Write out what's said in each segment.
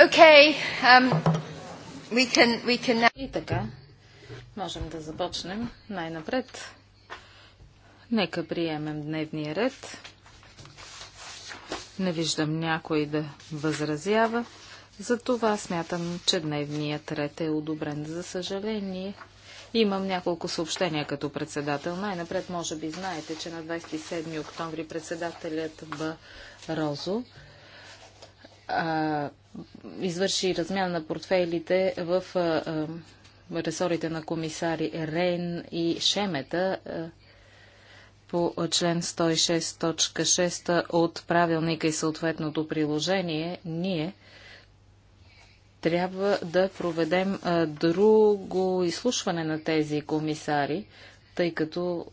Okay, um, we can, we can... И така, можем да започнем най-напред. Нека приемем дневния ред. Не виждам някой да възразява. Затова смятам, че дневният ред е одобрен. За съжаление, Имам няколко съобщения като председател. Най-напред, може би знаете, че на 27 октомври председателят Б. Розо извърши размяна на портфейлите в ресорите на комисари Рейн и Шемета по член 106.6 от правилника и съответното приложение, ние трябва да проведем друго изслушване на тези комисари, тъй като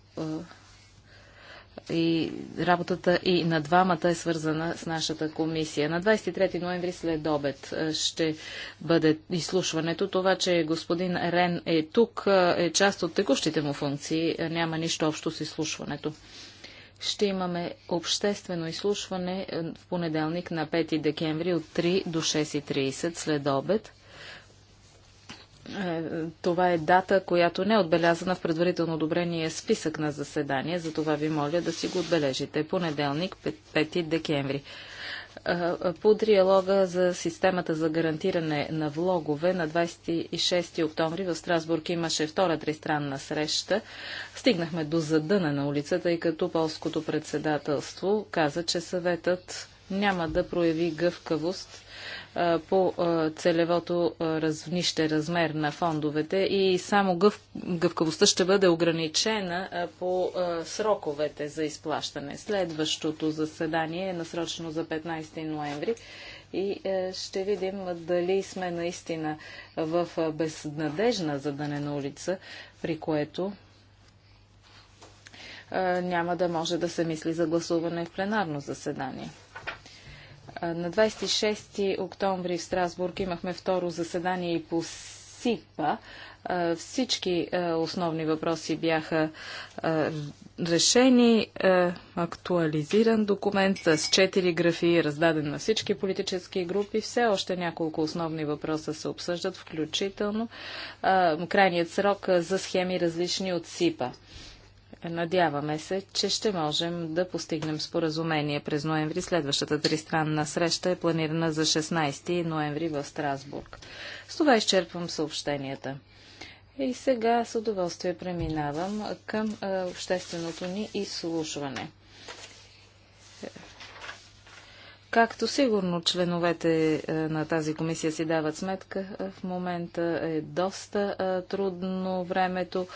и работата и на двамата е свързана с нашата комисия. На 23 ноември след обед ще бъде изслушването. Това, че господин Рен е тук, е част от текущите му функции. Няма нищо общо с изслушването. Ще имаме обществено изслушване в понеделник на 5 декември от 3 до 6.30 след обед. Е, това е дата, която не е отбелязана в предварително одобрение списък на заседание, затова ви моля да си го отбележите. Понеделник, 5 декември. Е, по триалога за системата за гарантиране на влогове на 26 октомври в Страсбург имаше втора тристранна среща. Стигнахме до задъна на улицата, и като полското председателство каза, че съветът няма да прояви гъвкавост по целевото развнище размер на фондовете и само гъв, гъвкавостта ще бъде ограничена по сроковете за изплащане. Следващото заседание е насрочено за 15 ноември и ще видим дали сме наистина в безнадежна задънена улица, при което няма да може да се мисли за гласуване в пленарно заседание. На 26 октомври в Страсбург имахме второ заседание и по СИПА. Всички основни въпроси бяха решени. Актуализиран документ с 4 графии, раздаден на всички политически групи. Все още няколко основни въпроса се обсъждат, включително крайният срок за схеми различни от СИПА. Надяваме се, че ще можем да постигнем споразумение през ноември. Следващата тристранна среща е планирана за 16 ноември в Страсбург. С това изчерпвам съобщенията. И сега с удоволствие преминавам към общественото ни изслушване. Както сигурно членовете е, на тази комисия си дават сметка, е, в момента е доста е, трудно времето.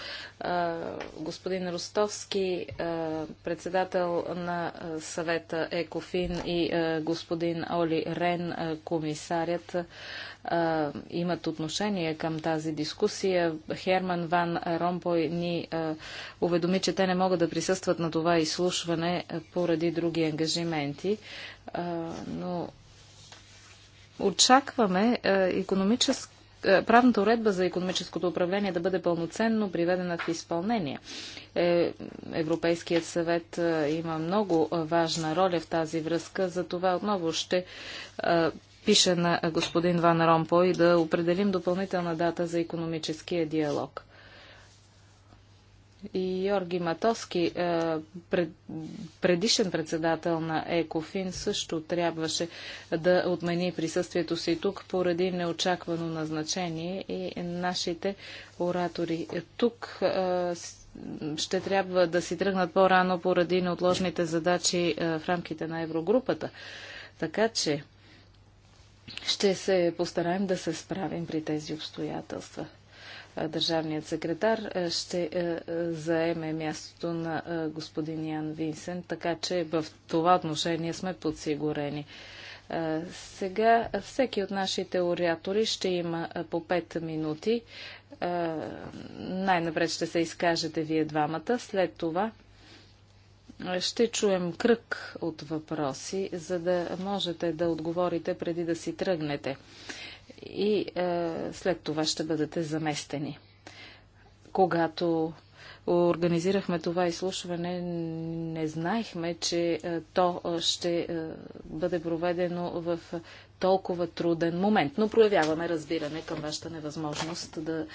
Господин Ростовски, председател на съвета ЕКОФИН и господин Оли Рен, комисарят, имат отношение към тази дискусия. Херман Ван Ромпой ни уведоми, че те не могат да присъстват на това изслушване поради други ангажименти но очакваме економическа правната уредба за економическото управление да бъде пълноценно приведена в изпълнение. Е, Европейският съвет има много важна роля в тази връзка, за това отново ще пише на господин Ван Ромпой да определим допълнителна дата за економическия диалог и Йорги Матоски, е, пред, предишен председател на ЕКОФИН, също трябваше да отмени присъствието си тук поради неочаквано назначение и нашите оратори тук е, ще трябва да си тръгнат по-рано поради неотложните задачи е, в рамките на Еврогрупата. Така че ще се постараем да се справим при тези обстоятелства държавният секретар ще заеме мястото на господин Ян Винсен, така че в това отношение сме подсигурени. Сега всеки от нашите ориатори ще има по 5 минути. Най-напред ще се изкажете вие двамата. След това ще чуем кръг от въпроси, за да можете да отговорите преди да си тръгнете и е, след това ще бъдете заместени. Когато организирахме това изслушване, не знаехме, че е, то е, ще е, бъде проведено в толкова труден момент, но проявяваме разбиране към вашата невъзможност да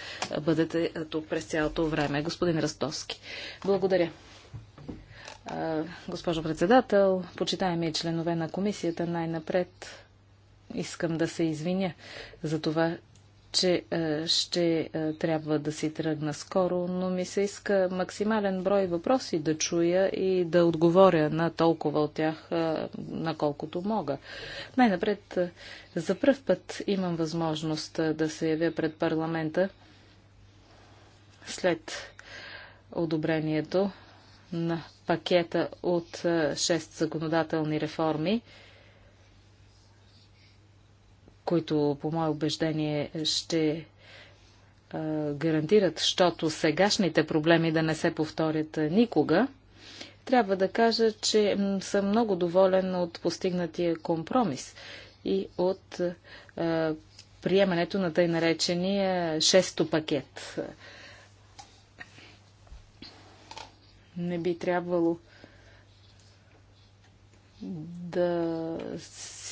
бъдете тук през цялото време. Господин Растовски, благодаря. Госпожо председател, почитаеми членове на комисията, най-напред искам да се извиня за това, че е, ще е, трябва да си тръгна скоро, но ми се иска максимален брой въпроси да чуя и да отговоря на толкова от тях, е, наколкото мога. Най-напред, за първ път имам възможност да се явя пред парламента след одобрението на пакета от 6 законодателни реформи, които по мое убеждение ще гарантират, защото сегашните проблеми да не се повторят никога, трябва да кажа, че съм много доволен от постигнатия компромис и от приемането на тъй наречения шесто пакет. Не би трябвало да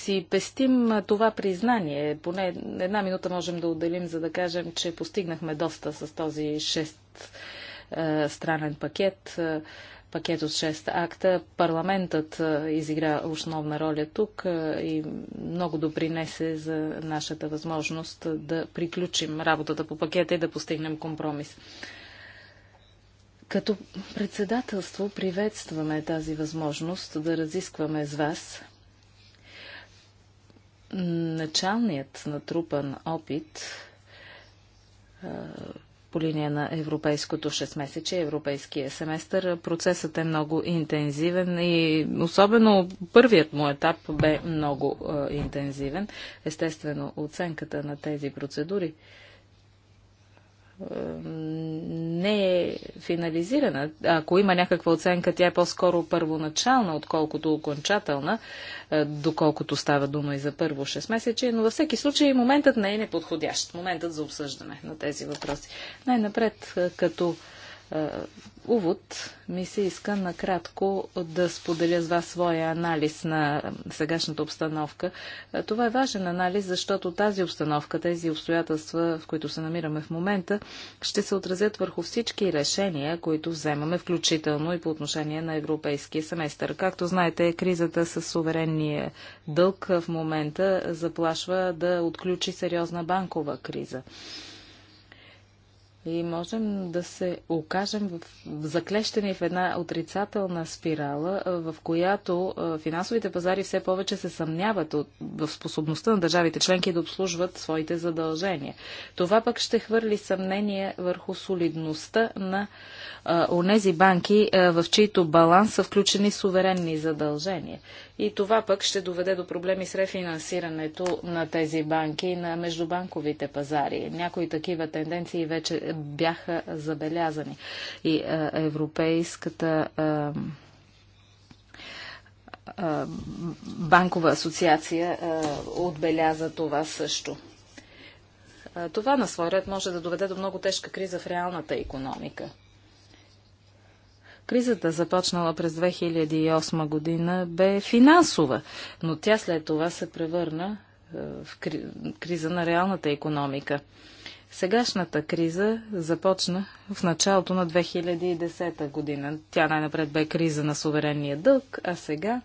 си пестим това признание. Поне една минута можем да отделим, за да кажем, че постигнахме доста с този шест странен пакет, пакет от 6 акта. Парламентът изигра основна роля тук и много допринесе за нашата възможност да приключим работата по пакета и да постигнем компромис. Като председателство приветстваме тази възможност да разискваме с вас началният натрупан опит по линия на европейското 6-месече, европейския семестър. Процесът е много интензивен и особено първият му етап бе много е, интензивен. Естествено, оценката на тези процедури не е финализирана. Ако има някаква оценка, тя е по-скоро първоначална, отколкото окончателна, е, доколкото става дума и за първо 6 месече, но във всеки случай моментът не е неподходящ. Моментът за обсъждане на тези въпроси. Най-напред, е, като е, увод ми се иска накратко да споделя с вас своя анализ на сегашната обстановка. Е, това е важен анализ, защото тази обстановка, тези обстоятелства, в които се намираме в момента, ще се отразят върху всички решения, които вземаме, включително и по отношение на европейския семестър. Както знаете, кризата с суверенния дълг в момента заплашва да отключи сериозна банкова криза и можем да се окажем в заклещени в една отрицателна спирала, в която финансовите пазари все повече се съмняват в способността на държавите членки да обслужват своите задължения. Това пък ще хвърли съмнение върху солидността на онези банки, в чието баланс са включени суверенни задължения. И това пък ще доведе до проблеми с рефинансирането на тези банки и на междубанковите пазари. Някои такива тенденции вече бяха забелязани. И е, Европейската е, е, банкова асоциация отбеляза това също. това на свой ред може да доведе до много тежка криза в реалната економика. Кризата, започнала през 2008 година, бе финансова, но тя след това се превърна е, в криза на реалната економика. Сегашната криза започна в началото на 2010 година. Тя най-напред бе криза на суверенния дълг, а сега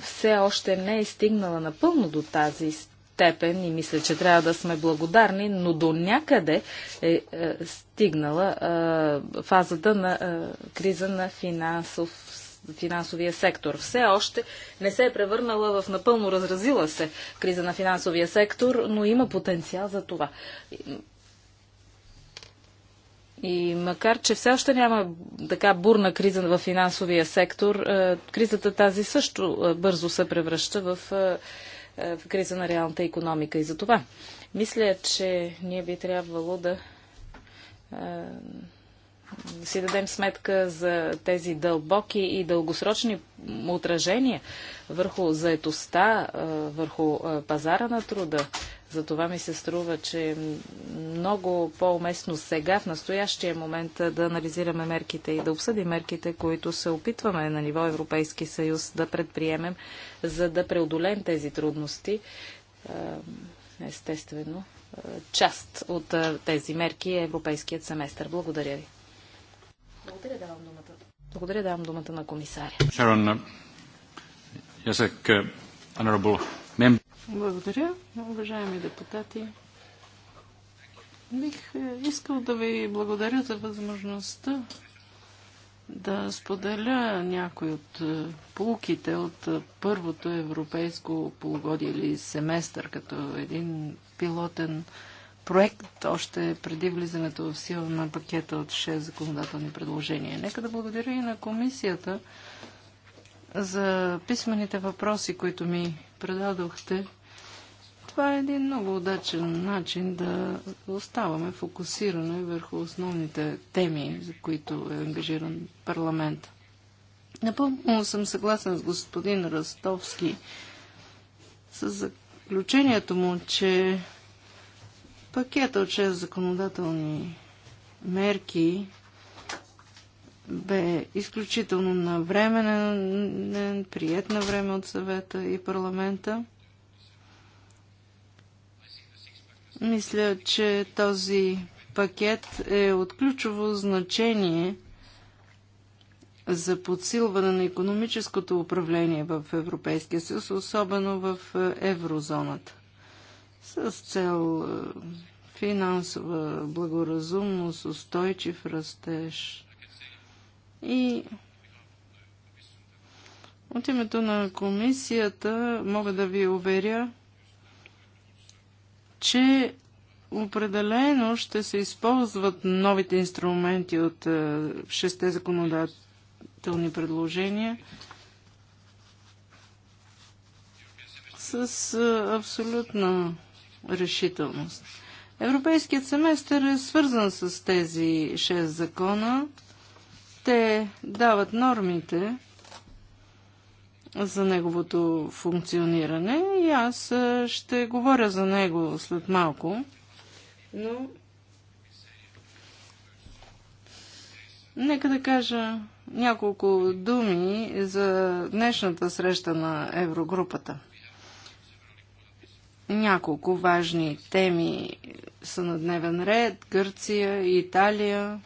все още не е стигнала напълно до тази степен и мисля, че трябва да сме благодарни, но до някъде е, е стигнала е, фазата на е, криза на финансов финансовия сектор. Все още не се е превърнала в напълно разразила се криза на финансовия сектор, но има потенциал за това. И макар, че все още няма така бурна криза в финансовия сектор, е, кризата тази също е, бързо се превръща в е, е, в криза на реалната економика. И за това мисля, че ние би трябвало да е, си дадем сметка за тези дълбоки и дългосрочни отражения върху заетостта, е, върху пазара на труда, затова ми се струва, че е много по-уместно сега, в настоящия момент, да анализираме мерките и да обсъдим мерките, които се опитваме на ниво Европейски съюз да предприемем, за да преодолеем тези трудности. Е, естествено, част от е, тези мерки е Европейският семестър. Благодаря ви. Благодаря, давам думата. Благодаря, давам думата на комисаря. Sharon, yes, uh, благодаря, уважаеми депутати. Бих е, искал да ви благодаря за възможността да споделя някои от е, полуките от е, първото европейско полугодие или семестър като един пилотен проект още преди влизането в сила на пакета от 6 законодателни предложения. Нека да благодаря и на комисията за писмените въпроси, които ми предадохте това е един много удачен начин да оставаме фокусирани върху основните теми, за които е ангажиран парламент. Напълно съм съгласен с господин Ростовски с заключението му, че пакета от 6 законодателни мерки бе изключително навременен, прият на време от съвета и парламента. Мисля, че този пакет е от ключово значение за подсилване на економическото управление в Европейския съюз, особено в е, еврозоната, с цел е, финансова благоразумност, устойчив растеж и от името на комисията мога да ви уверя, че определено ще се използват новите инструменти от е, шесте законодателни предложения с е, абсолютна решителност. Европейският семестър е свързан с тези шест закона. Те дават нормите, за неговото функциониране и аз ще говоря за него след малко. Но нека да кажа няколко думи за днешната среща на Еврогрупата. Няколко важни теми са на дневен ред. Гърция, Италия,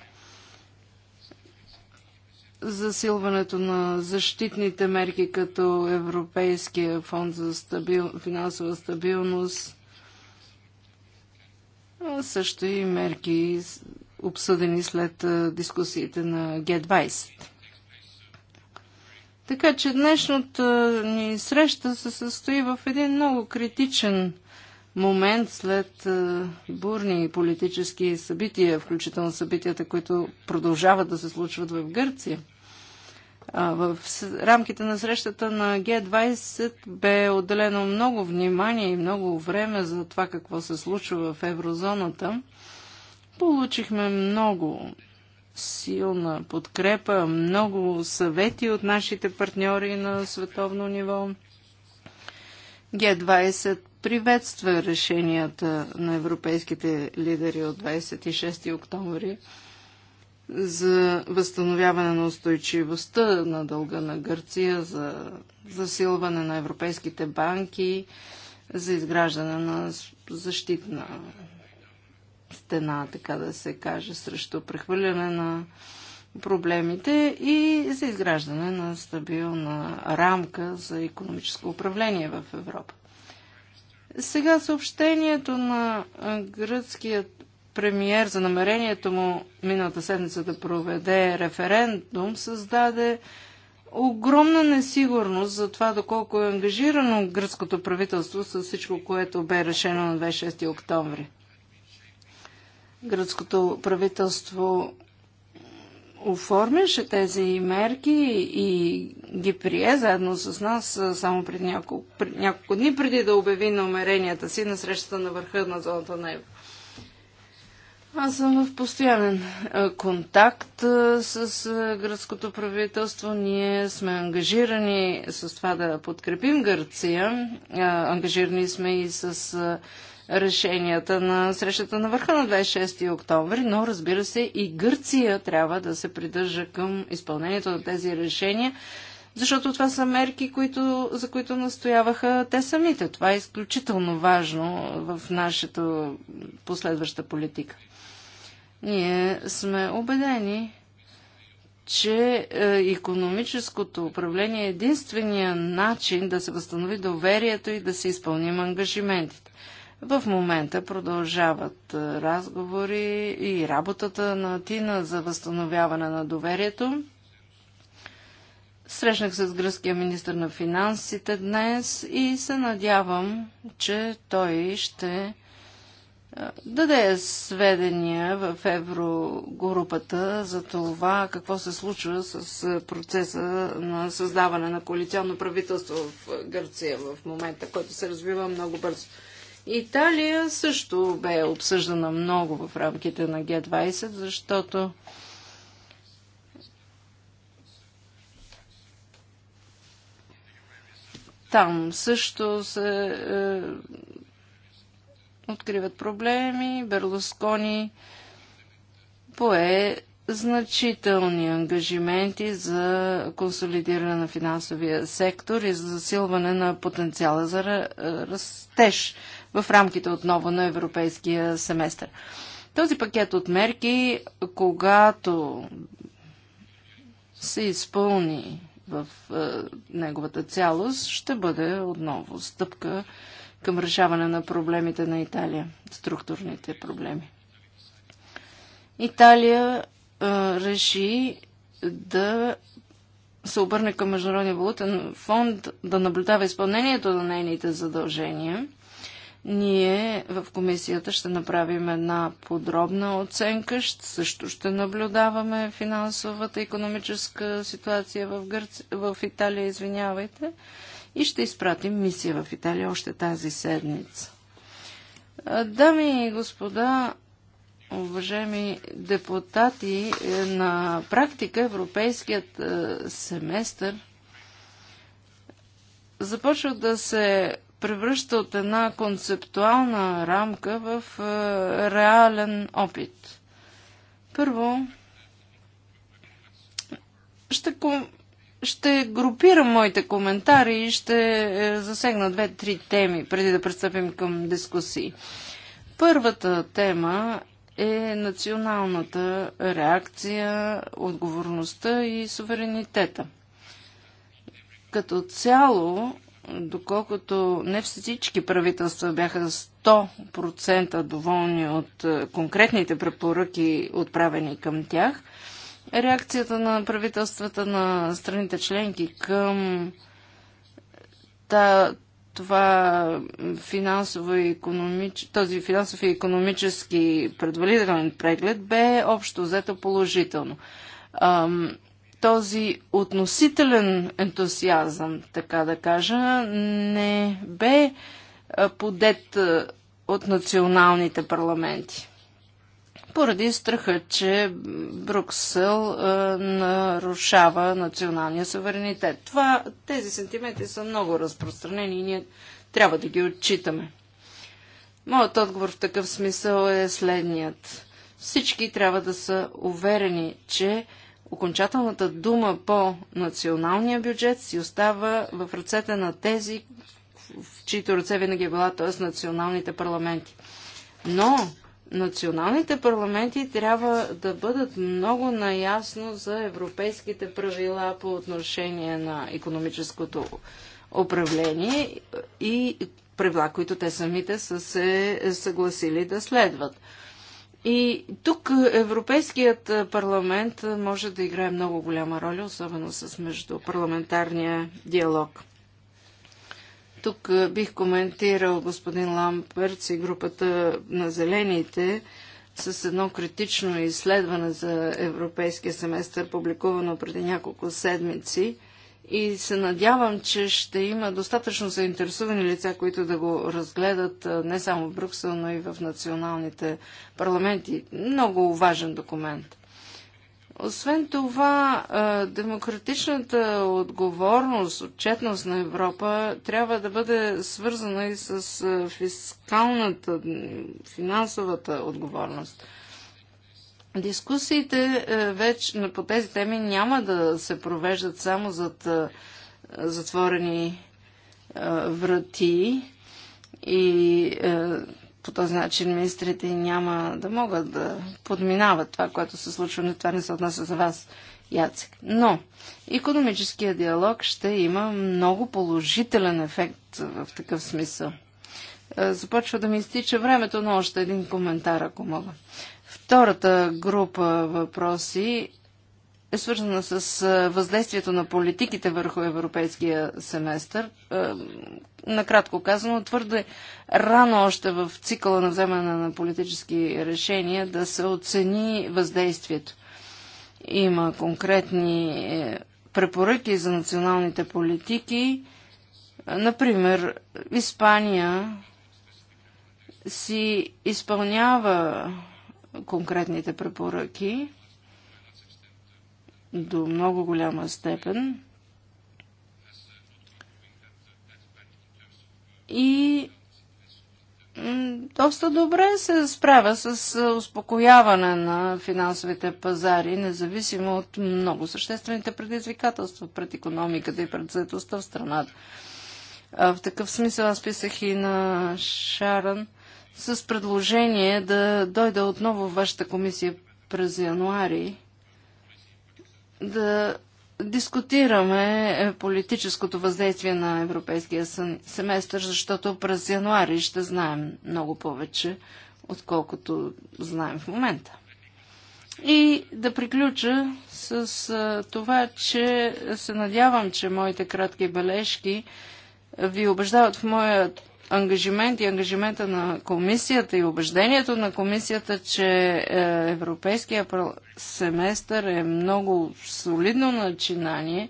засилването на защитните мерки като Европейския фонд за стабил... финансова стабилност, а също и мерки обсъдени след дискусиите на Г-20. Така че днешната ни среща се състои в един много критичен момент след бурни политически събития, включително събитията, които продължават да се случват в Гърция. В рамките на срещата на Г20 бе отделено много внимание и много време за това какво се случва в еврозоната. Получихме много силна подкрепа, много съвети от нашите партньори на световно ниво. Г20 приветства решенията на европейските лидери от 26 октомври за възстановяване на устойчивостта на дълга на Гърция, за засилване на европейските банки, за изграждане на защитна стена, така да се каже, срещу прехвърляне на проблемите и за изграждане на стабилна рамка за економическо управление в Европа. Сега съобщението на гръцкият премиер за намерението му миналата седмица да проведе референдум създаде огромна несигурност за това доколко е ангажирано гръцкото правителство с всичко, което бе решено на 26 октомври. Гръцкото правителство оформяше тези мерки и ги прие заедно с нас само пред няколко, пред няколко дни преди да обяви намеренията си на срещата на върха на зоната на Европа. Аз съм в постоянен контакт с гръцкото правителство. Ние сме ангажирани с това да подкрепим Гърция. Ангажирани сме и с решенията на срещата на върха на 26 октомври, но разбира се и Гърция трябва да се придържа към изпълнението на тези решения, защото това са мерки, които, за които настояваха те самите. Това е изключително важно в нашата последваща политика. Ние сме убедени, че економическото управление е единствения начин да се възстанови доверието и да се изпълним ангажиментите. В момента продължават е, разговори и работата на Тина за възстановяване на доверието. Срещнах се с гръцкия министр на финансите днес и се надявам, че той ще даде сведения в Еврогрупата за това какво се случва с процеса на създаване на коалиционно правителство в Гърция в момента, който се развива много бързо. Италия също бе обсъждана много в рамките на Г-20, защото там също се е, откриват проблеми. Берлускони пое значителни ангажименти за консолидиране на финансовия сектор и за засилване на потенциала за растеж в рамките отново на европейския семестър. Този пакет от мерки, когато се изпълни в е, неговата цялост, ще бъде отново стъпка към решаване на проблемите на Италия, структурните проблеми. Италия а, реши да се обърне към Международния валутен фонд да наблюдава изпълнението на нейните задължения. Ние в комисията ще направим една подробна оценка, също ще наблюдаваме финансовата и економическа ситуация в, Гърци... в Италия, извинявайте и ще изпратим мисия в Италия още тази седмица. Дами и господа, уважаеми депутати, е, на практика европейският е, семестър започва да се превръща от една концептуална рамка в е, реален опит. Първо, ще ще групирам моите коментари и ще е, засегна две-три теми, преди да пристъпим към дискусии. Първата тема е националната реакция, отговорността и суверенитета. Като цяло, доколкото не всички правителства бяха 100% доволни от е, конкретните препоръки, отправени към тях – реакцията на правителствата на страните членки към та, това финансово и економич... този финансово и економически предварителен преглед бе общо взето положително. Ам, този относителен ентусиазъм, така да кажа, не бе подет от националните парламенти поради страха, че Бруксел е, нарушава националния суверенитет. Това, тези сантименти са много разпространени и ние трябва да ги отчитаме. Моят отговор в такъв смисъл е следният. Всички трябва да са уверени, че окончателната дума по националния бюджет си остава в ръцете на тези, в чието ръце винаги е била, т.е. националните парламенти. Но националните парламенти трябва да бъдат много наясно за европейските правила по отношение на економическото управление и правила, които те самите са се съгласили да следват. И тук Европейският парламент може да играе много голяма роля, особено с междупарламентарния диалог. Тук бих коментирал господин Ламперц и групата на зелените с едно критично изследване за европейския семестър, публикувано преди няколко седмици. И се надявам, че ще има достатъчно заинтересувани лица, които да го разгледат не само в Брюксел, но и в националните парламенти. Много важен документ. Освен това, демократичната отговорност, отчетност на Европа трябва да бъде свързана и с фискалната, финансовата отговорност. Дискусиите вече по тези теми няма да се провеждат само зад затворени врати и по този начин министрите няма да могат да подминават това, което се случва, но това не се отнася за вас, Яцек. Но економическия диалог ще има много положителен ефект в такъв смисъл. Е, започва да ми изтича времето, но още един коментар, ако мога. Втората група въпроси е свързана с въздействието на политиките върху европейския семестър. Накратко казано, твърде рано още в цикъла на вземане на политически решения да се оцени въздействието. Има конкретни е, препоръки за националните политики. Например, Испания си изпълнява конкретните препоръки до много голяма степен. И доста добре се справя с успокояване на финансовите пазари, независимо от много съществените предизвикателства пред економиката и пред заедостта в страната. В такъв смисъл аз писах и на Шаран с предложение да дойда отново в вашата комисия през януари да дискутираме е, политическото въздействие на европейския семестър, защото през януари ще знаем много повече, отколкото знаем в момента. И да приключа с е, това, че се надявам, че моите кратки бележки ви убеждават в моят ангажимент и ангажимента на комисията и убеждението на комисията, че е, европейския семестър е много солидно начинание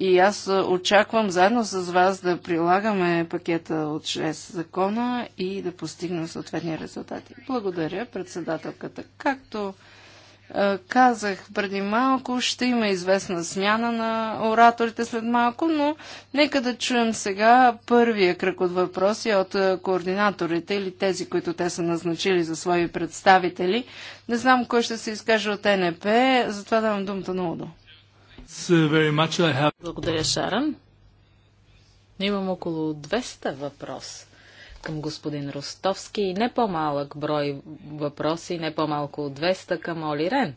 и аз очаквам заедно с вас да прилагаме пакета от 6 закона и да постигнем съответни резултати. Благодаря, председателката. Както е, казах преди малко, ще има известна смяна на ораторите след малко, но нека да чуем сега първия кръг от въпроси от е, координаторите или тези, които те са назначили за свои представители. Не знам кой ще се изкаже от НП, затова давам думата на Удо. Uh, Благодаря, Шаран. Имам около 200 въпроса към господин Ростовски и не по-малък брой въпроси, не по-малко от 200 към Оли Рен.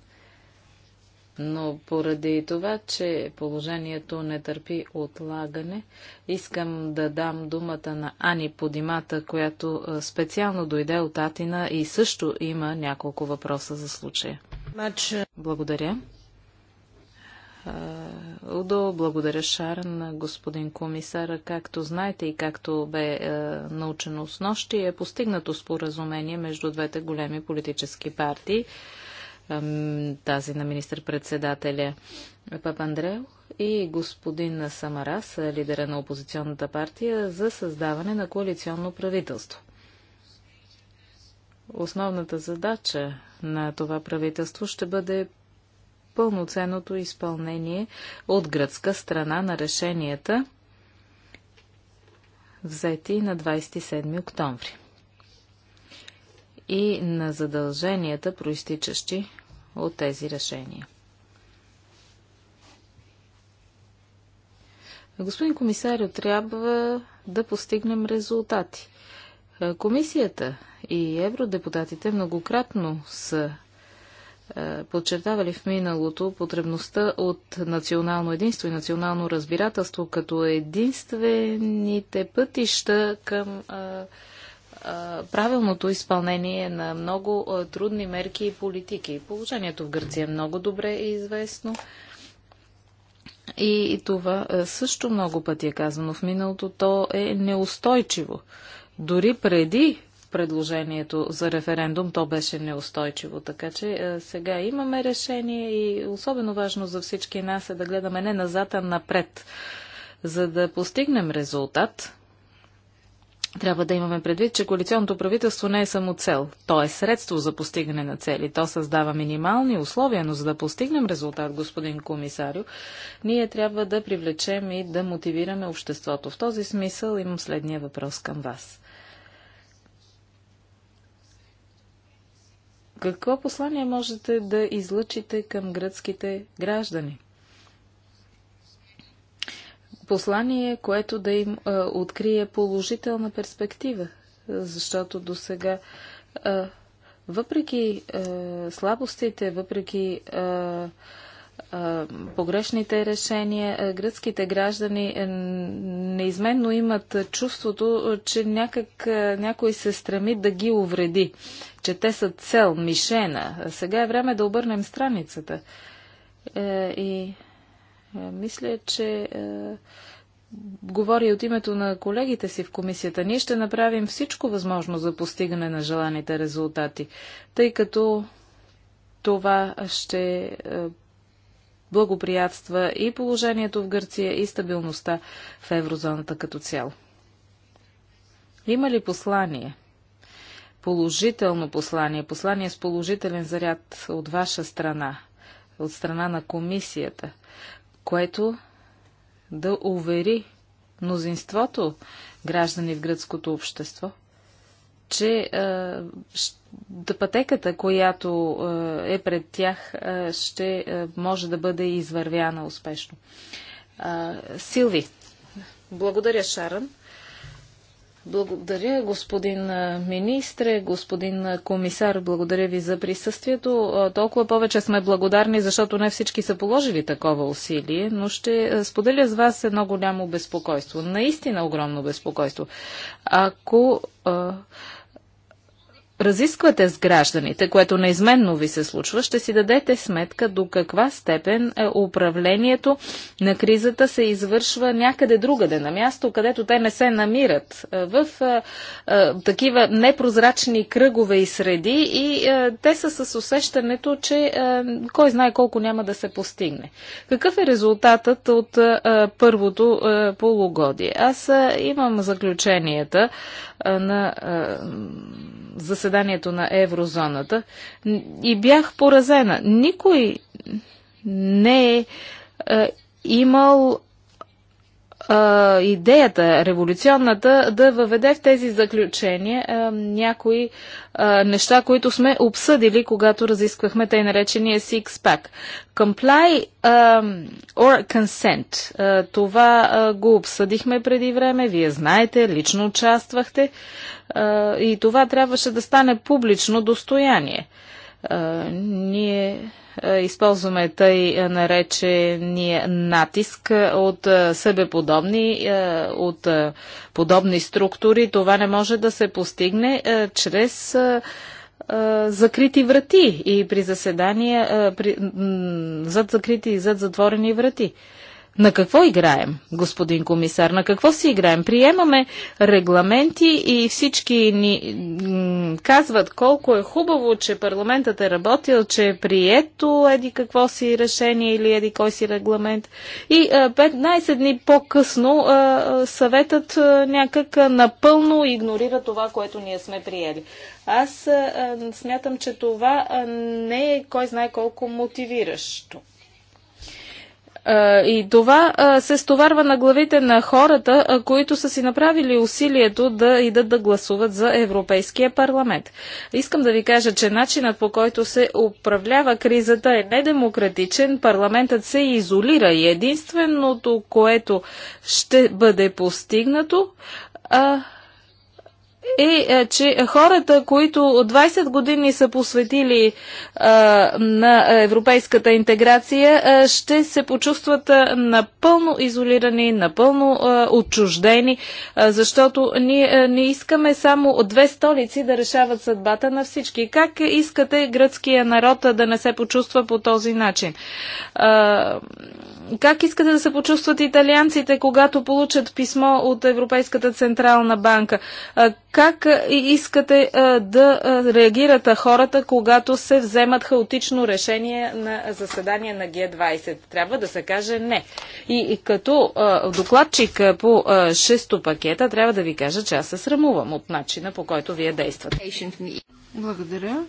Но поради това, че положението не търпи отлагане, искам да дам думата на Ани Подимата, която специално дойде от Атина и също има няколко въпроса за случая. Благодаря. Удо, благодаря Шарен, господин комисар. Както знаете и както бе е, научено с нощи, е постигнато споразумение между двете големи политически партии, тази на министр-председателя Андрео и господин Самарас, лидера на опозиционната партия, за създаване на коалиционно правителство. Основната задача на това правителство ще бъде пълноценното изпълнение от гръцка страна на решенията, взети на 27 октомври и на задълженията, проистичащи от тези решения. Господин комисарио, трябва да постигнем резултати. Комисията и евродепутатите многократно са е, подчертавали в миналото потребността от национално единство и национално разбирателство като единствените пътища към е, е, правилното изпълнение на много трудни мерки и политики. Положението в Гърция е много добре известно. и това също много пъти е казано в миналото. То е неустойчиво. Дори преди предложението за референдум. То беше неустойчиво. Така че е, сега имаме решение и особено важно за всички нас е да гледаме не назад, а напред. За да постигнем резултат, трябва да имаме предвид, че коалиционното правителство не е само цел. То е средство за постигане на цели. То създава минимални условия, но за да постигнем резултат, господин комисарю, ние трябва да привлечем и да мотивираме обществото. В този смисъл имам следния въпрос към вас. Какво послание можете да излъчите към гръцките граждани? Послание, което да им а, открие положителна перспектива, защото до сега, въпреки а, слабостите, въпреки а, погрешните решения, гръцките граждани е, неизменно имат чувството, че някак, някой се стреми да ги увреди, че те са цел, мишена. Сега е време да обърнем страницата. Е, и е, мисля, че говори от името на колегите си в комисията, ние ще направим всичко възможно за постигане на желаните резултати, тъй като това ще благоприятства и положението в Гърция, и стабилността в еврозоната като цяло. Има ли послание? Положително послание, послание с положителен заряд от ваша страна, от страна на комисията, което да увери мнозинството граждани в гръцкото общество – че пътеката, която е пред тях, ще може да бъде извървяна успешно. Силви. Благодаря, Шаран. Благодаря, господин министре, господин комисар. Благодаря ви за присъствието. Толкова повече сме благодарни, защото не всички са положили такова усилие, но ще споделя с вас едно голямо безпокойство. Наистина огромно безпокойство. Ако а, разисквате с гражданите, което неизменно ви се случва, ще си дадете сметка до каква степен е, управлението на кризата се извършва някъде другаде, на място, където те не се намират, е, в а, е, а, такива непрозрачни кръгове и среди и а, те са с усещането, че кой знае колко няма да се постигне. Какъв е резултатът от първото полугодие? Аз имам заключенията на за заседанието на еврозоната и бях поразена. Никой не е, е имал а, идеята, революционната, да въведе в тези заключения а, някои а, неща, които сме обсъдили, когато разисквахме тъй наречения six-pack. Comply а, or consent. А, това а, го обсъдихме преди време, вие знаете, лично участвахте а, и това трябваше да стане публично достояние. А, ние е, използваме тъй е, наречения натиск е, от себеподобни, от подобни структури. Това не може да се постигне чрез закрити врати и при заседания при, зад закрити и зад затворени врати. На какво играем, господин комисар? На какво си играем? Приемаме регламенти и всички ни казват колко е хубаво, че парламентът е работил, че е прието еди какво си решение или еди кой си регламент. И 15 дни по-късно съветът някак напълно игнорира това, което ние сме приели. Аз смятам, че това не е кой знае колко мотивиращо. Е, и това е, се стоварва на главите на хората, е, които са си направили усилието да идат да гласуват за Европейския парламент. Искам да ви кажа, че начинът по който се управлява кризата е недемократичен. Парламентът се изолира и единственото, което ще бъде постигнато, е, е, че хората, които от 20 години са посветили а, е, на европейската интеграция, а, е, ще се почувстват а, напълно изолирани, напълно а, отчуждени, а, защото ние а, не искаме само от две столици да решават съдбата на всички. Как искате гръцкия народ а, да не се почувства по този начин? А, как искате да се почувстват италианците, когато получат писмо от Европейската централна банка? Как искате да реагират хората, когато се вземат хаотично решение на заседание на Г20? Трябва да се каже не. И като докладчик по шесто пакета, трябва да ви кажа, че аз се срамувам от начина по който вие действате. Благодаря.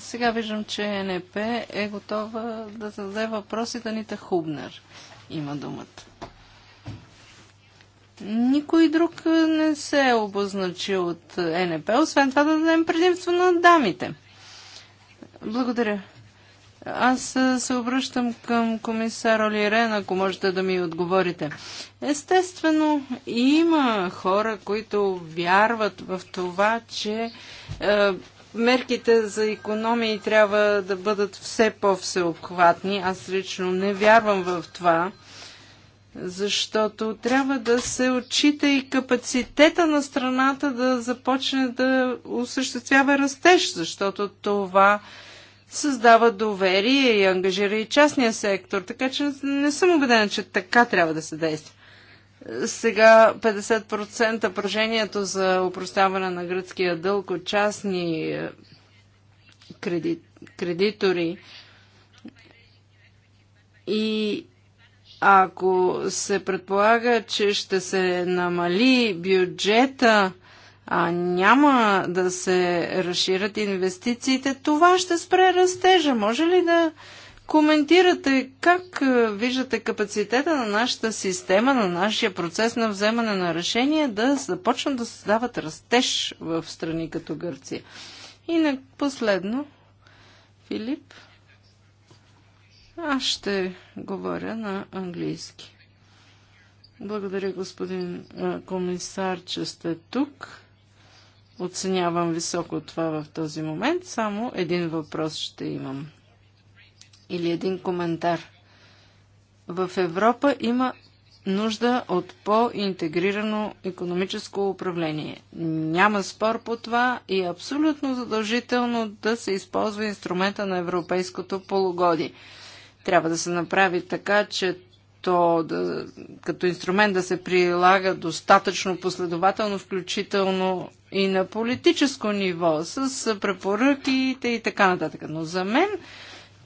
Сега виждам, че НП е готова да зададе въпроси. Данита Хубнер има думата. Никой друг не се е обозначил от НП, освен това да дадем предимство на дамите. Благодаря. Аз се обръщам към комисар Олирен, ако можете да ми отговорите. Естествено, има хора, които вярват в това, че е, мерките за економии трябва да бъдат все по-всеобхватни. Аз лично не вярвам в това, защото трябва да се отчита и капацитета на страната да започне да осъществява растеж, защото това създава доверие и ангажира и частния сектор. Така че не съм убедена, че така трябва да се действа. Сега 50% пръжението за упростяване на гръцкия дълг от частни е, кредит, кредитори и ако се предполага, че ще се намали бюджета, а няма да се разширят инвестициите, това ще спре растежа. Може ли да коментирате как е, виждате капацитета на нашата система, на нашия процес на вземане на решения да започнат да създават растеж в страни като Гърция. И на последно, Филип, аз ще говоря на английски. Благодаря, господин е, комисар, че сте тук. Оценявам високо това в този момент. Само един въпрос ще имам или един коментар. В Европа има нужда от по-интегрирано економическо управление. Няма спор по това и е абсолютно задължително да се използва инструмента на европейското полугодие. Трябва да се направи така, че то да, като инструмент да се прилага достатъчно последователно, включително и на политическо ниво, с препоръките и така нататък. Но за мен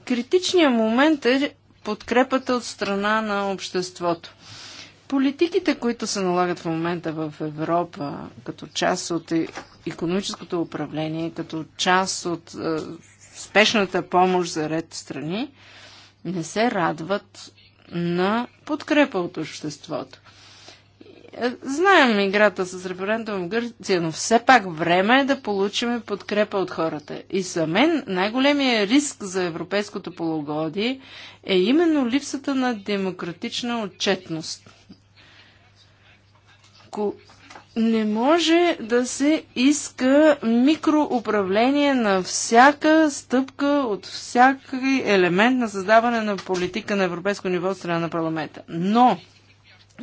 Критичният момент е подкрепата от страна на обществото. Политиките, които се налагат в момента в Европа, като част от економическото управление, като част от е, спешната помощ за ред страни, не се радват на подкрепа от обществото. Е, знаем играта с референдум в Гърция, но все пак време е да получим подкрепа от хората. И за мен най-големия риск за европейското полугодие е именно липсата на демократична отчетност. Не може да се иска микроуправление на всяка стъпка от всяки елемент на създаване на политика на европейско ниво от страна на парламента. Но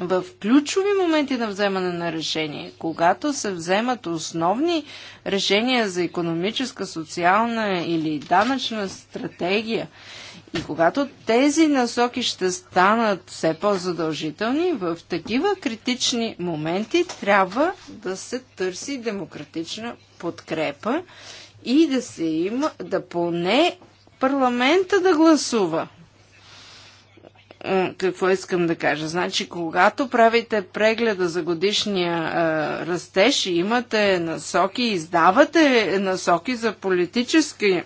в ключови моменти на вземане на решение, когато се вземат основни решения за економическа, социална или данъчна стратегия, и когато тези насоки ще станат все по-задължителни, в такива критични моменти трябва да се търси демократична подкрепа и да се има, да поне парламента да гласува какво искам да кажа. Значи, когато правите прегледа за годишния растеж и имате насоки, издавате насоки за политически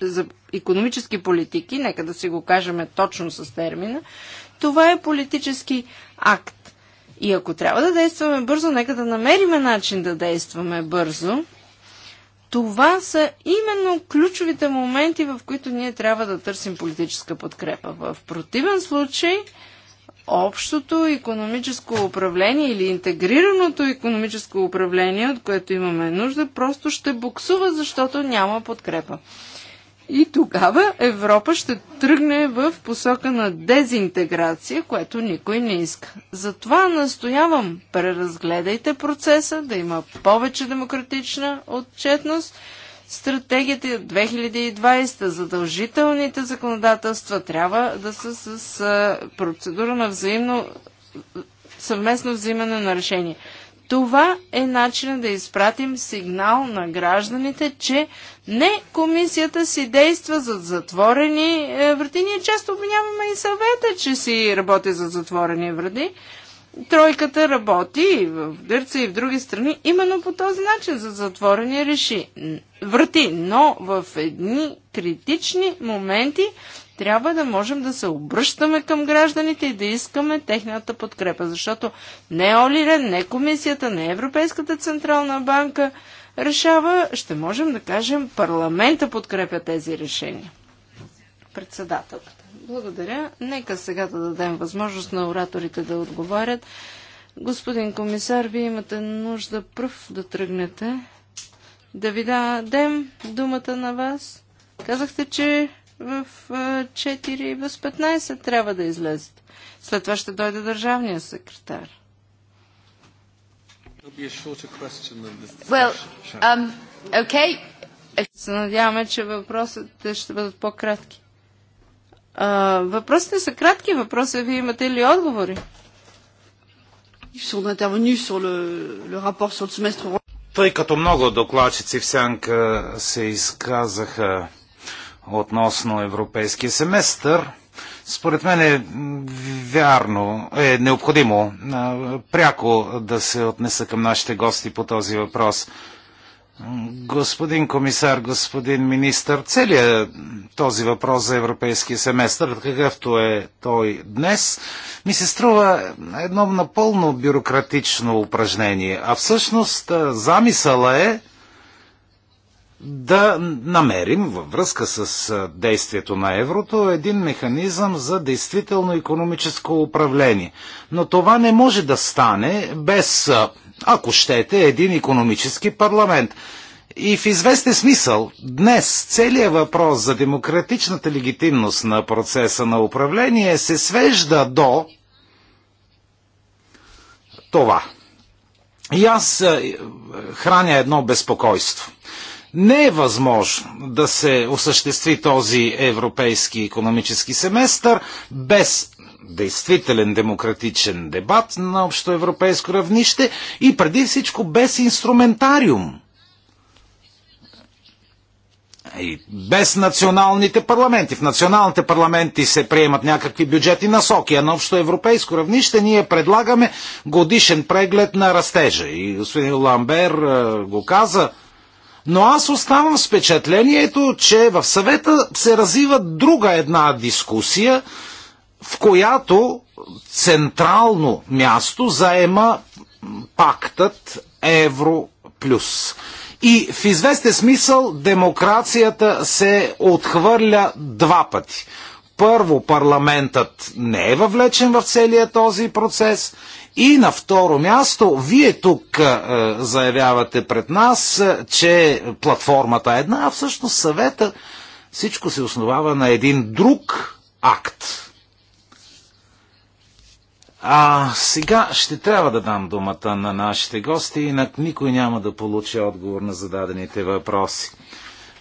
за економически политики, нека да си го кажем точно с термина, това е политически акт. И ако трябва да действаме бързо, нека да намериме начин да действаме бързо, това са именно ключовите моменти, в които ние трябва да търсим политическа подкрепа. В противен случай, общото економическо управление или интегрираното економическо управление, от което имаме нужда, просто ще буксува, защото няма подкрепа. И тогава Европа ще тръгне в посока на дезинтеграция, което никой не иска. Затова настоявам, преразгледайте процеса, да има повече демократична отчетност. Стратегията 2020, е задължителните законодателства трябва да са с процедура на взаимно съвместно взимане на решение. Това е начинът да изпратим сигнал на гражданите, че не комисията си действа за затворени е, врати. Ние често обвиняваме и съвета, че си работи за затворени врати. Тройката работи в Гърция и в други страни именно по този начин за затворени реши врати, но в едни критични моменти трябва да можем да се обръщаме към гражданите и да искаме техната подкрепа, защото не Олирен, не комисията, не Европейската централна банка решава, ще можем да кажем, парламента подкрепя тези решения. Председателката. Благодаря. Нека сега да дадем възможност на ораторите да отговарят. Господин комисар, вие имате нужда пръв да тръгнете. Да ви дадем думата на вас. Казахте, че в 4 без 15 трябва да излезете. След това ще дойде държавния секретар. Well, um, okay. Се надяваме, че въпросите ще бъдат по-кратки. въпросите са кратки, въпросът е, вие имате ли отговори? Тъй като много докладчици в сянка се изказаха относно европейския семестър, според мен е вярно, е необходимо пряко да се отнеса към нашите гости по този въпрос. Господин комисар, господин министр, целият този въпрос за европейския семестър, какъвто е той днес, ми се струва едно напълно бюрократично упражнение. А всъщност замисъла е да намерим във връзка с действието на еврото един механизъм за действително економическо управление. Но това не може да стане без, ако щете, един економически парламент. И в известен смисъл, днес целият въпрос за демократичната легитимност на процеса на управление се свежда до това. И аз храня едно безпокойство – не е възможно да се осъществи този европейски економически семестър без действителен демократичен дебат на общоевропейско равнище и преди всичко без инструментариум. И без националните парламенти. В националните парламенти се приемат някакви бюджети насоки, а на европейско равнище ние предлагаме годишен преглед на растежа. И господин Ламбер го каза, но аз оставам с впечатлението, че в съвета се развива друга една дискусия, в която централно място заема пактът Евро плюс. И в известен смисъл демокрацията се отхвърля два пъти първо, парламентът не е въвлечен в целия този процес. И на второ място, вие тук е, заявявате пред нас, е, че платформата е една, а всъщност съвета всичко се основава на един друг акт. А сега ще трябва да дам думата на нашите гости, инак никой няма да получи отговор на зададените въпроси.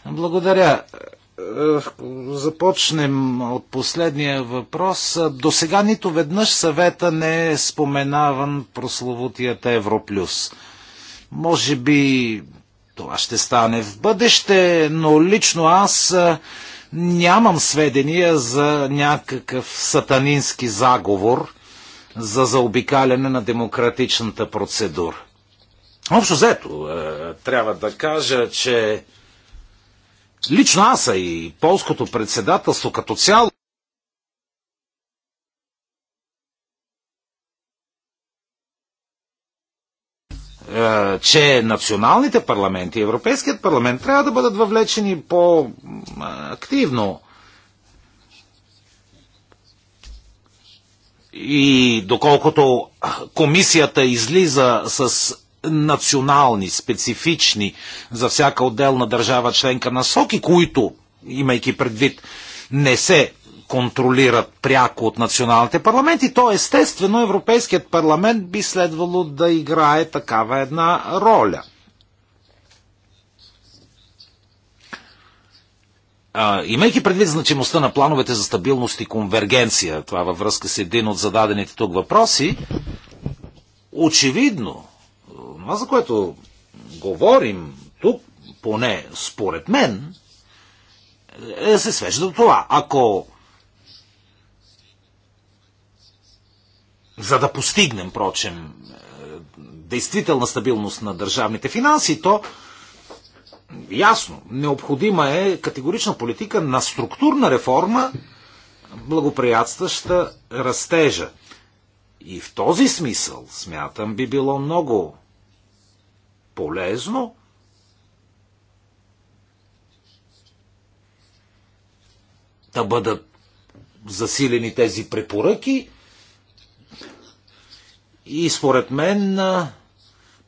Благодаря, е, започнем от последния въпрос. До сега нито веднъж съвета не е споменаван прословутият Европлюс. Може би това ще стане в бъдеще, но лично аз е, нямам сведения за някакъв сатанински заговор за заобикаляне на демократичната процедура. Общо взето, е, трябва да кажа, че лично аз, и полското председателство като цяло, е, че националните парламенти и Европейският парламент трябва да бъдат въвлечени по-активно. И доколкото комисията излиза с национални, специфични за всяка отделна държава членка насоки, които, имайки предвид, не се контролират пряко от националните парламенти, то естествено Европейският парламент би следвало да играе такава една роля. А, имайки предвид значимостта на плановете за стабилност и конвергенция, това във връзка с един от зададените тук въпроси, очевидно това, за което говорим тук, поне според мен, е, се свежда до това. Ако за да постигнем, прочем, е, действителна стабилност на държавните финанси, то ясно, необходима е категорична политика на структурна реформа, благоприятстваща растежа. И в този смисъл, смятам, би било много полезно. Да бъдат засилени тези препоръки. И според мен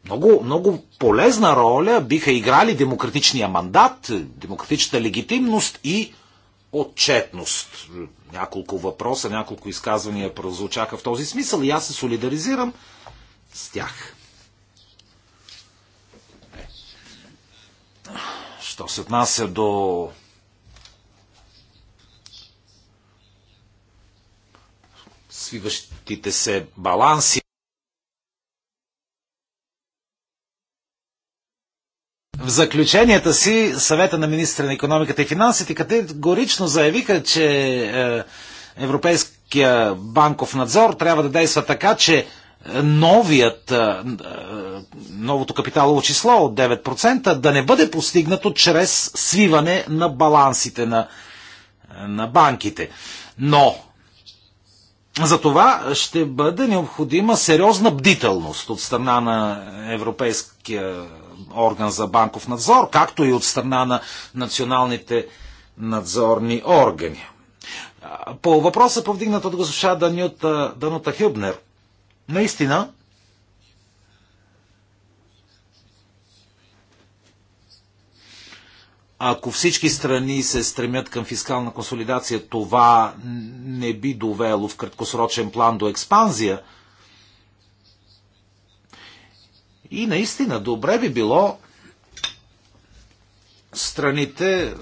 много, много полезна роля биха играли демократичния мандат, демократичната легитимност и отчетност. Няколко въпроса, няколко изказвания прозвучаха в този смисъл и аз се солидаризирам с тях. Що се отнася до свиващите се баланси, В заключенията си съвета на министра на економиката и финансите категорично заявиха, че е, Европейския банков надзор трябва да действа така, че новият, новото капиталово число от 9% да не бъде постигнато чрез свиване на балансите на, на банките. Но за това ще бъде необходима сериозна бдителност от страна на Европейския орган за банков надзор, както и от страна на националните надзорни органи. По въпроса повдигнат от госпожа Данюта, Данута Хюбнер – Наистина, ако всички страни се стремят към фискална консолидация, това не би довело в краткосрочен план до експанзия. И наистина добре би било страните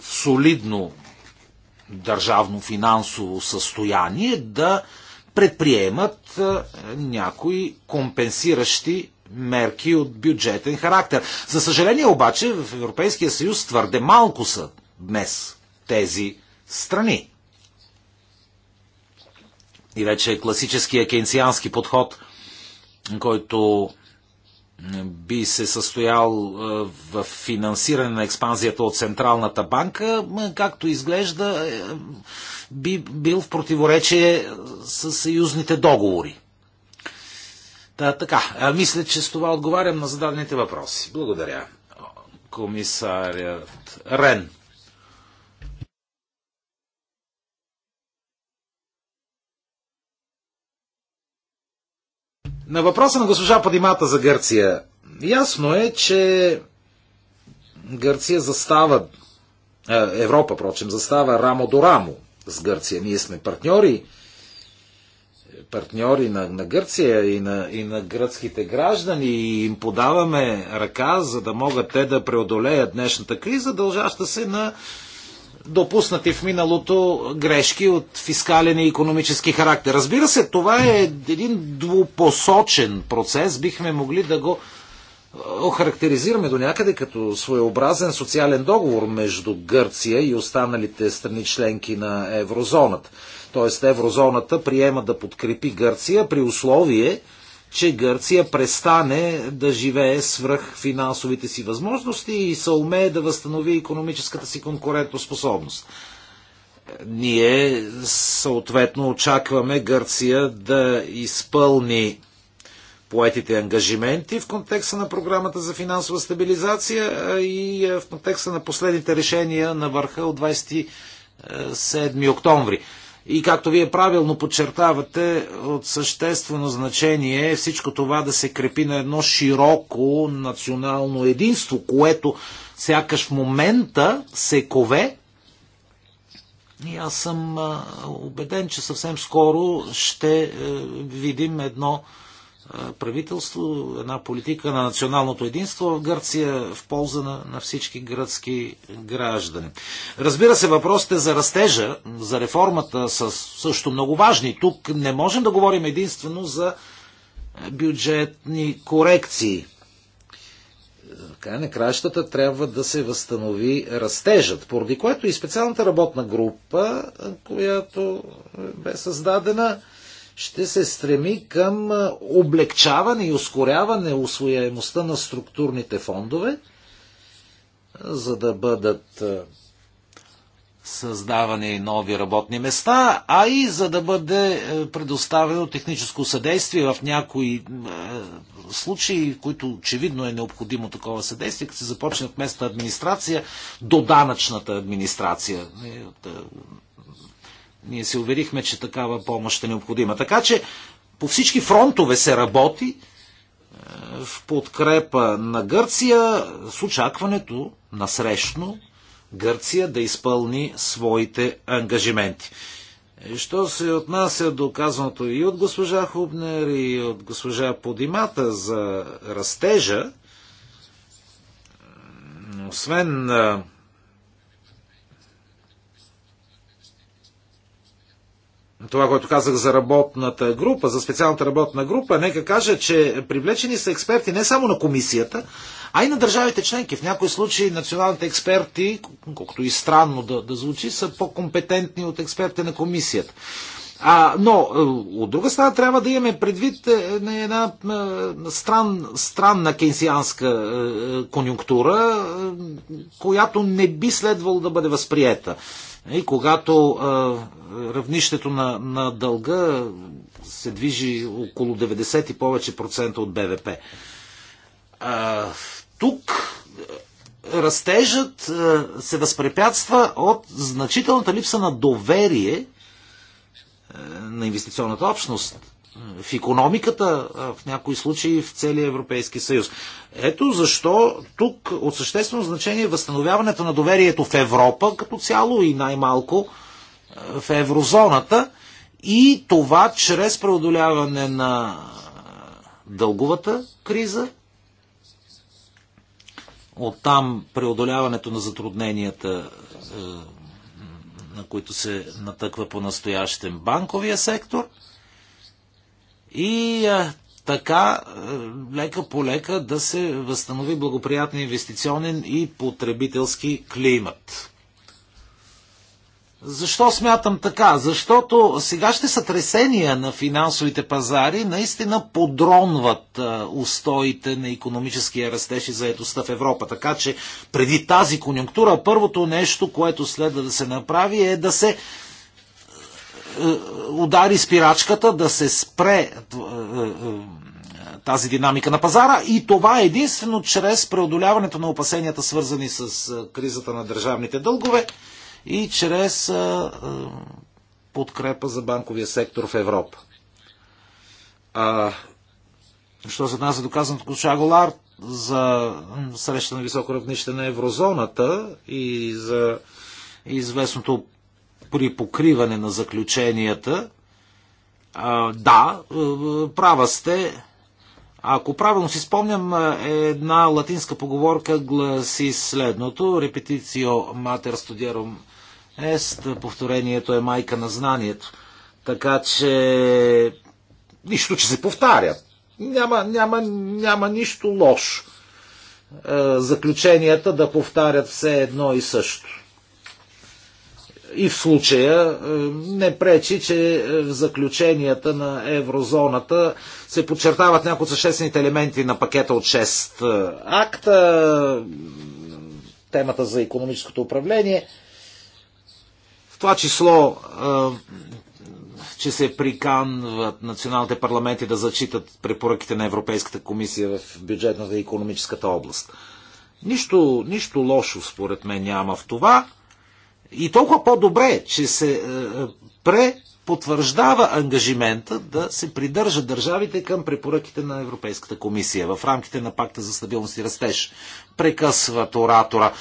в солидно държавно финансово състояние да предприемат някои компенсиращи мерки от бюджетен характер. За съжаление обаче в Европейския съюз твърде малко са днес тези страни. И вече е класическия кенциански подход, който би се състоял в финансиране на експанзията от Централната банка, както изглежда, е, би бил в противоречие с съюзните договори. Та, така, мисля, че с това отговарям на зададените въпроси. Благодаря. Комисарят Рен. На въпроса на госпожа Падимата за Гърция. Ясно е, че Гърция застава, Европа, прочим, застава рамо до рамо с Гърция. Ние сме партньори, партньори на, на Гърция и на, и на гръцките граждани и им подаваме ръка, за да могат те да преодолеят днешната криза, дължаща се на допуснати в миналото грешки от фискален и економически характер. Разбира се, това е един двупосочен процес. Бихме могли да го е, охарактеризираме до някъде като своеобразен социален договор между Гърция и останалите страни членки на еврозоната. Тоест еврозоната приема да подкрепи Гърция при условие, че Гърция престане да живее свръх финансовите си възможности и се умее да възстанови економическата си конкурентоспособност. Ние съответно очакваме Гърция да изпълни поетите ангажименти в контекста на програмата за финансова стабилизация и в контекста на последните решения на върха от 27 октомври. И както вие правилно подчертавате, от съществено значение е всичко това да се крепи на едно широко национално единство, което сякаш в момента се кове. И аз съм убеден, че съвсем скоро ще е, видим едно правителство, една политика на националното единство в Гърция в полза на, на всички гръцки граждани. Разбира се, въпросите за растежа, за реформата са също много важни. Тук не можем да говорим единствено за бюджетни корекции. Край на кращата трябва да се възстанови растежът, поради което и специалната работна група, която бе създадена, ще се стреми към облегчаване и ускоряване освояемостта на структурните фондове, за да бъдат създавани нови работни места, а и за да бъде е, предоставено техническо съдействие в някои е, случаи, в които очевидно е необходимо такова съдействие, като се започне от местната администрация до данъчната администрация. Е, ние се уверихме, че такава помощ е необходима. Така че по всички фронтове се работи е, в подкрепа на Гърция с очакването насрещно Гърция да изпълни своите ангажименти. Е, що се отнася до казаното и от госпожа Хубнер, и от госпожа Подимата за растежа, е, освен това, което казах за работната група, за специалната работна група, нека кажа, че привлечени са експерти не само на комисията, а и на държавите членки. В някои случаи националните експерти, колкото и странно да, да звучи, са по-компетентни от експерти на комисията. А, но, е, от друга страна, трябва да имаме предвид е, на една е, стран, странна кенсианска конюнктура, която не би следвало да бъде възприета. И когато равнището на, на дълга се движи около 90 и повече процента от БВП. А, тук растежът се възпрепятства от значителната липса на доверие на инвестиционната общност в економиката, в някои случаи в целия Европейски съюз. Ето защо тук от съществено значение е възстановяването на доверието в Европа като цяло и най-малко в еврозоната и това чрез преодоляване на дълговата криза, оттам преодоляването на затрудненията е, на които се натъква по настоящен банковия сектор. И а, е, така, е, лека по лека да се възстанови благоприятен инвестиционен и потребителски климат. Защо смятам така? Защото сега ще сатресения на финансовите пазари наистина подронват устоите на економическия растеж и заедостта в Европа. Така че преди тази конюнктура първото нещо, което следва да се направи е да се удари спирачката, да се спре тази динамика на пазара и това е единствено чрез преодоляването на опасенията, свързани с кризата на държавните дългове и чрез подкрепа за банковия сектор в Европа. А, що за нас е казаното от Шаголар за среща на високо равнище на еврозоната и за известното при покриване на заключенията, а, да, е, права сте. Ако правилно си спомням, е, една латинска поговорка гласи следното. репетицио Матер студиарум Ест, повторението е майка на знанието. Така че нищо, че се повтаря. Няма, няма, няма нищо лошо. Е, заключенията да повтарят все едно и също. И в случая е, не пречи, че е, в заключенията на еврозоната се подчертават някои от съществените елементи на пакета от 6 е, акта, темата за економическото управление – това число, че се приканват националните парламенти да зачитат препоръките на Европейската комисия в бюджетната и економическата област. Нищо, нищо лошо, според мен, няма в това. И толкова по-добре, че се препотвърждава ангажимента да се придържат държавите към препоръките на Европейската комисия в рамките на пакта за стабилност и растеж. Прекъсват оратора.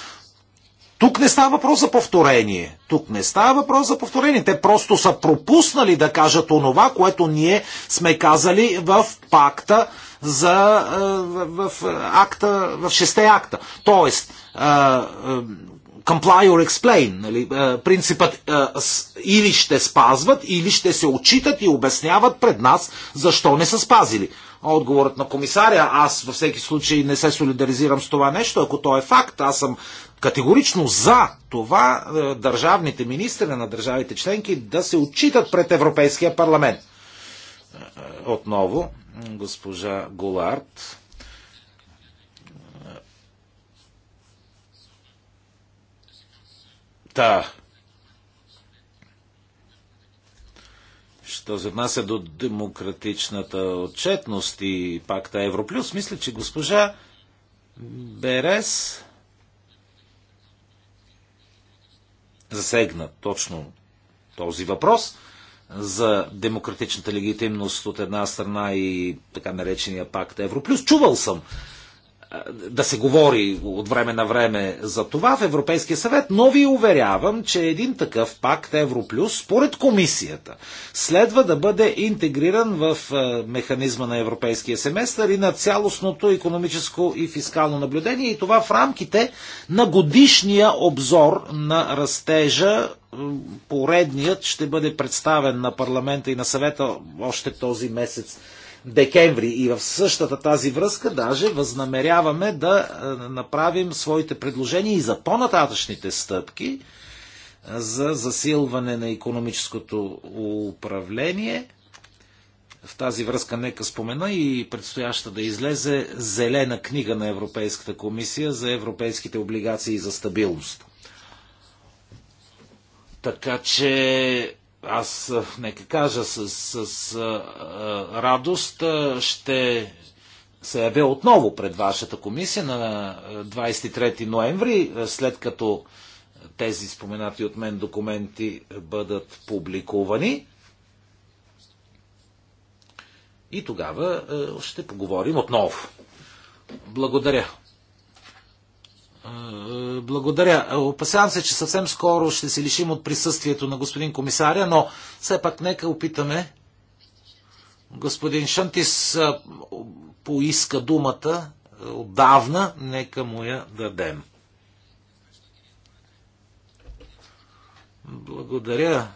Тук не става въпрос за повторение. Тук не става въпрос за повторение. Те просто са пропуснали да кажат онова, което ние сме казали в пакта за... Е, в, акта, в шесте акта. Тоест, е, е, comply or explain. Нали? Принципът или ще спазват, или ще се отчитат и обясняват пред нас защо не са спазили. Отговорът на комисаря, аз във всеки случай не се солидаризирам с това нещо, ако то е факт, аз съм категорично за това е, държавните министри на държавите членки да се отчитат пред Европейския парламент. Е, е, отново, госпожа Голард. Та. Що се отнася до демократичната отчетност и пакта Европлюс, мисля, че госпожа Берес засегна точно този въпрос за демократичната легитимност от една страна и така наречения пакт Европлюс. Чувал съм да се говори от време на време за това в Европейския съвет, но ви уверявам, че един такъв пакт Европлюс, според комисията, следва да бъде интегриран в е, механизма на Европейския семестър и на цялостното економическо и фискално наблюдение и това в рамките на годишния обзор на растежа е, поредният ще бъде представен на парламента и на съвета още този месец декември. И в същата тази връзка даже възнамеряваме да направим своите предложения и за по-нататъчните стъпки за засилване на економическото управление. В тази връзка нека спомена и предстояща да излезе зелена книга на Европейската комисия за европейските облигации за стабилност. Така че аз, нека кажа, с, с, с радост ще се явя отново пред вашата комисия на 23 ноември, след като тези споменати от мен документи бъдат публикувани. И тогава ще поговорим отново. Благодаря. Благодаря. Е, опасявам се, че съвсем скоро ще се лишим от присъствието на господин комисаря, но все пак нека опитаме. Господин Шантис поиска думата е, отдавна, нека му я дадем. Благодаря,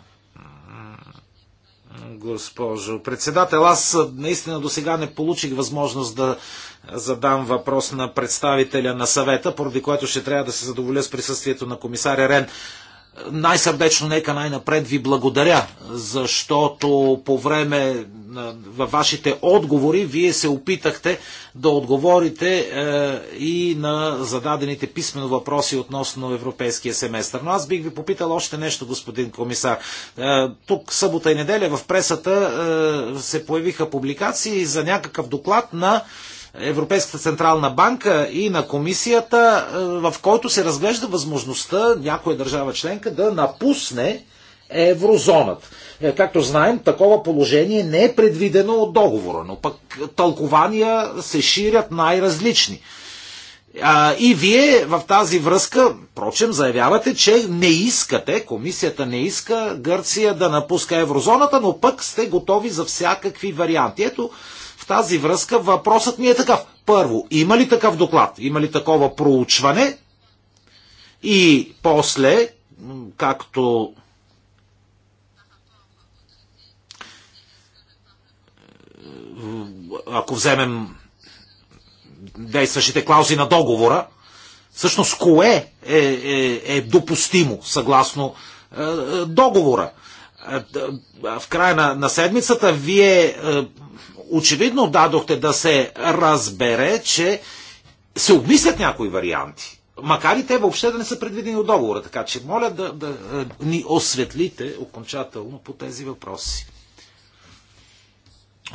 госпожо председател. Аз наистина до сега не получих възможност да задам въпрос на представителя на съвета, поради което ще трябва да се задоволя с присъствието на комисаря Рен. Най-сърдечно, нека най-напред ви благодаря, защото по време на, във вашите отговори вие се опитахте да отговорите е, и на зададените писмено въпроси относно европейския семестър. Но аз бих ви попитал още нещо, господин комисар. Е, тук събота и неделя в пресата е, се появиха публикации за някакъв доклад на е, Европейската централна банка и на комисията, е, в който се разглежда възможността някоя държава членка да напусне еврозоната. Е, както знаем, такова положение не е предвидено от договора, но пък тълкования се ширят най-различни. И вие в тази връзка, прочем, заявявате, че не искате, комисията не иска Гърция да напуска еврозоната, но пък сте готови за всякакви варианти. Ето, в тази връзка въпросът ми е такъв. Първо, има ли такъв доклад? Има ли такова проучване? И после, както ако вземем действащите клаузи на договора, всъщност кое е, е, е допустимо съгласно е, договора. Е, в края на, на седмицата вие е, очевидно дадохте да се разбере, че се обмислят някои варианти. Макар и те въобще да не са предвидени от договора, така че моля да, да е, ни осветлите окончателно по тези въпроси.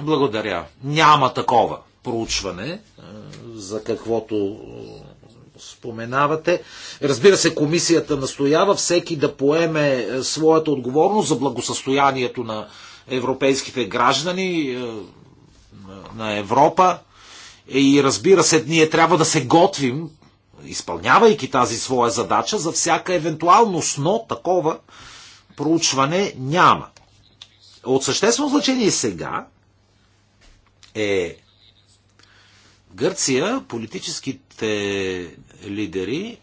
Благодаря. Няма такова проучване, е, за каквото е, споменавате. Разбира се, комисията настоява всеки да поеме своята отговорност за благосъстоянието на европейските граждани, на Европа. И разбира се, ние трябва да се готвим, изпълнявайки тази своя задача, за всяка евентуалност, но такова проучване няма. От съществено значение сега е Гърция политическите лидери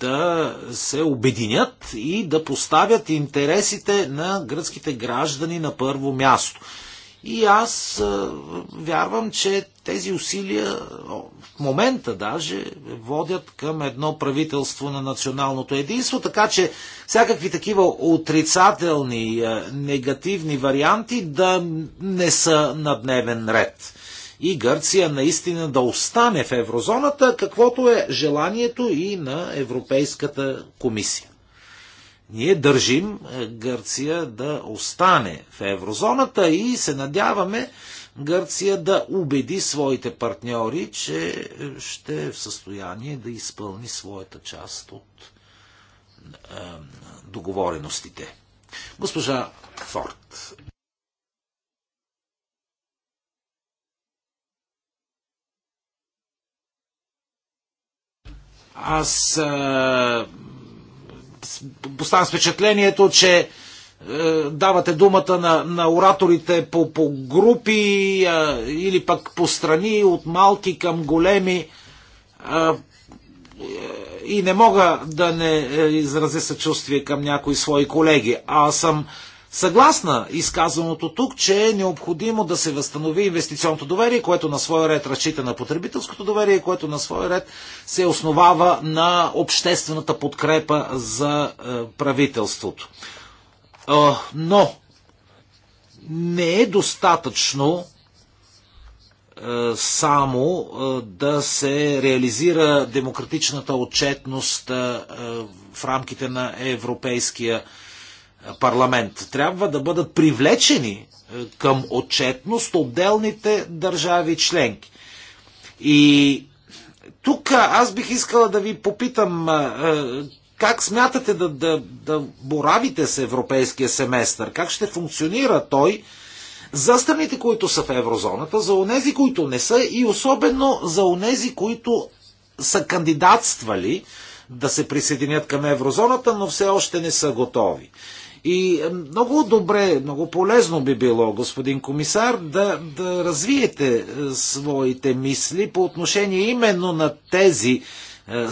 да се обединят и да поставят интересите на гръцките граждани на първо място. И аз вярвам, че тези усилия в момента даже водят към едно правителство на националното единство, така че всякакви такива отрицателни, негативни варианти да не са на дневен ред и Гърция наистина да остане в еврозоната, каквото е желанието и на Европейската комисия. Ние държим е, Гърция да остане в еврозоната и се надяваме Гърция да убеди своите партньори, че е, ще е в състояние да изпълни своята част от е, договореностите. Госпожа Форд Аз а, поставям впечатлението, че е, давате думата на, на ораторите по, по групи а, или пък по страни, от малки към големи. А, е, и не мога да не е, изразя съчувствие към някои свои колеги. Аз съм Съгласна изказаното тук, че е необходимо да се възстанови инвестиционното доверие, което на своя ред разчита на потребителското доверие, което на своя ред се основава на обществената подкрепа за е, правителството. Е, но не е достатъчно е, само да се реализира демократичната отчетност в рамките на Европейския парламент. Трябва да бъдат привлечени е, към отчетност отделните държави членки. И тук аз бих искала да ви попитам е, е, как смятате да, да, да боравите с европейския семестър? Как ще функционира той за страните, които са в еврозоната, за онези, които не са и особено за онези, които са кандидатствали да се присъединят към еврозоната, но все още не са готови? И е, много добре, много полезно би било, господин комисар, да, да развиете е, своите мисли по отношение именно на тези е,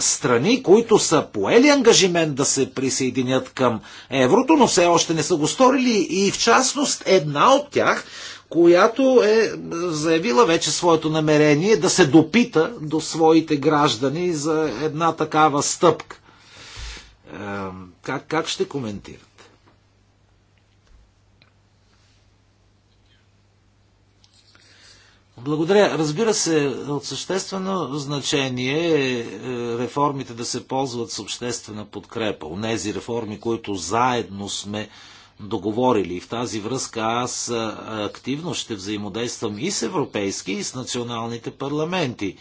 страни, които са поели ангажимент да се присъединят към еврото, но все още не са го сторили и в частност една от тях, която е заявила вече своето намерение да се допита до своите граждани за една такава стъпка. Как, как ще коментирате? Благодаря. Разбира се, от съществено значение е, е реформите да се ползват с обществена подкрепа. Нези реформи, които заедно сме договорили. И в тази връзка аз е, активно ще взаимодействам и с европейски, и с националните парламенти. Е,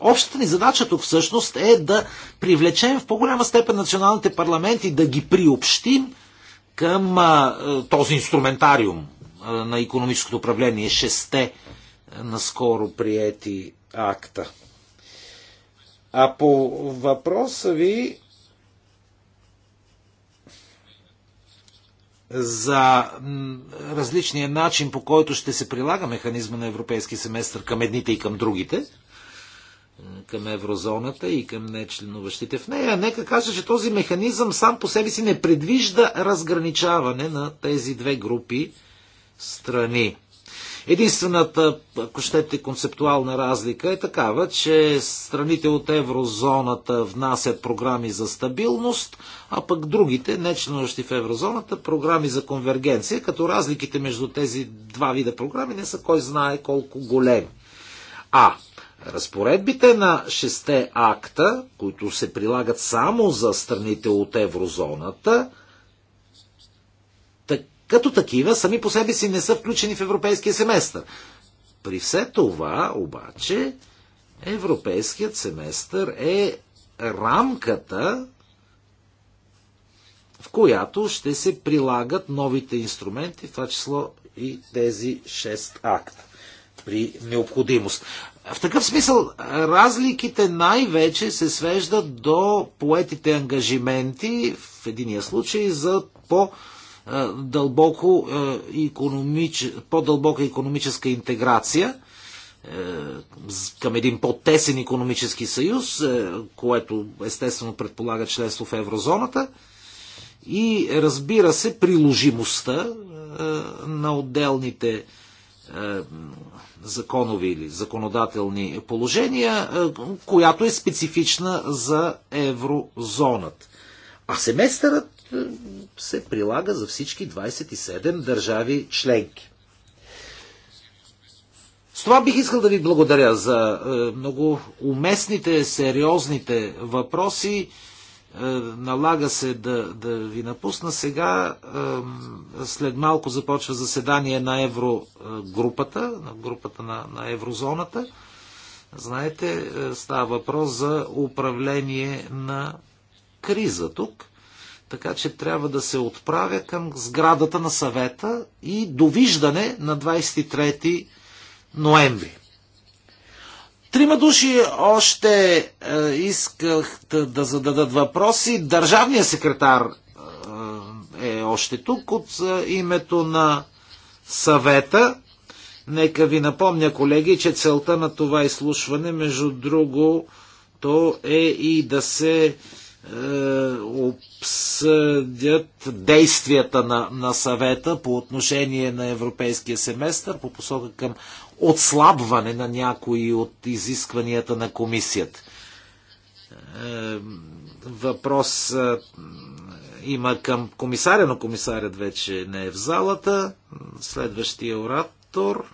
общата ни задача тук всъщност е да привлечем в по-голяма степен националните парламенти, да ги приобщим към този инструментариум, на економическото управление, шесте наскоро приети акта. А по въпроса ви за различния начин, по който ще се прилага механизма на европейски семестър към едните и към другите, към еврозоната и към нечленуващите в нея. Нека кажа, че този механизъм сам по себе си не предвижда разграничаване на тези две групи страни. Единствената, ако щете, концептуална разлика е такава, че страните от еврозоната внасят програми за стабилност, а пък другите, не членуващи в еврозоната, програми за конвергенция, като разликите между тези два вида програми не са кой знае колко големи. А разпоредбите на шесте акта, които се прилагат само за страните от еврозоната – като такива сами по себе си не са включени в европейския семестър. При все това, обаче, европейският семестър е рамката, в която ще се прилагат новите инструменти, в това число и тези 6 акта при необходимост. В такъв смисъл разликите най-вече се свеждат до поетите ангажименти в единия случай за по е, дълбоко економич... по-дълбока економическа интеграция е, към един по-тесен економически съюз, е, което естествено предполага членство в еврозоната и разбира се приложимостта на отделните законови или законодателни положения, която е специфична за еврозоната. А семестърът се прилага за всички 27 държави членки. С това бих искал да ви благодаря за е, много уместните, сериозните въпроси. Е, налага се да, да ви напусна сега. Е, след малко започва заседание на еврогрупата, на групата на, на еврозоната. Знаете, става въпрос за управление на криза тук. Така че трябва да се отправя към сградата на съвета и довиждане на 23 ноември. Трима души още е, исках да, да зададат въпроси. Държавният секретар е, е още тук от е, името на съвета. Нека ви напомня, колеги, че целта на това изслушване, между другото, е и да се е, е, обсъдят действията на, на съвета по отношение на европейския семестър по посока към отслабване на някои от изискванията на комисията. Е, въпрос е, има към комисаря, но комисарят вече не е в залата. Следващия оратор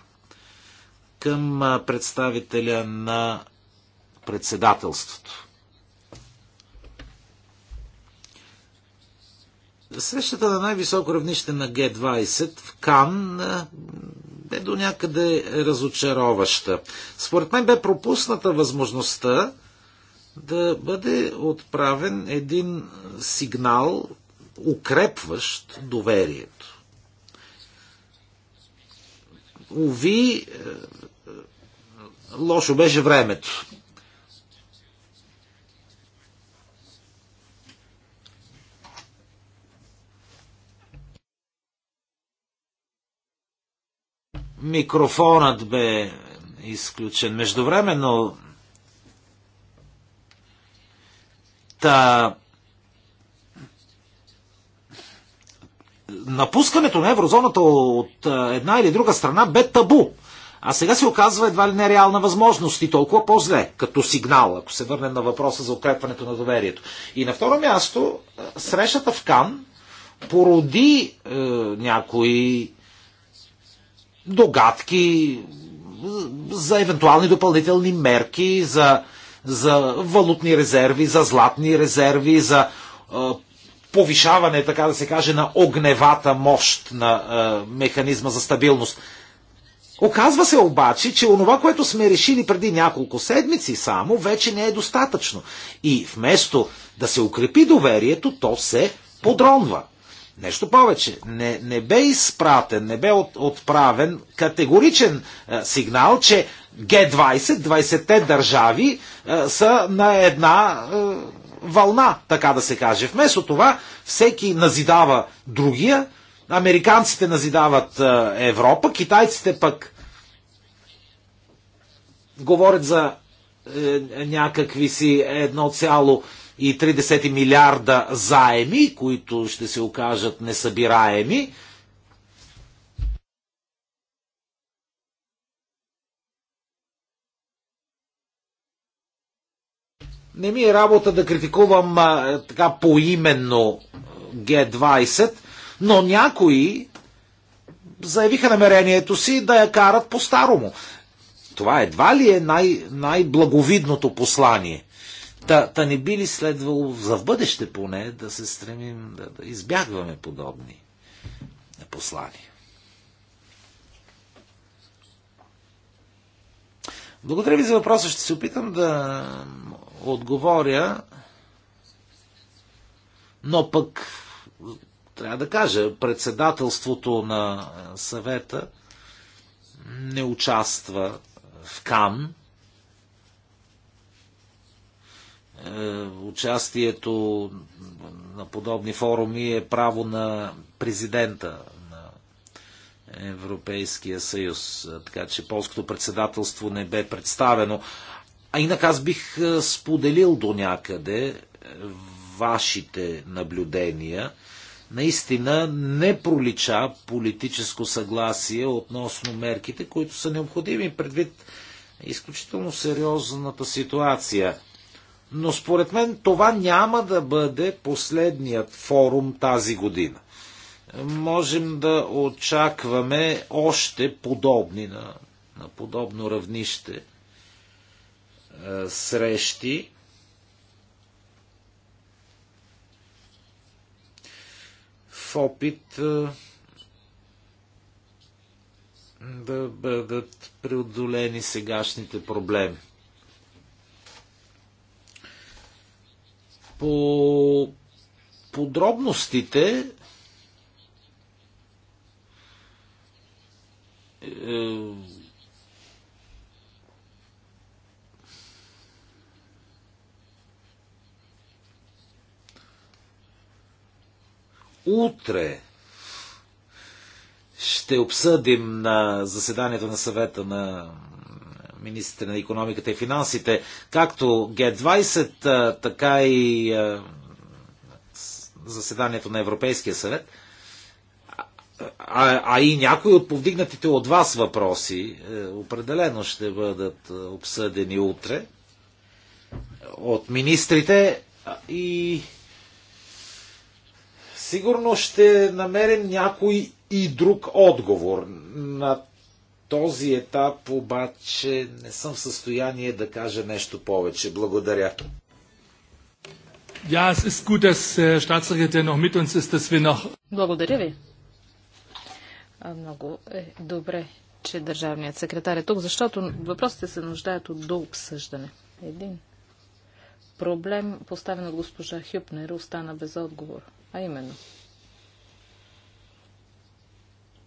към представителя на председателството. Срещата на най-високо равнище на Г-20 в Кан бе до някъде разочароваща. Според мен бе пропусната възможността да бъде отправен един сигнал, укрепващ доверието. Ови, е, е, лошо беше времето. Микрофонът бе изключен. Междувременно та напускането на еврозоната от една или друга страна бе табу. А сега се оказва едва ли нереална възможност и толкова по-зле, като сигнал, ако се върнем на въпроса за укрепването на доверието. И на второ място, срещата в Кан породи е, някои догадки за евентуални допълнителни мерки, за, за валутни резерви, за златни резерви, за е, повишаване, така да се каже, на огневата мощ на е, механизма за стабилност. Оказва се обаче, че онова, което сме решили преди няколко седмици само, вече не е достатъчно. И вместо да се укрепи доверието, то се подронва. Нещо повече, не, не бе изпратен, не бе от, отправен категоричен а, е, сигнал, че Г20, 20-те държави а, е, са на една а, е, вълна, така да се каже. Вместо това всеки назидава другия, американците назидават а, Европа, китайците пък говорят за някакви си едно цяло. 30 милиарда заеми, които ще се окажат несъбираеми. Не ми е работа да критикувам а, така поименно Г20, но някои заявиха намерението си да я карат по-старому. Това едва ли е най- най-благовидното послание. Та, та не би ли следвало за в бъдеще поне да се стремим да, да избягваме подобни послания? Благодаря ви за въпроса. Ще се опитам да отговоря, но пък трябва да кажа, председателството на съвета не участва в КАН Е, участието на подобни форуми е право на президента на Европейския съюз. Е, така че полското председателство не бе представено. А инак аз бих е, споделил до някъде вашите наблюдения. Наистина не пролича политическо съгласие относно мерките, които са необходими предвид изключително сериозната ситуация – но според мен това няма да бъде последният форум тази година. Можем да очакваме още подобни на, на подобно равнище е, срещи. В опит е, да бъдат преодолени сегашните проблеми. По подробностите е, утре ще обсъдим на заседанието на съвета на министрите на економиката и финансите, както Г20, така и заседанието на Европейския съвет, а, а и някои от повдигнатите от вас въпроси е, определено ще бъдат е, обсъдени утре от министрите и сигурно ще намерим някой и друг отговор на този етап обаче не съм в състояние да кажа нещо повече. Благодаря. Ja, es ist gut, dass äh, Staatssekretär noch mit uns ist, dass wir noch... Благодаря ви. Много е добре, че държавният секретар е тук, защото въпросите се нуждаят от до обсъждане. Един проблем, поставен от госпожа Хюпнер, остана без отговор. А именно.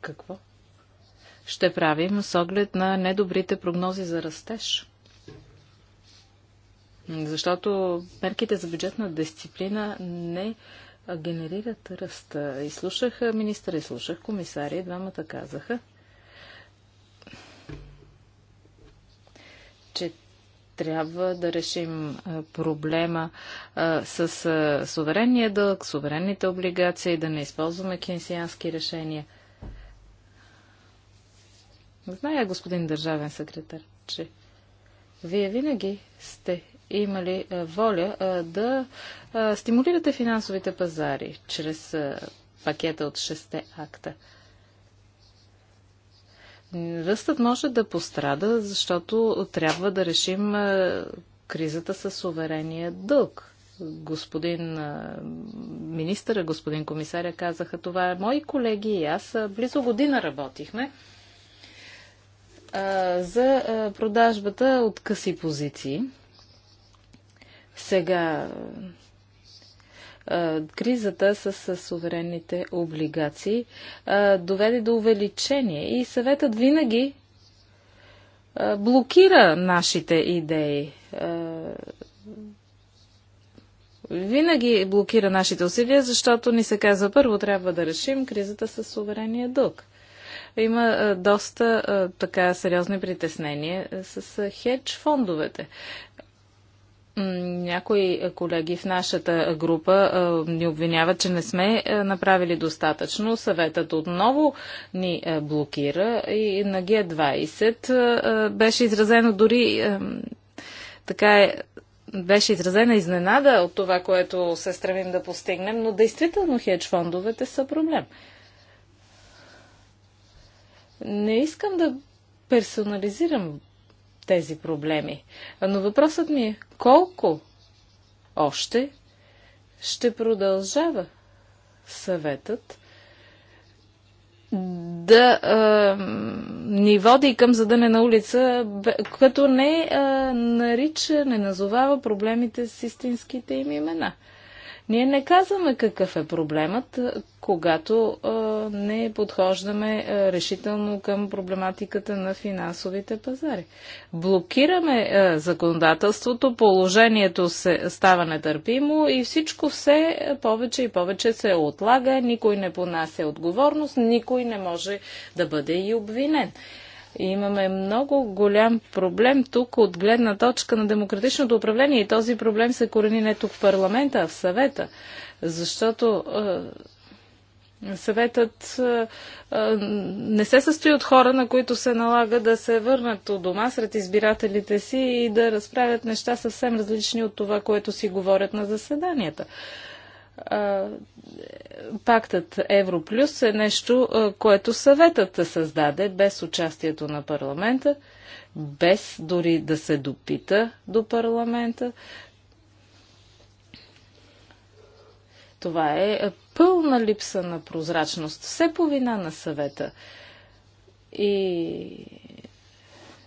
Какво ще правим с оглед на недобрите прогнози за растеж? Защото мерките за бюджетна дисциплина не генерират ръст. И слушах министра, и слушах комисари, и двамата казаха, че трябва да решим проблема с суверенния дълг, суверенните облигации, да не използваме кенсиански решения – Зная, господин държавен секретар, че вие винаги сте имали е, воля е, да е, стимулирате финансовите пазари чрез пакета от 6 акта. Ръстът може да пострада, защото трябва да решим кризата със суверения дълг. Господин министъра, господин комисаря казаха това. Мои колеги и аз близо година работихме за продажбата от къси позиции. Сега кризата с суверенните облигации доведе до увеличение и съветът винаги блокира нашите идеи. Винаги блокира нашите усилия, защото ни се казва първо трябва да решим кризата с суверения дълг има доста така сериозни притеснения с хедж фондовете. Някои колеги в нашата група ни обвиняват, че не сме направили достатъчно. Съветът отново ни блокира и на Г20 беше изразено дори така е беше изразена изненада от това, което се стремим да постигнем, но действително хедж фондовете са проблем. Не искам да персонализирам тези проблеми, но въпросът ми е колко още ще продължава съветът да е, ни води към задъне на улица, като не е, нарича, не назовава проблемите с истинските им имена. Ние не казваме какъв е проблемът, когато а, не подхождаме а, решително към проблематиката на финансовите пазари. Блокираме а, законодателството, положението се става нетърпимо и всичко все повече и повече се отлага, никой не понася отговорност, никой не може да бъде и обвинен. И имаме много голям проблем тук от гледна точка на демократичното управление и този проблем се корени не тук в парламента, а в съвета. Защото е, съветът е, е не се състои от хора, на които се налага да се върнат от дома сред избирателите си и да разправят неща съвсем различни от това, което си говорят на заседанията. Е, пактът Европлюс е нещо, което съветът създаде без участието на парламента, без дори да се допита до парламента. Това е пълна липса на прозрачност, все по вина на съвета. И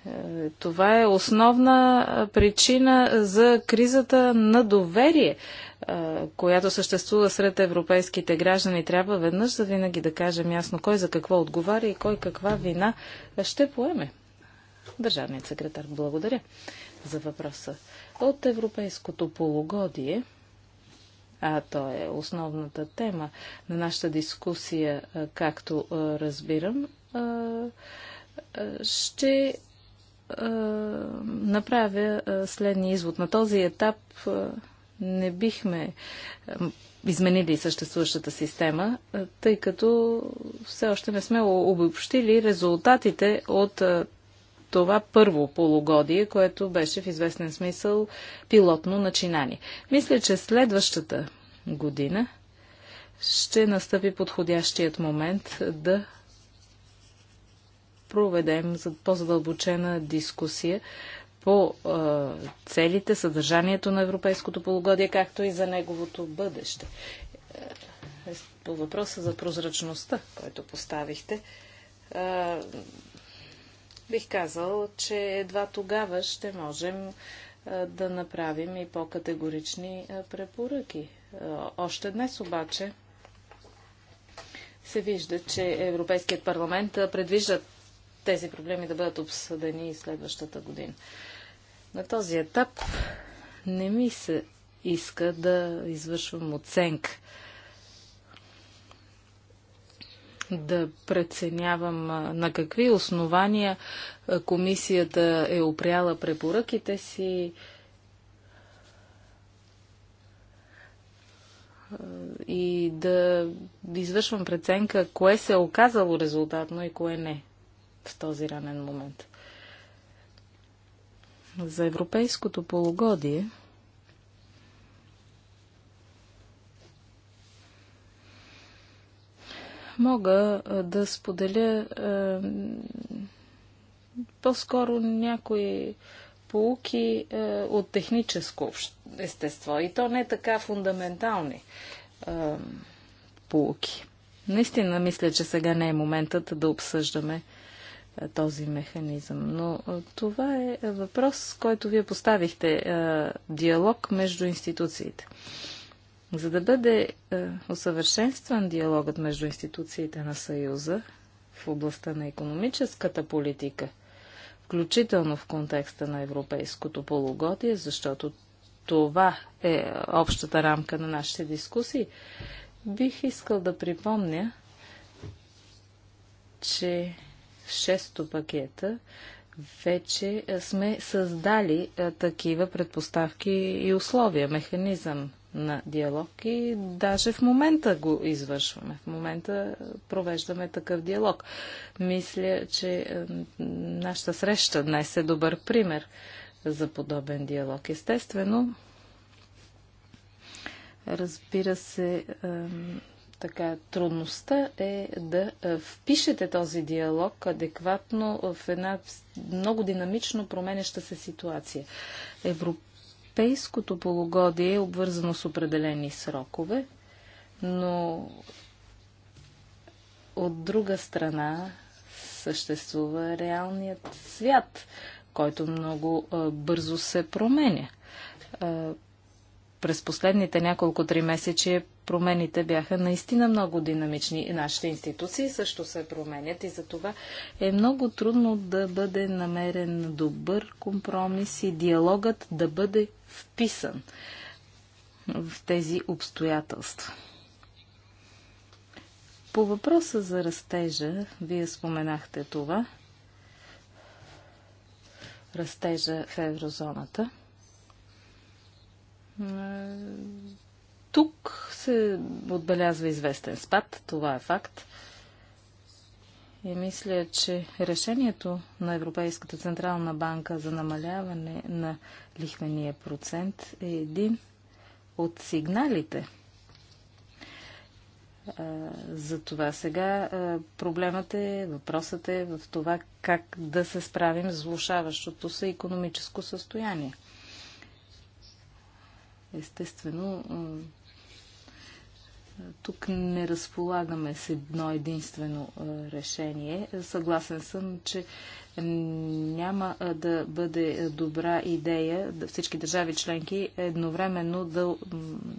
е, това е основна причина за кризата на доверие която съществува сред европейските граждани, трябва веднъж за винаги да кажем ясно кой за какво отговаря и кой каква вина ще поеме. Държавният секретар, благодаря за въпроса. От европейското полугодие, а то е основната тема на нашата дискусия, както разбирам, ще направя следния извод. На този етап не бихме изменили съществуващата система, е, тъй като все още не сме обобщили резултатите от е, това първо полугодие, което беше в известен смисъл пилотно начинание. Мисля, че следващата година ще настъпи подходящият момент да проведем за по-задълбочена дискусия по е, целите, съдържанието на европейското полугодие, както и за неговото бъдеще. Е, по въпроса за прозрачността, който поставихте, е, бих казал, че едва тогава ще можем е, да направим и по-категорични препоръки. Още днес обаче се вижда, че Европейският парламент предвижда тези проблеми да бъдат обсъдени и следващата година. На този етап не ми се иска да извършвам оценка, да преценявам на какви основания комисията е опряла препоръките си и да извършвам преценка кое се е оказало резултатно и кое не в този ранен момент за европейското полугодие мога да споделя е, по-скоро някои полуки е, от техническо естество. И то не така фундаментални е, полуки. Наистина мисля, че сега не е моментът да обсъждаме е, този механизъм. Но е, това е въпрос, който вие поставихте. Е, диалог между институциите. За да бъде усъвършенстван диалогът между институциите на Съюза в областта на економическата политика, включително в контекста на европейското полугодие, защото това е общата рамка на нашите дискусии, бих искал да припомня, че в шесто пакета вече е, сме създали е, такива предпоставки и условия, механизъм на диалог и даже в момента го извършваме. В момента провеждаме такъв диалог. Мисля, че е, нашата среща днес е добър пример за подобен диалог. Естествено, разбира се, така, трудността е да впишете този диалог адекватно в една много динамично променеща се ситуация. Европейското полугодие е обвързано с определени срокове, но от друга страна съществува реалният свят, който много бързо се променя. през последните няколко три месечи е промените бяха наистина много динамични. Нашите институции също се променят и за това е много трудно да бъде намерен добър компромис и диалогът да бъде вписан в тези обстоятелства. По въпроса за растежа, вие споменахте това, растежа в еврозоната. Тук се отбелязва известен спад, това е факт. И мисля, че решението на Европейската централна банка за намаляване на лихвения процент е един от сигналите. За това сега проблемът е, въпросът е в това как да се справим с влушаващото се економическо състояние. Естествено, тук не разполагаме с едно единствено решение. Съгласен съм, че няма да бъде добра идея да всички държави членки едновременно да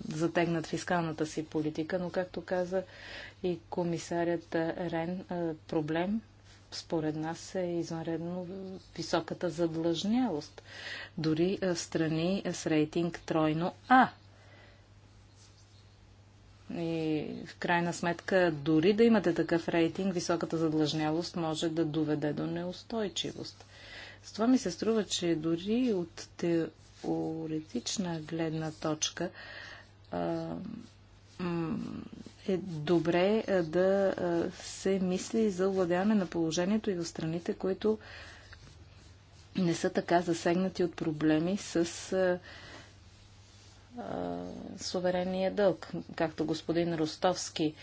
затегнат фискалната си политика, но както каза и комисарят Рен, проблем според нас е извънредно високата задлъжнялост. Дори в страни с рейтинг тройно А – и в крайна сметка, дори да имате такъв рейтинг, високата задлъжнялост може да доведе до неустойчивост. С това ми се струва, че дори от теоретична гледна точка е добре да се мисли за овладяване на положението и в страните, които не са така засегнати от проблеми с суверенния дълг. Както господин Ростовски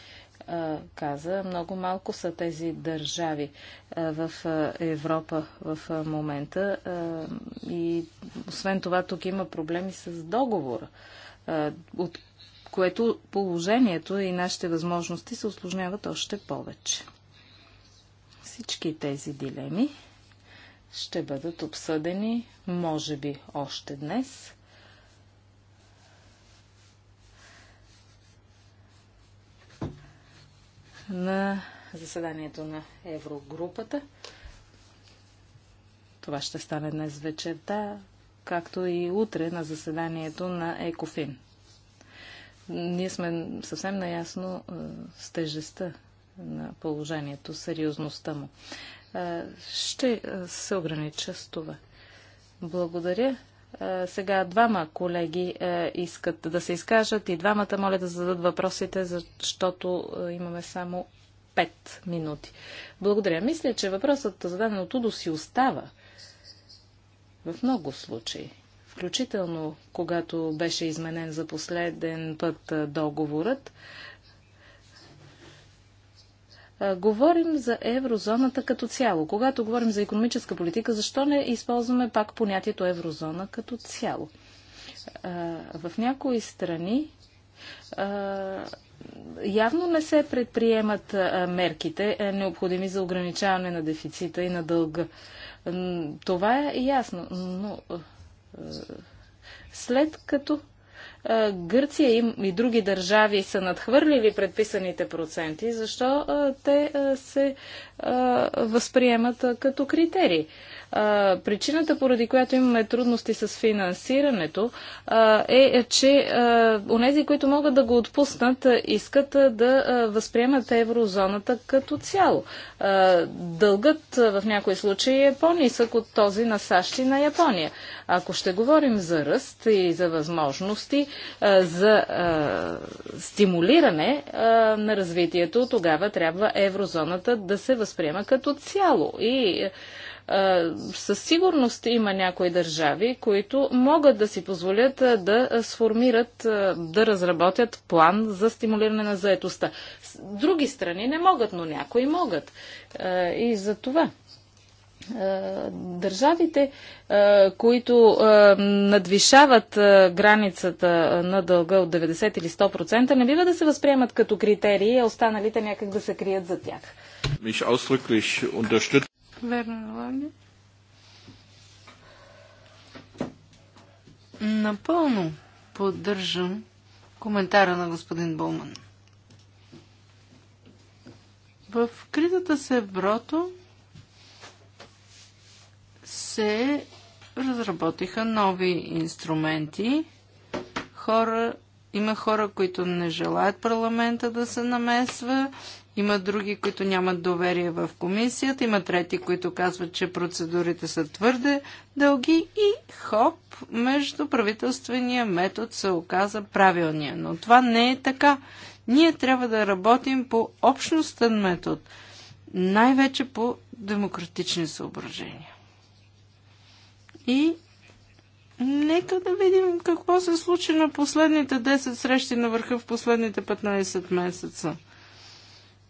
каза, много малко са тези държави в Европа в момента. И освен това, тук има проблеми с договора, от което положението и нашите възможности се осложняват още повече. Всички тези дилеми ще бъдат обсъдени, може би, още днес на заседанието на Еврогрупата. Това ще стане днес вечерта, както и утре на заседанието на Екофин. Ние сме съвсем наясно е, с тежестта на положението, сериозността му. Е, ще е, се огранича с това. Благодаря е, сега двама колеги е, искат да се изкажат и двамата моля да зададат въпросите, защото е, имаме само 5 минути. Благодаря. Мисля, че въпросът зададен от Удо си остава в много случаи. Включително, когато беше изменен за последен път договорът, Говорим за еврозоната като цяло. Когато говорим за економическа политика, защо не използваме пак понятието еврозона като цяло? В някои страни явно не се предприемат мерките, е, необходими за ограничаване на дефицита и на дълга. Това е ясно, но след като е, Гърция и други държави са надхвърлили предписаните проценти, защо е, те е, се възприемат като критерии? А, причината, поради която имаме трудности с финансирането, а, е, е че у онези, които могат да го отпуснат, искат да възприемат еврозоната като цяло. Дългът в някои случаи е по-нисък от този на САЩ и на Япония. Ако ще говорим за ръст и за възможности за стимулиране на развитието, тогава трябва еврозоната да се възприема като цяло. И със сигурност има някои държави, които могат да си позволят да сформират, да разработят план за стимулиране на заетостта. Други страни не могат, но някои могат. И за това държавите, които надвишават границата на дълга от 90 или 100%, не бива да се възприемат като критерии, а останалите някак да се крият за тях. Верно, Лаги. Напълно поддържам коментара на господин Болман. В критата севрото се разработиха нови инструменти. Хора, има хора, които не желаят парламента да се намесва, има други, които нямат доверие в комисията, има трети, които казват, че процедурите са твърде дълги и хоп, между правителствения метод се оказа правилния. Но това не е така. Ние трябва да работим по общностен метод, най-вече по демократични съображения. И нека да видим какво се случи на последните 10 срещи на върха в последните 15 месеца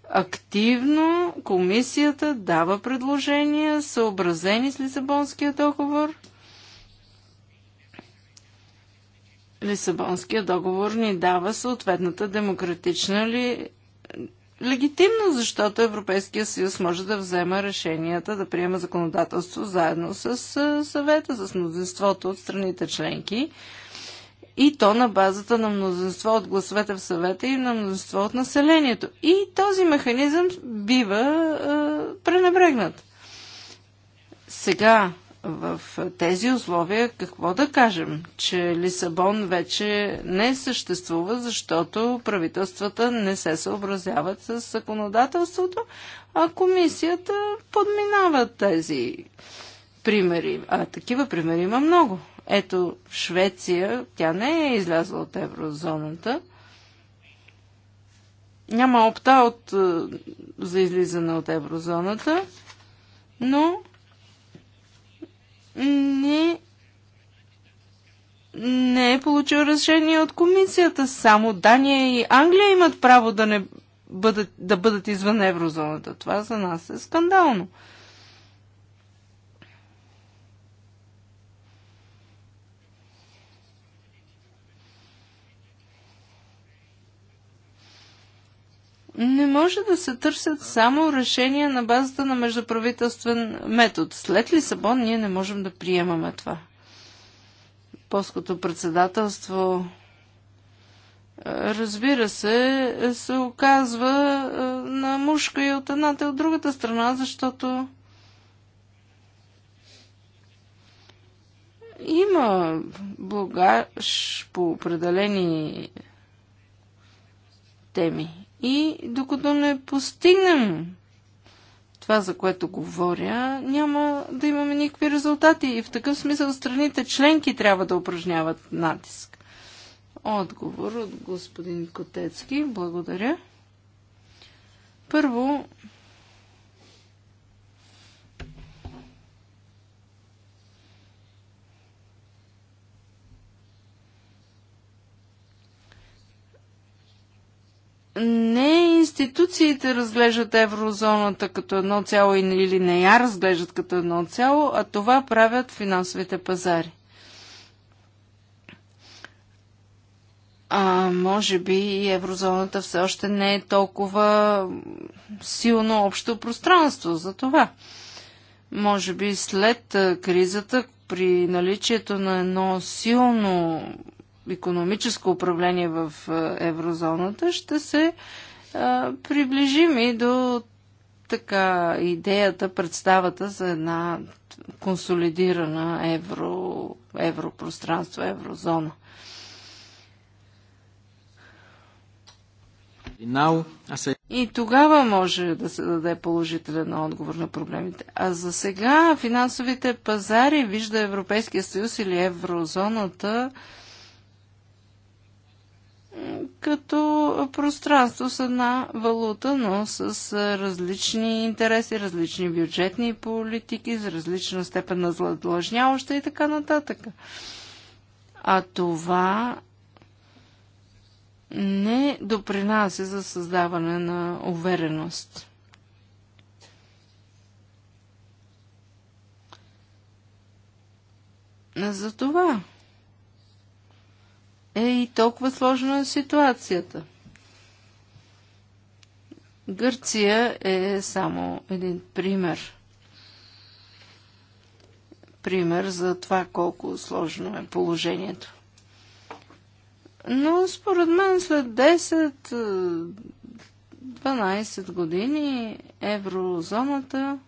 активно комисията дава предложения, съобразени с Лисабонския договор. Лисабонския договор ни дава съответната демократична ли... легитимна, защото Европейския съюз може да взема решенията да приема законодателство заедно с съвета, с мнозинството от страните членки и то на базата на мнозинство от гласовете в съвета и на мнозинство от населението. И този механизъм бива е, пренебрегнат. Сега, в тези условия, какво да кажем? Че Лисабон вече не съществува, защото правителствата не се съобразяват с законодателството, а комисията подминава тези примери. А такива примери има много. Ето Швеция, тя не е излязла от еврозоната. Няма опта от, е, за излизане от еврозоната, но не, не е получил решение от комисията. Само Дания и Англия имат право да не бъдат, да бъдат извън еврозоната. Това за нас е скандално. Не може да се търсят само решения на базата на междуправителствен метод. След Лисабон ние не можем да приемаме това. Полското председателство, е, разбира се, се оказва е, на мушка и от едната и от другата страна, защото има блогаж по определени теми. И докато не постигнем това, за което говоря, няма да имаме никакви резултати. И в такъв смисъл страните членки трябва да упражняват натиск. Отговор от господин Котецки. Благодаря. Първо, не институциите разглеждат еврозоната като едно цяло или не я разглеждат като едно цяло, а това правят финансовите пазари. А може би и еврозоната все още не е толкова силно общо пространство за това. Може би след кризата, при наличието на едно силно економическо управление в еврозоната, ще се приближим и до така идеята, представата за една консолидирана евро, европространство, еврозона. И тогава може да се даде положителен отговор на проблемите. А за сега финансовите пазари вижда Европейския съюз или еврозоната като пространство с една валута, но с различни интереси, различни бюджетни политики, с различна степен на задлъжняваща и така нататък. А това не допринася за създаване на увереност. Затова е и толкова сложна е ситуацията. Гърция е само един пример. Пример за това колко сложно е положението. Но според мен след 10-12 години еврозоната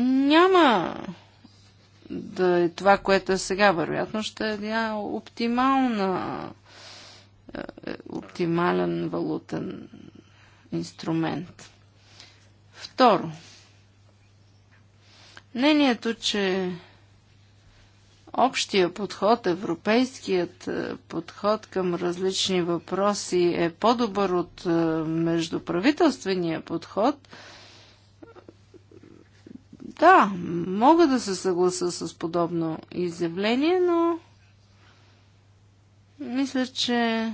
няма да е това, което е сега. Вероятно ще е една оптимална, е, е, оптимален валутен инструмент. Второ, мнението, че общия подход, европейският е, подход към различни въпроси е по-добър от междуправителствения подход – да, мога да се съгласа с подобно изявление, но мисля, че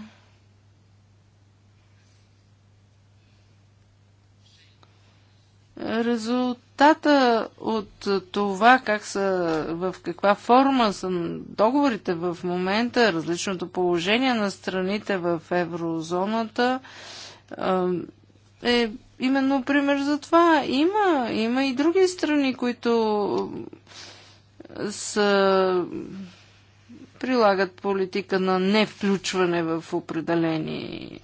Резултата от това как са, в каква форма са договорите в момента, различното положение на страните в еврозоната е именно пример за това. Има, има и други страни, които са, прилагат политика на невключване в определени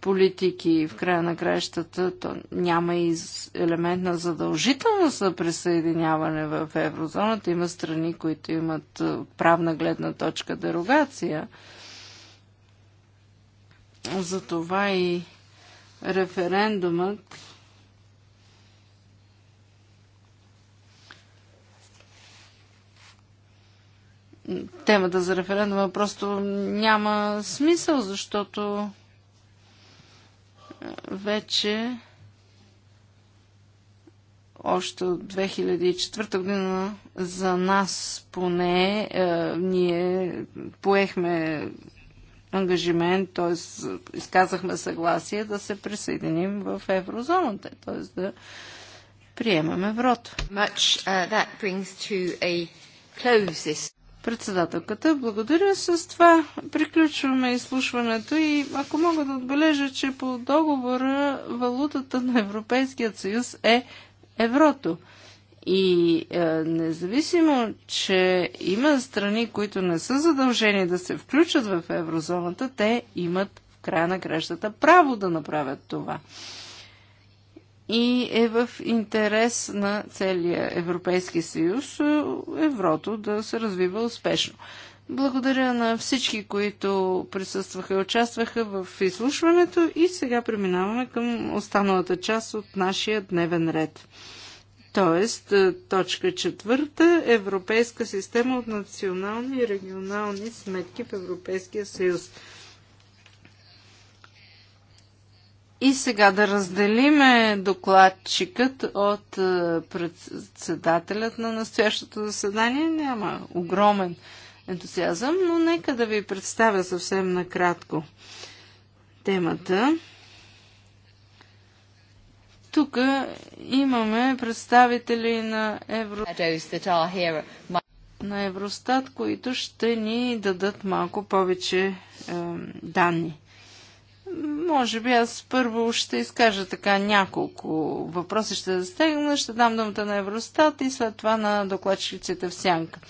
политики в края на краищата, то няма и елемент на задължителност за присъединяване в еврозоната. Има страни, които имат правна гледна точка дерогация. Затова и референдумът темата за референдума просто няма смисъл, защото е, вече още от 2004 година за нас поне е, ние поехме ангажимент, т.е. изказахме съгласие да се присъединим в еврозоната, т.е. да приемем еврото. Much, uh, Председателката, благодаря. С това приключваме изслушването и ако мога да отбележа, че по договора валутата на Европейският съюз е еврото. И е, независимо, че има страни, които не са задължени да се включат в еврозоната, те имат в края на кращата право да направят това. И е в интерес на целия Европейски съюз е, еврото да се развива успешно. Благодаря на всички, които присъстваха и участваха в изслушването и сега преминаваме към останалата част от нашия дневен ред. Тоест, е, точка четвърта, Европейска система от национални и регионални сметки в Европейския съюз. И сега да разделиме докладчикът от е, председателят на настоящото заседание. Няма огромен ентусиазъм, но нека да ви представя съвсем накратко темата. Тук имаме представители на Евро... на Евростат, които ще ни дадат малко повече е, данни. Може би аз първо ще изкажа така няколко въпроси, ще застегна, ще дам думата на Евростат и след това на докладчиците в сянка.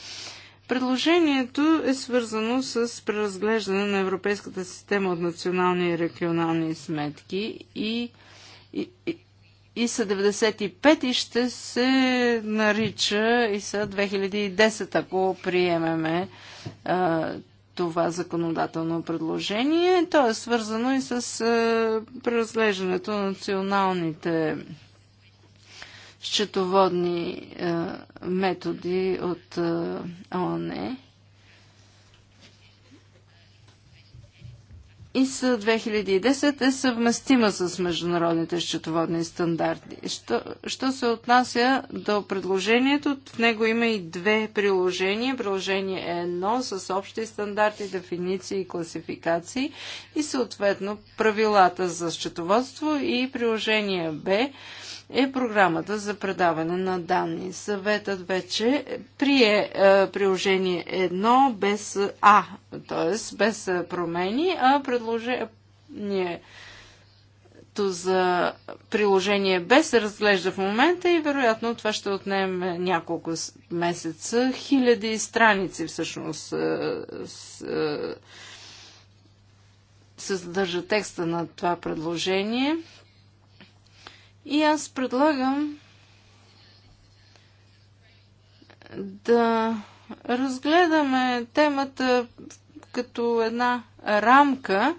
Предложението е свързано с преразглеждане на европейската система от национални и регионални сметки и, и, и ИСА 95 и ще се нарича ИСА 2010, ако приемеме а, това законодателно предложение. То е свързано и с а, преразглеждането на националните счетоводни а, методи от а, ОНЕ. ИС 2010 е съвместима с международните счетоводни стандарти. Що, що се отнася до предложението, в него има и две приложения. Приложение е едно с общи стандарти, дефиниции и класификации и съответно правилата за счетоводство и приложение Б е програмата за предаване на данни. Съветът вече прие е, приложение 1 без А, т.е. без е, промени, а предложението за приложение Б се разглежда в момента и вероятно това ще отнеме няколко месеца. Хиляди страници всъщност се е, съдържа текста на това предложение. И аз предлагам да разгледаме темата като една рамка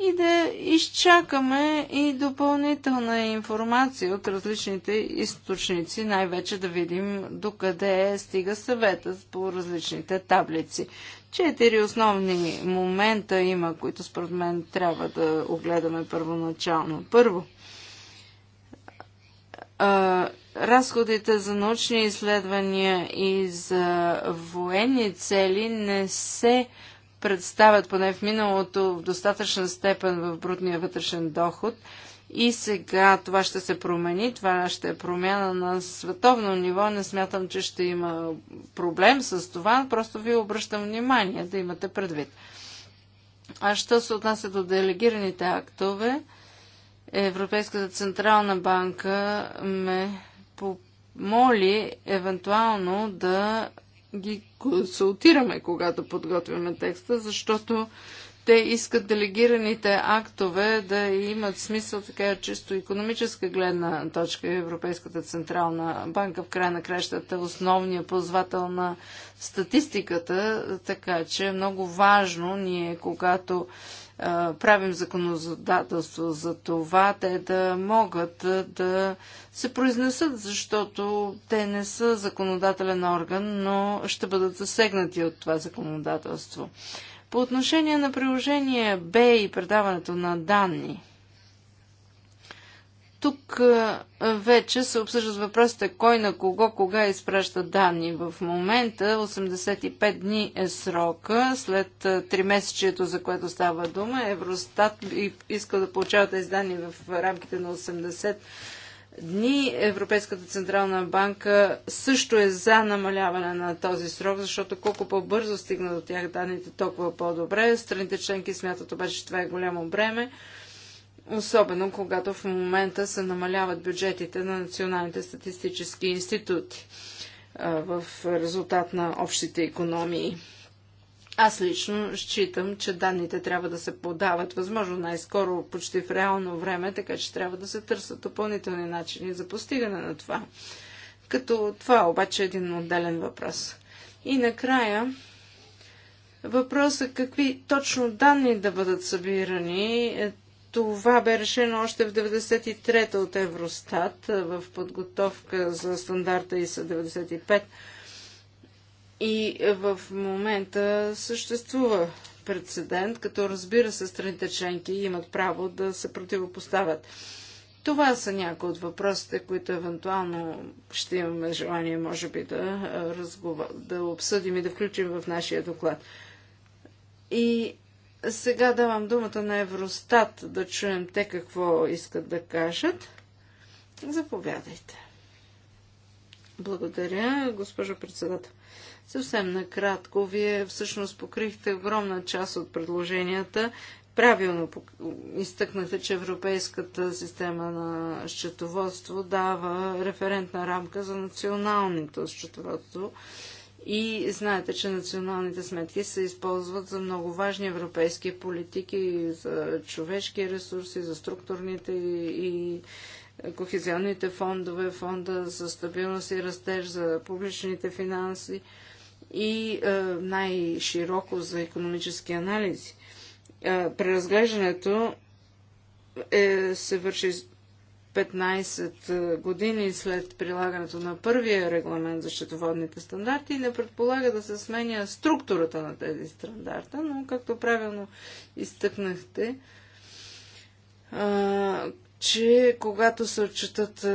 и да изчакаме и допълнителна информация от различните източници, най-вече да видим докъде стига съвета по различните таблици. Четири основни момента има, които според мен трябва да огледаме първоначално. Първо, разходите за научни изследвания и за военни цели не се представят поне в миналото в достатъчна степен в брутния вътрешен доход. И сега това ще се промени, това ще е промяна на световно ниво. Не смятам, че ще има проблем с това, просто ви обръщам внимание да имате предвид. А що се отнася до делегираните актове, Европейската централна банка ме помоли евентуално да ги консултираме, когато подготвяме текста, защото те искат делегираните актове да имат смисъл така е, чисто економическа гледна точка. Европейската централна банка в край на кращата е основния ползвател на статистиката, така че е много важно ние, когато правим законодателство за това, те да могат да се произнесат, защото те не са законодателен орган, но ще бъдат засегнати от това законодателство. По отношение на приложение Б и предаването на данни, тук вече се обсъждат въпросите кой на кого, кога изпраща данни. В момента 85 дни е срока. След 3 месечието, за което става дума, Евростат иска да получава тези данни в рамките на 80 дни. Европейската Централна банка също е за намаляване на този срок, защото колко по-бързо стигна до тях данните, толкова по-добре. Страните членки смятат обаче, че това е голямо бреме особено когато в момента се намаляват бюджетите на националните статистически институти в резултат на общите економии. Аз лично считам, че данните трябва да се подават възможно най-скоро, почти в реално време, така че трябва да се търсят допълнителни начини за постигане на това. Като това е обаче един отделен въпрос. И накрая, въпросът какви точно данни да бъдат събирани, е, това бе решено още в 93-та от Евростат в подготовка за стандарта ИСА 95. И в момента съществува прецедент, като разбира се, страните членки имат право да се противопоставят. Това са някои от въпросите, които евентуално ще имаме желание, може би, да, разгова... да обсъдим и да включим в нашия доклад. И сега давам думата на Евростат да чуем те какво искат да кажат. Заповядайте. Благодаря, госпожо председател. Съвсем накратко, вие всъщност покрихте огромна част от предложенията. Правилно изтъкнахте, че Европейската система на счетоводство дава референтна рамка за националното счетоводство и знаете, че националните сметки се използват за много важни европейски политики, за човешки ресурси, за структурните и кохезионните фондове, фонда за стабилност и растеж, за публичните финанси и е, най-широко за економически анализи. Е, преразглеждането е, се върши 15 е, години след прилагането на първия регламент за счетоводните стандарти не предполага да се сменя структурата на тези стандарта, но както правилно изтъкнахте, е, че когато се отчитат е,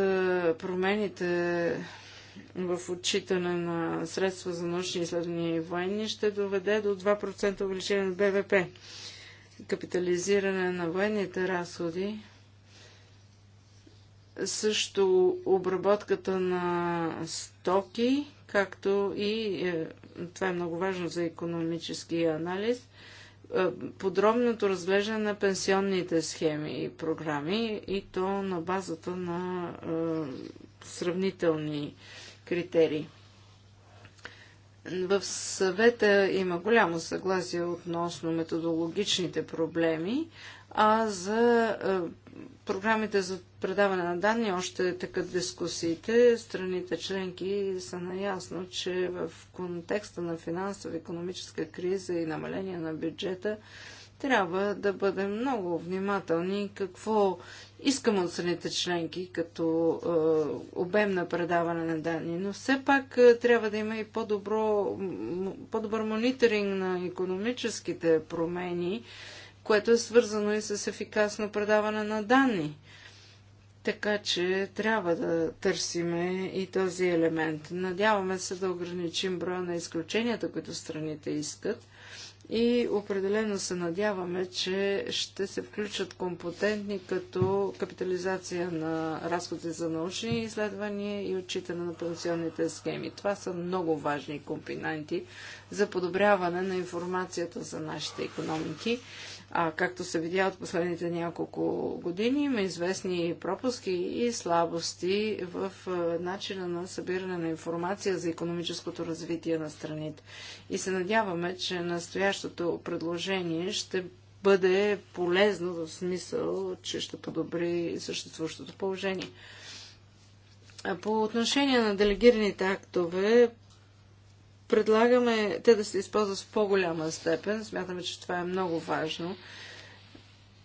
промените в отчитане на средства за научни изследвания и военни, ще доведе до 2% увеличение на БВП. Капитализиране на военните разходи също обработката на стоки, както и, е, това е много важно за економическия анализ, е, подробното разглеждане на пенсионните схеми и програми и то на базата на е, сравнителни критерии. В съвета има голямо съгласие относно методологичните проблеми, а за програмите за предаване на данни още такът дискусиите. Страните членки са наясно, че в контекста на финансово економическа криза и намаление на бюджета трябва да бъдем много внимателни какво искаме от страните членки като е, обем на предаване на данни. Но все пак е, трябва да има и по-добро, по-добър мониторинг на економическите промени, което е свързано и с ефикасно предаване на данни така че трябва да търсиме и този елемент. Надяваме се да ограничим броя на изключенията, които страните искат. И определено се надяваме, че ще се включат компетентни като капитализация на разходи за научни изследвания и отчитане на пенсионните схеми. Това са много важни компоненти за подобряване на информацията за нашите економики а както се видя от последните няколко години, има известни пропуски и слабости в начина на събиране на информация за економическото развитие на страните. И се надяваме, че настоящото предложение ще бъде полезно в смисъл, че ще подобри съществуващото положение. По отношение на делегираните актове, предлагаме те да се използват в по-голяма степен. Смятаме, че това е много важно,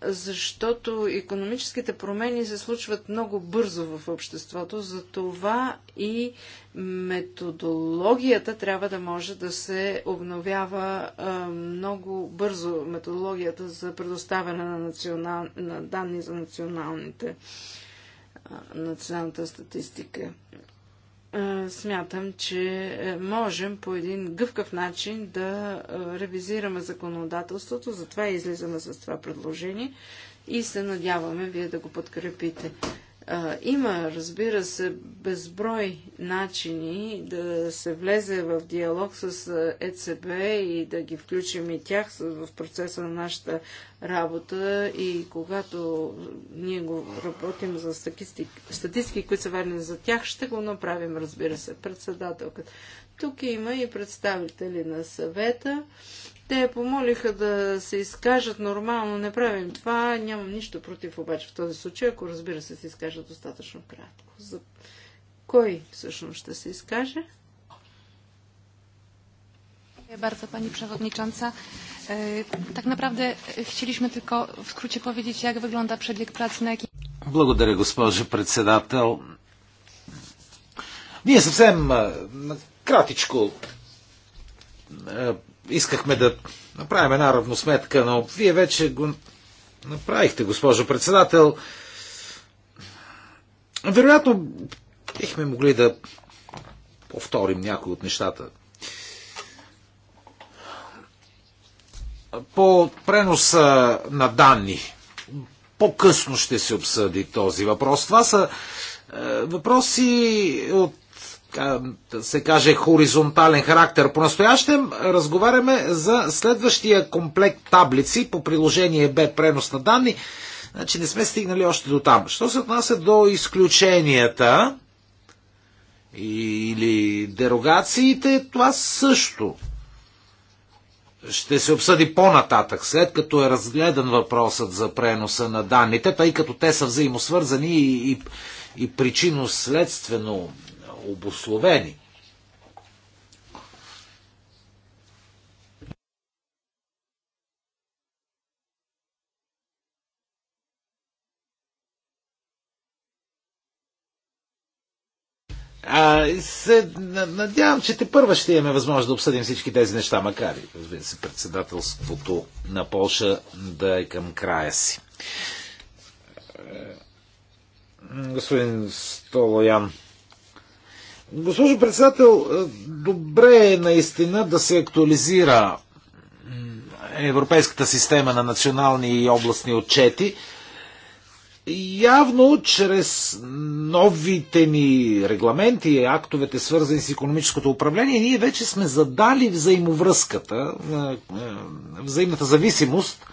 защото економическите промени се случват много бързо в обществото, за това и методологията трябва да може да се обновява много бързо. Методологията за предоставяне на, национал... на данни за националните националната статистика. Е, смятам, че е, можем по един гъвкав начин да е, ревизираме законодателството, затова излизаме с това предложение и се надяваме вие да го подкрепите. Има, разбира се, безброй начини да се влезе в диалог с ЕЦБ и да ги включим и тях в процеса на нашата работа. И когато ние го работим за статистики, статистики които са верни за тях, ще го направим, разбира се, председателката. Тук има и представители на съвета. Те помолиха да се изкажат нормално, не правим това, нямам нищо против обаче в този случай, ако разбира се се изкажат достатъчно кратко. За... Кой всъщност ще се изкаже? Bardzo Pani Przewodnicząca. E, tak naprawdę e, chcieliśmy tylko w skrócie powiedzieć, jak wygląda przebieg pracy na jakim... Благодаря, госпожа председател. Ние съвсем е, кратичко е, искахме да направим една равносметка, но вие вече го направихте, госпожо председател. Вероятно, бихме могли да повторим някои от нещата. По преноса на данни. По-късно ще се обсъди този въпрос. Това са е, въпроси от да се каже, хоризонтален характер. По-настоящем разговаряме за следващия комплект таблици по приложение Б пренос на данни. Значи не сме стигнали още до там. Що се отнася до изключенията или дерогациите, това също ще се обсъди по-нататък, след като е разгледан въпросът за преноса на данните, тъй като те са взаимосвързани и, и, и причинно-следствено обословени. А, се, надявам, че те първа ще имаме възможност да обсъдим всички тези неща, макар и, разбира се, председателството на Полша да е към края си. Е, господин Столоян, Госпожо председател, е, добре е наистина да се актуализира европейската система на национални и областни отчети. Явно, чрез новите ни регламенти и актовете, свързани с економическото управление, ние вече сме задали взаимовръзката, е, е, взаимната зависимост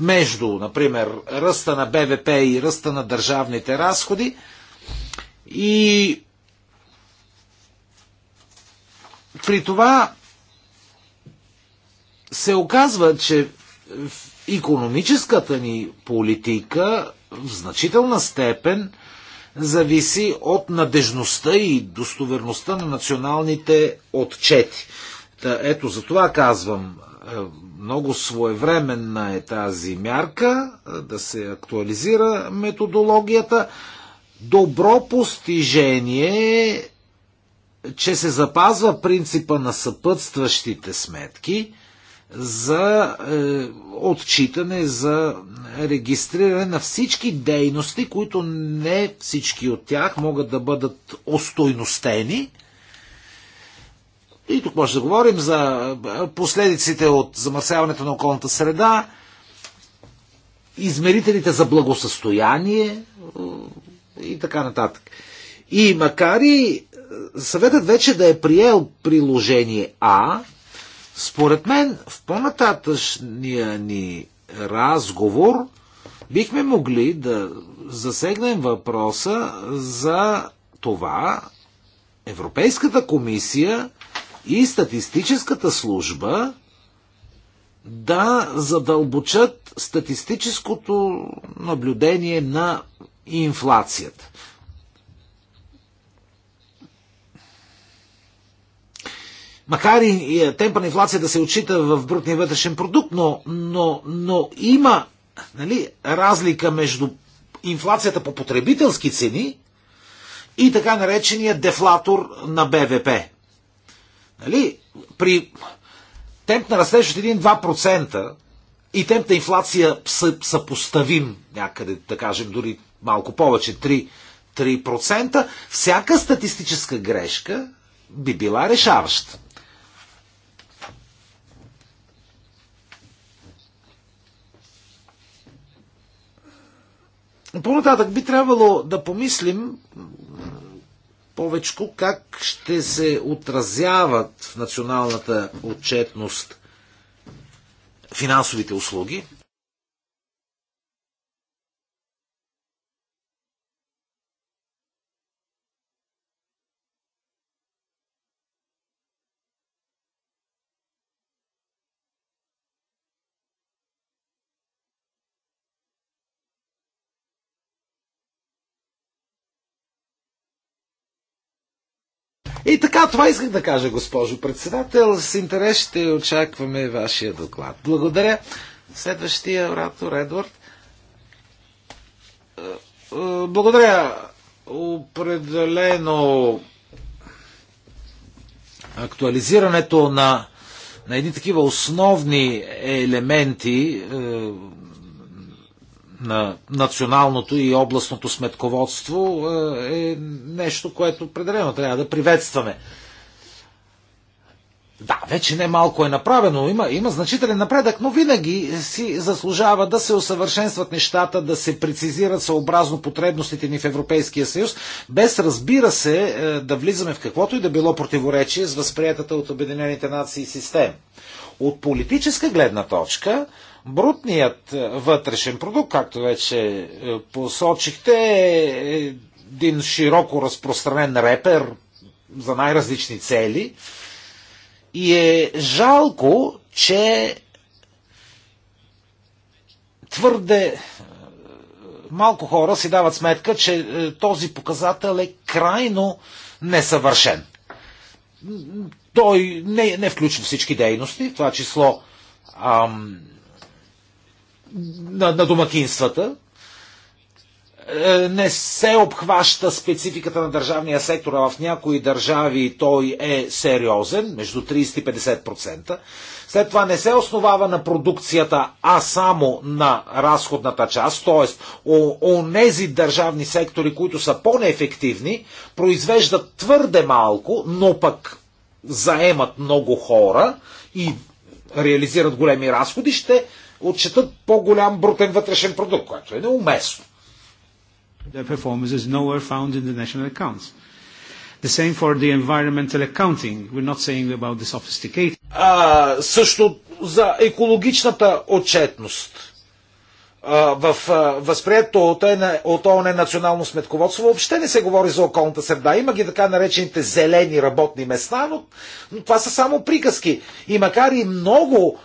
между, например, ръста на БВП и ръста на държавните разходи и При това се оказва, че економическата ни политика в значителна степен зависи от надежността и достоверността на националните отчети. Та, ето за това казвам, е, много своевременна е тази мярка, е, да се актуализира методологията. Добро постижение е, че се запазва принципа на съпътстващите сметки за е, отчитане, за регистриране на всички дейности, които не всички от тях могат да бъдат остойностени. И тук може да говорим за е, последиците от замърсяването на околната среда, измерителите за благосъстояние е, и така нататък. И макар и съветът вече да е приел приложение А, според мен в по-нататъчния ни разговор бихме могли да засегнем въпроса за това Европейската комисия и статистическата служба да задълбочат статистическото наблюдение на инфлацията. макар и е, темпа на инфлация да се отчита в брутния вътрешен продукт, но, но, но има нали, разлика между инфлацията по потребителски цени и така наречения дефлатор на БВП. Нали? При темп на растеж от 1-2% и темп на инфлация са, съпоставим някъде, да кажем, дори малко повече, 3%, 3%, всяка статистическа грешка би била решаваща. По-нататък би трябвало да помислим повече как ще се отразяват в националната отчетност финансовите услуги, И така, това исках да кажа, госпожо председател. С интерес ще очакваме вашия доклад. Благодаря. Следващия оратор, Едвард. Е, е, благодаря. Определено актуализирането на, на едни такива основни елементи е, на националното и областното сметководство е, е нещо, което определено трябва да приветстваме. Да, вече не малко е направено, има, има значителен напредък, но винаги си заслужава да се усъвършенстват нещата, да се прецизират съобразно потребностите ни в Европейския съюз, без разбира се е, да влизаме в каквото и да било противоречие с възприятата от Обединените нации система. От политическа гледна точка, Брутният е, вътрешен продукт, както вече е, посочихте, е, е един широко разпространен репер за най-различни цели. И е жалко, че твърде малко хора си дават сметка, че този показател е крайно несъвършен. Той не, не включва всички дейности, това число ам, на, на домакинствата. Е, не се обхваща спецификата на държавния сектор, а в някои държави той е сериозен, между 30 и 50%. След това не се основава на продукцията, а само на разходната част, т.е. онези държавни сектори, които са по-неефективни, произвеждат твърде малко, но пък заемат много хора и реализират големи разходи, ще отчитат по-голям брутен вътрешен продукт, което е неуместно. Their performance is nowhere found in the national accounts. The same for the environmental accounting. We're not saying about the sophisticated. А, също за екологичната отчетност в възприето от, от ООН национално сметководство въобще не се говори за околната среда. Има ги така наречените зелени работни места, но, но това са само приказки. И макар и много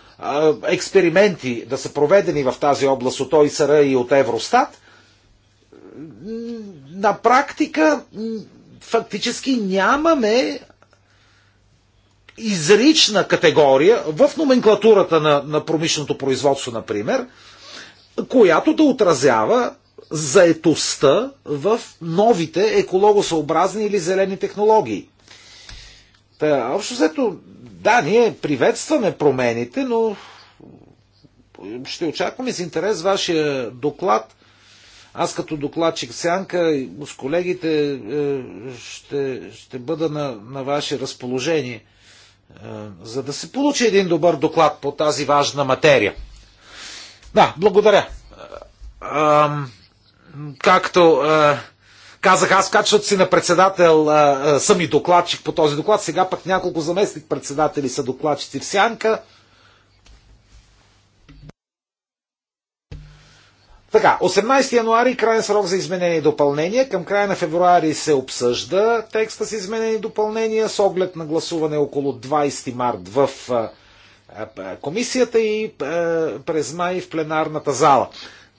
експерименти да са проведени в тази област от ОИСР и от Евростат, на практика фактически нямаме изрична категория в номенклатурата на, на промишленото производство, например, която да отразява заетостта в новите екологосъобразни или зелени технологии. Та, общо взето, да, ние приветстваме промените, но ще очакваме с интерес вашия доклад. Аз като докладчик Сянка с колегите е, ще, ще бъда на, на ваше разположение, е, за да се получи един добър доклад по тази важна материя. Да, благодаря. Както е, Казах аз, качват си на председател, съм и докладчик по този доклад, сега пък няколко заместник председатели са докладчици в сянка. Така, 18 януари крайен срок за изменение и допълнение. Към края на февруари се обсъжда текста с изменение и допълнение с оглед на гласуване около 20 март в комисията и през май в пленарната зала.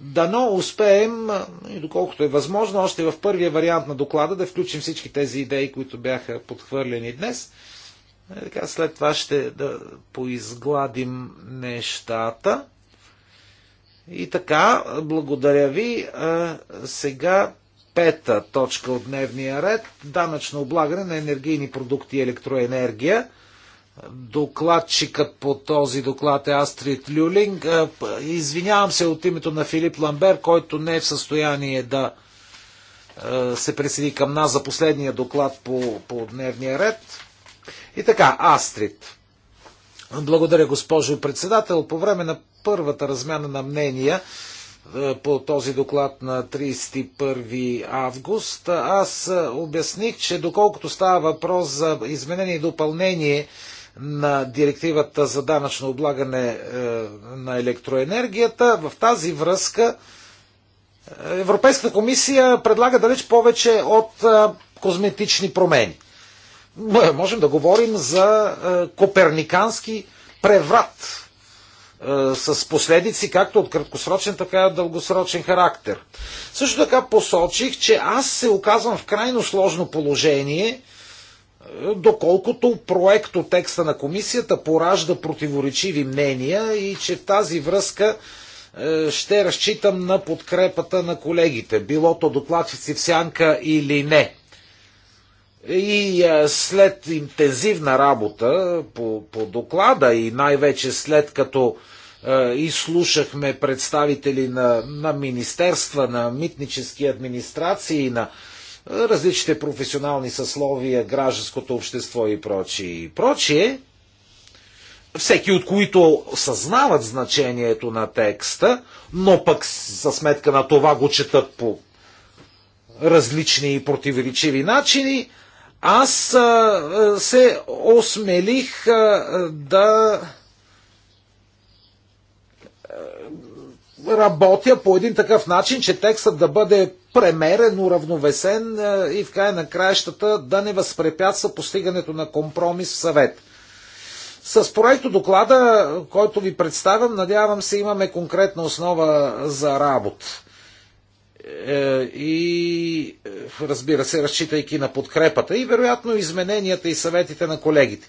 Дано успеем, и доколкото е възможно, още в първия вариант на доклада да включим всички тези идеи, които бяха подхвърлени днес. И е, така, след това ще да поизгладим нещата. И така, благодаря ви. Е, сега пета точка от дневния ред. Данъчно облагане на енергийни продукти и електроенергия. Докладчикът по този доклад е Астрид Люлинг. Е, извинявам се от името на Филип Ламбер, който не е в състояние да е, се присъди към нас за последния доклад по, по дневния ред. И така, Астрид. Благодаря, госпожо председател. По време на първата размяна на мнения е, по този доклад на 31 август, аз обясних, че доколкото става въпрос за изменение и допълнение на директивата за данъчно облагане е, на електроенергията. В тази връзка е, Европейската комисия предлага далеч повече от е, козметични промени. Можем да говорим за коперникански преврат с последици както от краткосрочен, така и от дългосрочен характер. Също така посочих, че аз се оказвам в крайно сложно положение, доколкото проекто текста на комисията поражда противоречиви мнения и че в тази връзка е, ще разчитам на подкрепата на колегите, било то докладчици в сянка или не. И е, след интензивна работа по, по доклада и най-вече след като е, изслушахме представители на, на министерства, на митнически администрации, на различните професионални съсловия, гражданското общество и прочие и прочие, всеки от които съзнават значението на текста, но пък за сметка на това го четат по различни и противоречиви начини, аз а, се осмелих а, да работя по един такъв начин, че текстът да бъде премерен, уравновесен е, и в края на краищата да не възпрепятства постигането на компромис в съвет. С проекто доклада, който ви представям, надявам се имаме конкретна основа за работа. Е, и разбира се, разчитайки на подкрепата и вероятно измененията и съветите на колегите.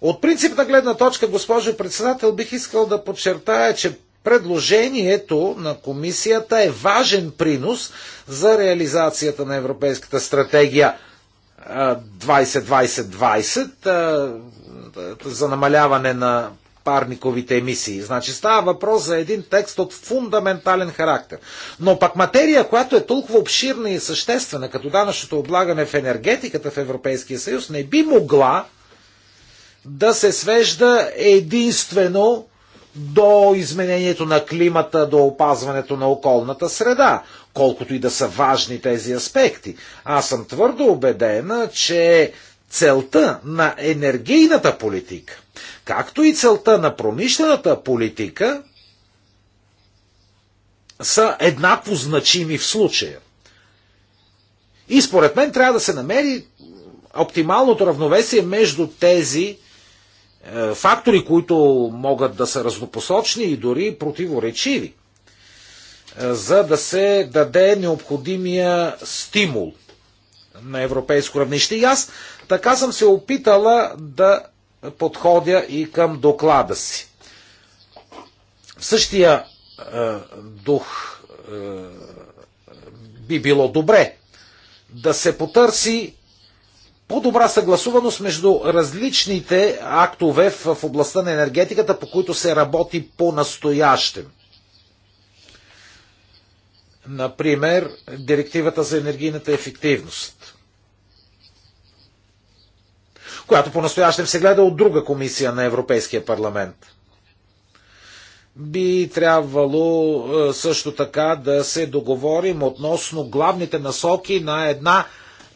От принципна гледна точка, госпожо председател, бих искал да подчертая, че Предложението на комисията е важен принос за реализацията на Европейската стратегия 2020-2020 за намаляване на парниковите емисии. Значи става въпрос за един текст от фундаментален характер. Но пък материя, която е толкова обширна и съществена, като данъчното облагане в енергетиката в Европейския съюз, не би могла да се свежда единствено до изменението на климата, до опазването на околната среда, колкото и да са важни тези аспекти. Аз съм твърдо убедена, че целта на енергийната политика, както и целта на промишлената политика, са еднакво значими в случая. И според мен трябва да се намери оптималното равновесие между тези е, фактори, които могат да са разнопосочни и дори противоречиви, е, за да се даде необходимия стимул на европейско равнище. И аз така съм се опитала да подходя и към доклада си. В същия е, дух е, би било добре да се потърси по-добра съгласуваност между различните актове в областта на енергетиката, по които се работи по-настоящем. Например, директивата за енергийната ефективност, която по-настоящем се гледа от друга комисия на Европейския парламент. Би трябвало е, също така да се договорим относно главните насоки на една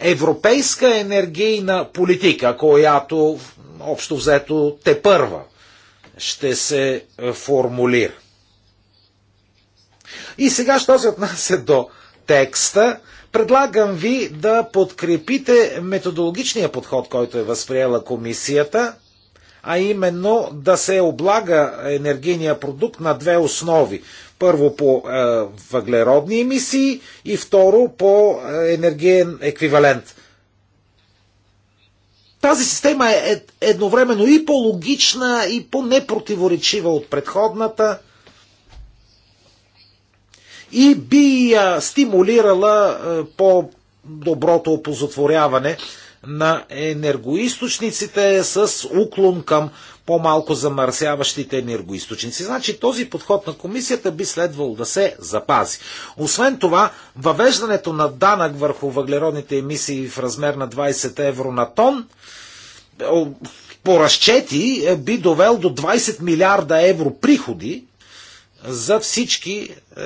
европейска енергийна политика, която общо взето те първа ще се е, формулира. И сега, що се отнася до текста, предлагам ви да подкрепите методологичния подход, който е възприела комисията – а именно да се облага енергийния продукт на две основи. Първо по е, въглеродни емисии и второ по е, енергиен еквивалент. Тази система е, е едновременно и по-логична, и по-непротиворечива от предходната и би е, стимулирала по-доброто опозотворяване на енергоисточниците с уклон към по-малко замърсяващите енергоисточници. Значи този подход на комисията би следвало да се запази. Освен това, въвеждането на данък върху въглеродните емисии в размер на 20 евро на тон по разчети е, би довел до 20 милиарда евро приходи за всички е,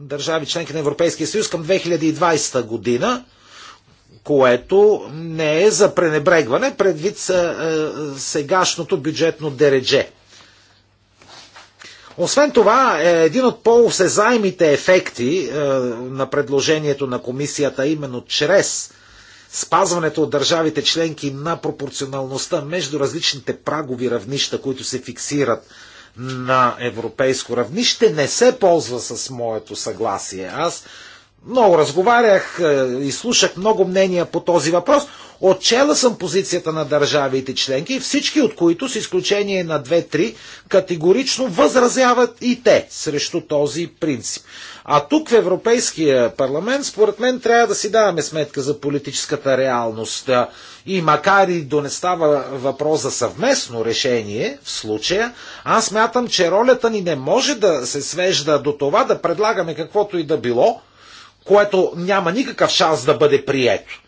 държави членки на Европейския съюз към 2020 година което не е за пренебрегване предвид сегашното бюджетно дередже. Освен това, е един от по-осезаемите ефекти е, на предложението на комисията, именно чрез спазването от държавите членки на пропорционалността между различните прагови равнища, които се фиксират на европейско равнище, не се ползва с моето съгласие. Аз много разговарях е, и слушах много мнения по този въпрос. Отчела съм позицията на държавите членки, всички от които, с изключение на 2-3, категорично възразяват и те срещу този принцип. А тук в Европейския парламент, според мен, трябва да си даваме сметка за политическата реалност. Е, и макар и да не става въпрос за съвместно решение в случая, аз мятам, че ролята ни не може да се свежда до това да предлагаме каквото и да било, което няма никакъв шанс да бъде прието.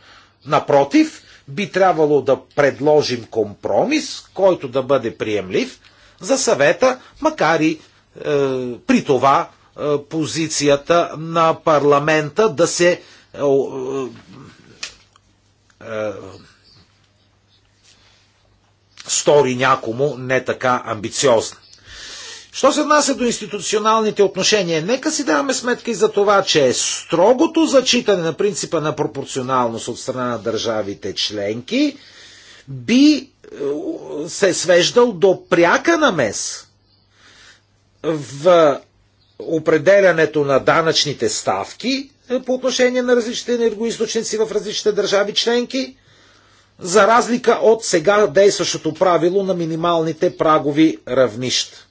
Напротив, би трябвало да предложим компромис, който да бъде приемлив за съвета, макар и е, при това е, позицията на парламента да се е, е, е, стори някому не така амбициозна. Що се отнася до институционалните отношения, нека си даваме сметка и за това, че строгото зачитане на принципа на пропорционалност от страна на държавите членки би е, се свеждал до пряка намес в определянето на данъчните ставки е, по отношение на различните енергоисточници в различните държави членки, за разлика от сега действащото правило на минималните прагови равнища.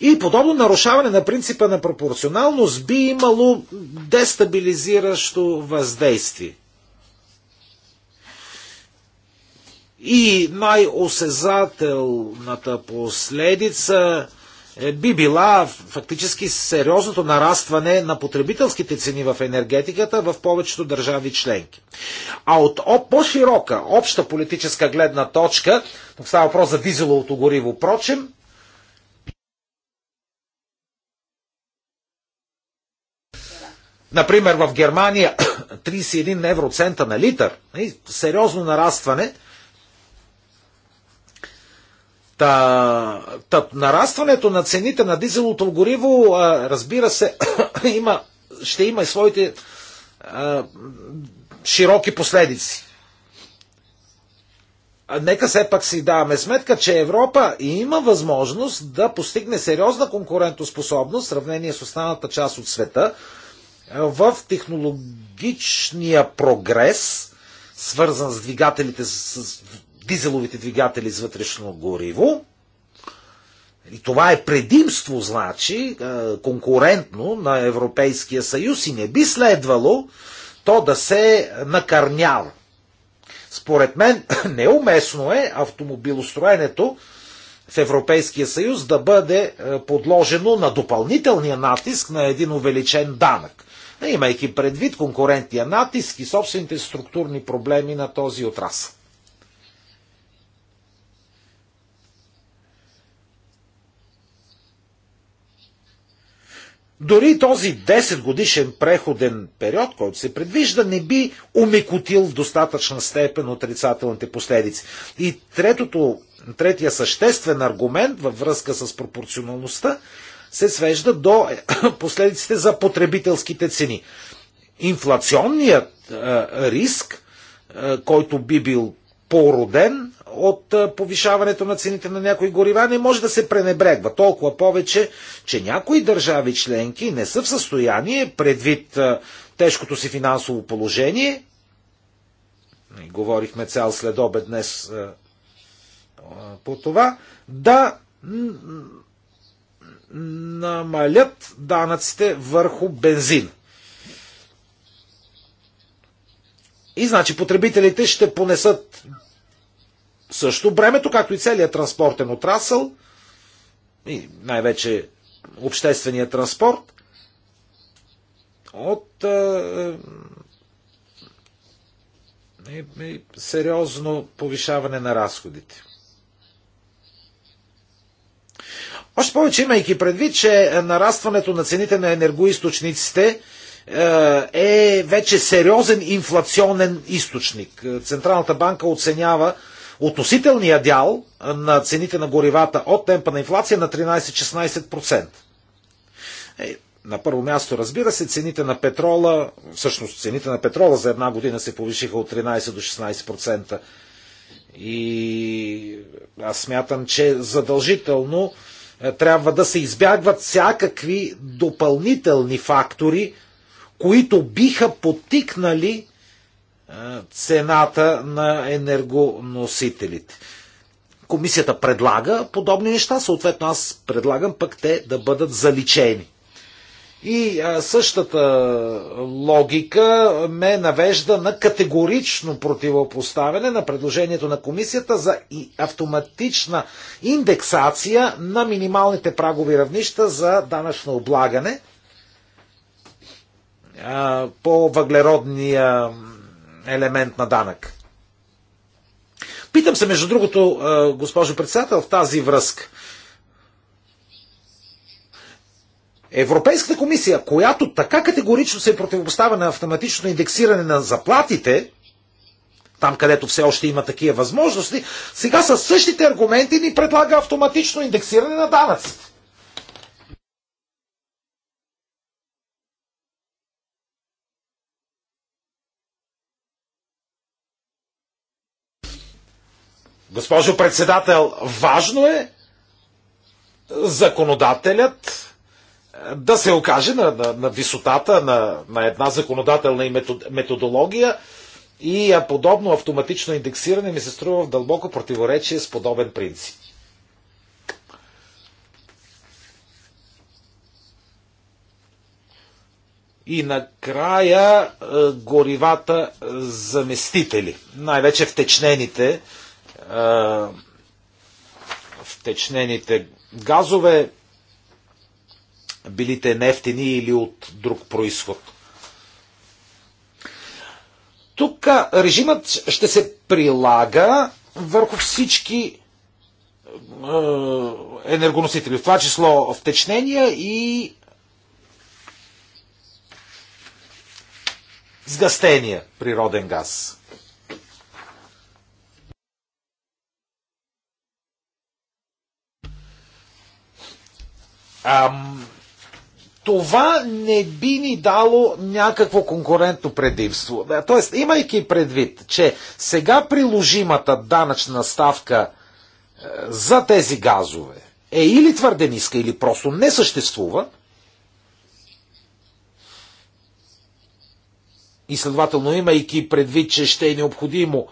И подобно нарушаване на принципа на пропорционалност би имало дестабилизиращо въздействие. И най-осезателната последица е, би била фактически сериозното нарастване на потребителските цени в енергетиката в повечето държави членки. А от по-широка, обща политическа гледна точка, тук става въпрос за дизеловото гориво, прочим, Например, в Германия 31 евроцента на литър. Сериозно нарастване. Та, та, нарастването на цените на дизелото гориво, разбира се, има, ще има и своите а, широки последици. Нека все пак си даваме сметка, че Европа има възможност да постигне сериозна конкурентоспособност в сравнение с останалата част от света, е, в технологичния прогрес, свързан с двигателите, с дизеловите двигатели с вътрешно гориво. И това е предимство, значи, е, конкурентно на Европейския съюз и не би следвало то да се накърнява. Според мен неуместно е автомобилостроенето в Европейския съюз да бъде е, подложено на допълнителния натиск на един увеличен данък имайки предвид конкурентния натиск и собствените структурни проблеми на този отрасъл. Дори този 10 годишен преходен период, който се предвижда, не би умекотил в достатъчна степен отрицателните последици. И третото, третия съществен аргумент във връзка с пропорционалността се свежда до последиците за потребителските цени. Инфлационният риск, който би бил породен от повишаването на цените на някои горива, не може да се пренебрегва. Толкова повече, че някои държави членки не са в състояние, предвид тежкото си финансово положение, говорихме цял следобед днес по това, да намалят данъците върху бензин. И значи потребителите ще понесат също бремето, както и целият транспортен отрасъл, и най-вече обществения транспорт, от е, е, е, е, сериозно повишаване на разходите. Още повече имайки предвид, че нарастването на цените на енергоисточниците е, е вече сериозен инфлационен източник. Централната банка оценява относителния дял на цените на горивата от темпа на инфлация на 13-16%. Е, на първо място, разбира се, цените на петрола, всъщност цените на петрола за една година се повишиха от 13 до 16%. И аз смятам, че задължително е, трябва да се избягват всякакви допълнителни фактори, които биха потикнали е, цената на енергоносителите. Комисията предлага подобни неща, съответно аз предлагам пък те да бъдат заличени. И а, същата логика ме навежда на категорично противопоставяне на предложението на комисията за и автоматична индексация на минималните прагови равнища за данъчно облагане а, по въглеродния елемент на данък. Питам се, между другото, госпожо председател, в тази връзка – Европейската комисия, която така категорично се противопоставя на автоматично индексиране на заплатите, там където все още има такива възможности, сега със същите аргументи ни предлага автоматично индексиране на данъците. Госпожо председател, важно е законодателят да се окаже на, на, на висотата на, на една законодателна и методология и подобно автоматично индексиране ми се струва в дълбоко противоречие с подобен принцип. И накрая е, горивата е, заместители, най-вече втечнените, е, втечнените газове, били те нефтени или от друг происход. Тук режимът ще се прилага върху всички е, енергоносители, в това число втечнения и сгъстения природен газ. Ам, това не би ни дало някакво конкурентно предимство. Тоест, имайки предвид, че сега приложимата данъчна ставка е, за тези газове е или твърде ниска, или просто не съществува, и следователно имайки предвид, че ще е необходимо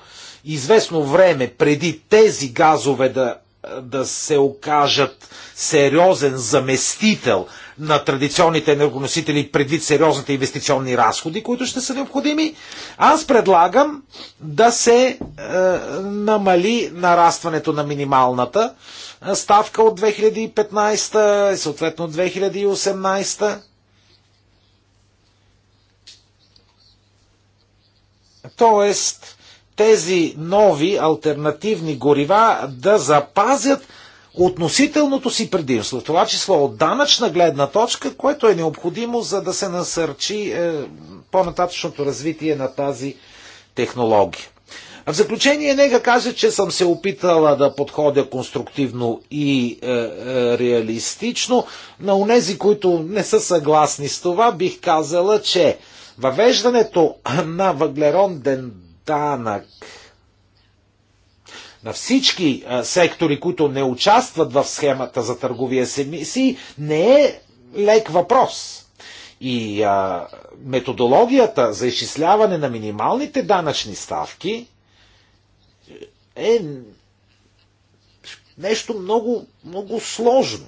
известно време преди тези газове да, да се окажат сериозен заместител – на традиционните енергоносители предвид сериозните инвестиционни разходи, които ще са необходими. Аз предлагам да се е, намали нарастването на минималната е, ставка от 2015 и съответно 2018. Тоест, тези нови альтернативни горива да запазят относителното си предимство, това число от данъчна гледна точка, което е необходимо, за да се насърчи е, по-нататъчното развитие на тази технология. В заключение, нека кажа, че съм се опитала да подходя конструктивно и е, е, реалистично. На унези, които не са съгласни с това, бих казала, че въвеждането на въглероден данък на всички сектори, които не участват в схемата за търговия с емисии, не е лек въпрос. И а, методологията за изчисляване на минималните данъчни ставки е нещо много, много сложно.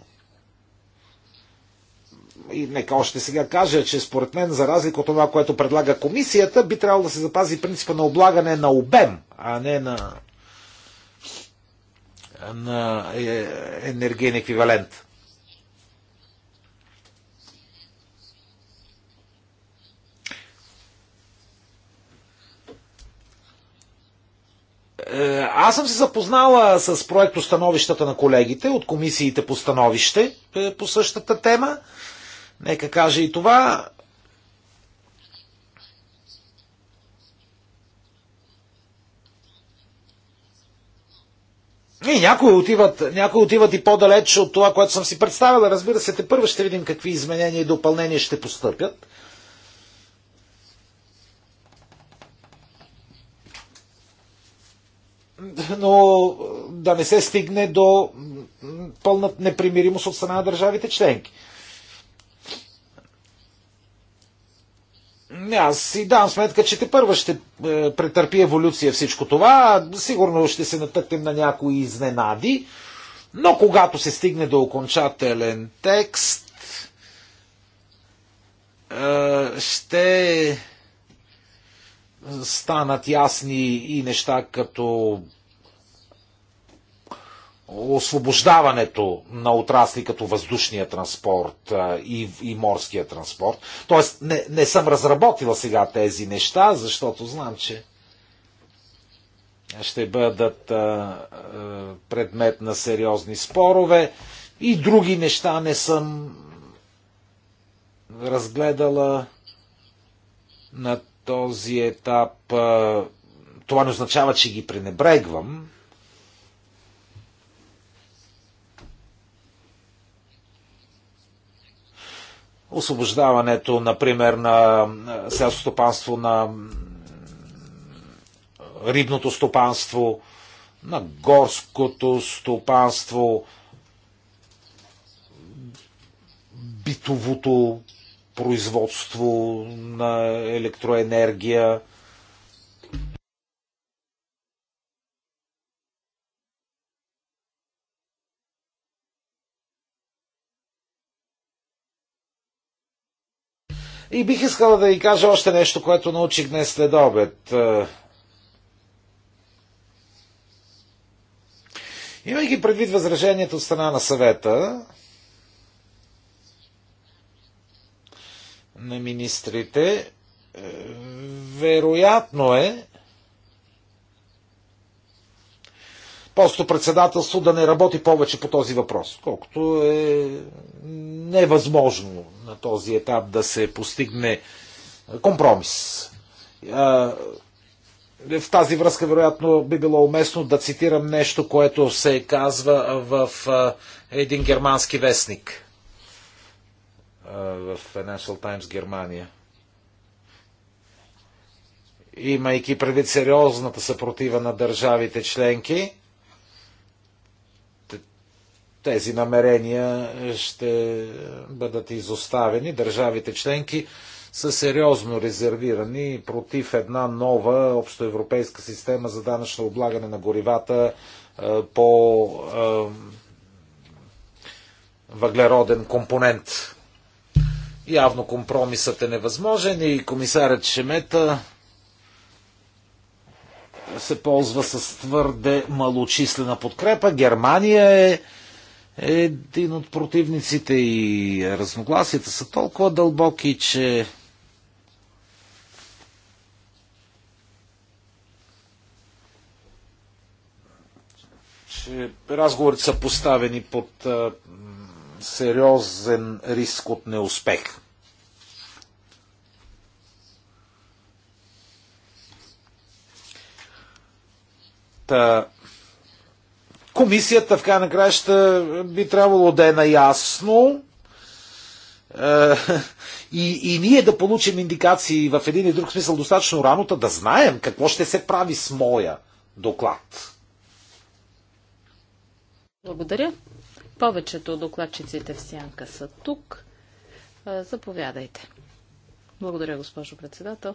И нека още сега кажа, че според мен, за разлика от това, което предлага комисията, би трябвало да се запази принципа на облагане на обем, а не на на е, енергиен еквивалент. Е, аз съм се запознала с проект становищата на колегите от комисиите по становище е, по същата тема. Нека кажа и това. И някои отиват, някои отиват и по-далеч от това, което съм си представила. Разбира се, те първо ще видим какви изменения и допълнения ще постъпят. но да не се стигне до пълна непримиримост от страна на държавите членки. аз си дам сметка, че те първа ще е, претърпи еволюция всичко това. Сигурно ще се натъкнем на някои изненади. Но когато се стигне до окончателен текст, е, ще станат ясни и неща като освобождаването на отрасли като въздушния транспорт и, и морския транспорт. Тоест, не, не съм разработила сега тези неща, защото знам, че ще бъдат а, а, предмет на сериозни спорове и други неща не съм разгледала на този етап. Това не означава, че ги пренебрегвам освобождаването, например, на селското стопанство, на рибното стопанство, на горското стопанство, битовото производство на електроенергия – И бих искала да ви кажа още нещо, което научих днес след обед. Е, имайки предвид възражението от страна на съвета, на министрите, е, вероятно е, Просто председателство да не работи повече по този въпрос, колкото е невъзможно на този етап да се постигне компромис. В тази връзка, вероятно, би било уместно да цитирам нещо, което се казва в един германски вестник в Financial Times Германия. Имайки предвид сериозната съпротива на държавите членки, тези намерения ще бъдат изоставени. Държавите членки са сериозно резервирани против една нова общоевропейска система за данъчно облагане на горивата е, по е, въглероден компонент. Явно компромисът е невъзможен и комисарят Шемета се ползва с твърде малочислена подкрепа. Германия е един от противниците и разногласията са толкова дълбоки, че че разговорите са поставени под а, сериозен риск от неуспех. Та, Комисията в край на краища би трябвало да е наясно е, и, и ние да получим индикации в един и друг смисъл достатъчно рано, да знаем какво ще се прави с моя доклад. Благодаря. Повечето докладчиците в сянка са тук. Е, заповядайте. Благодаря, госпожо председател.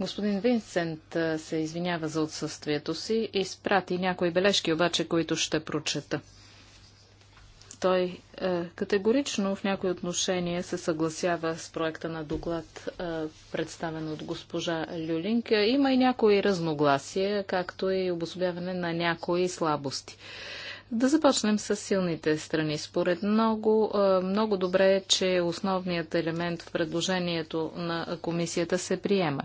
Господин Винсент се извинява за отсъствието си и спрати някои бележки, обаче, които ще прочета. Той е, категорично в някои отношения се съгласява с проекта на доклад, е, представен от госпожа Люлинг. Има и някои разногласия, както и обособяване на някои слабости. Да започнем с силните страни. Според много, много добре е, че основният елемент в предложението на комисията се приема.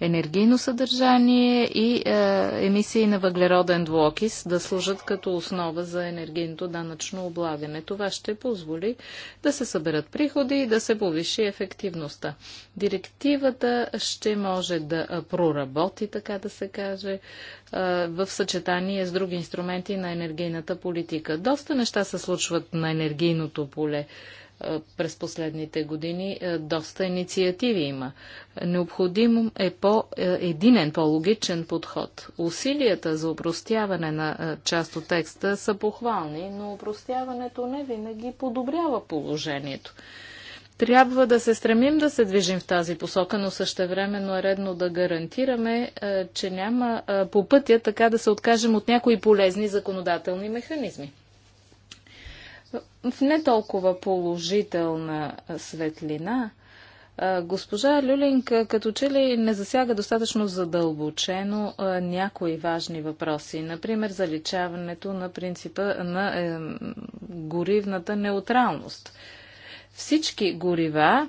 Енергийно съдържание и емисии на въглероден двуокис да служат като основа за енергийното данъчно облагане. Това ще позволи да се съберат приходи и да се повиши ефективността. Директивата ще може да проработи, така да се каже, в съчетание с други инструменти на енергийната енергийната политика. Доста неща се случват на енергийното поле през последните години доста инициативи има. Необходим е по-единен, по-логичен подход. Усилията за упростяване на част от текста са похвални, но упростяването не винаги подобрява положението. Трябва да се стремим да се движим в тази посока, но същевременно е редно да гарантираме, е, че няма е, по пътя така да се откажем от някои полезни законодателни механизми. В не толкова положителна е, светлина, Госпожа Люлинг като че ли не засяга достатъчно задълбочено някои важни въпроси, например заличаването на принципа на горивната неутралност. Всички горива,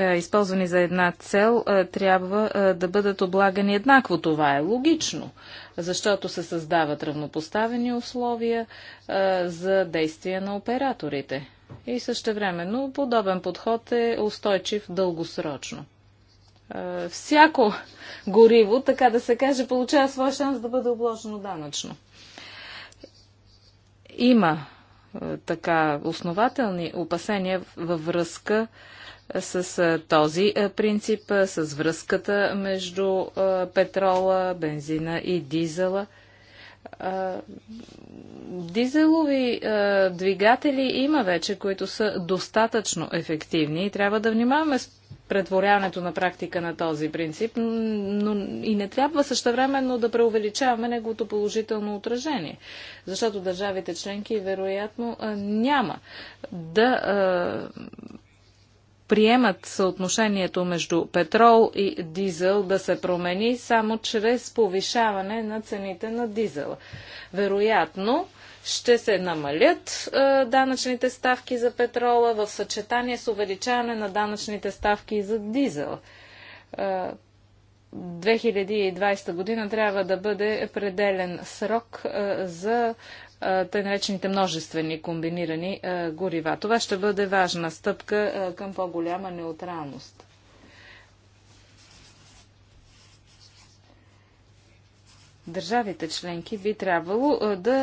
е, използвани за една цел, е, трябва е, да бъдат облагани еднакво. Това е логично, защото се създават равнопоставени условия за действия на операторите. И но подобен подход е устойчив дългосрочно. Всяко гориво, така да се каже, получава своя шанс да бъде обложено данъчно. Има е, така основателни опасения във връзка е, с е, този принцип, с връзката между петрола, бензина и дизела. Дизелови двигатели има вече, които са достатъчно ефективни и трябва да внимаваме с претворяването на практика на този принцип, но и не трябва същевременно да преувеличаваме неговото положително отражение, защото държавите членки вероятно няма да приемат съотношението между петрол и дизел да се промени само чрез повишаване на цените на дизела. Вероятно, ще се намалят е, данъчните ставки за петрола в съчетание с увеличаване на данъчните ставки за дизел. Е, 2020 година трябва да бъде пределен срок е, за тъй наречените множествени комбинирани горива. Това ще бъде важна стъпка към по-голяма неутралност. държавите членки би трябвало е, да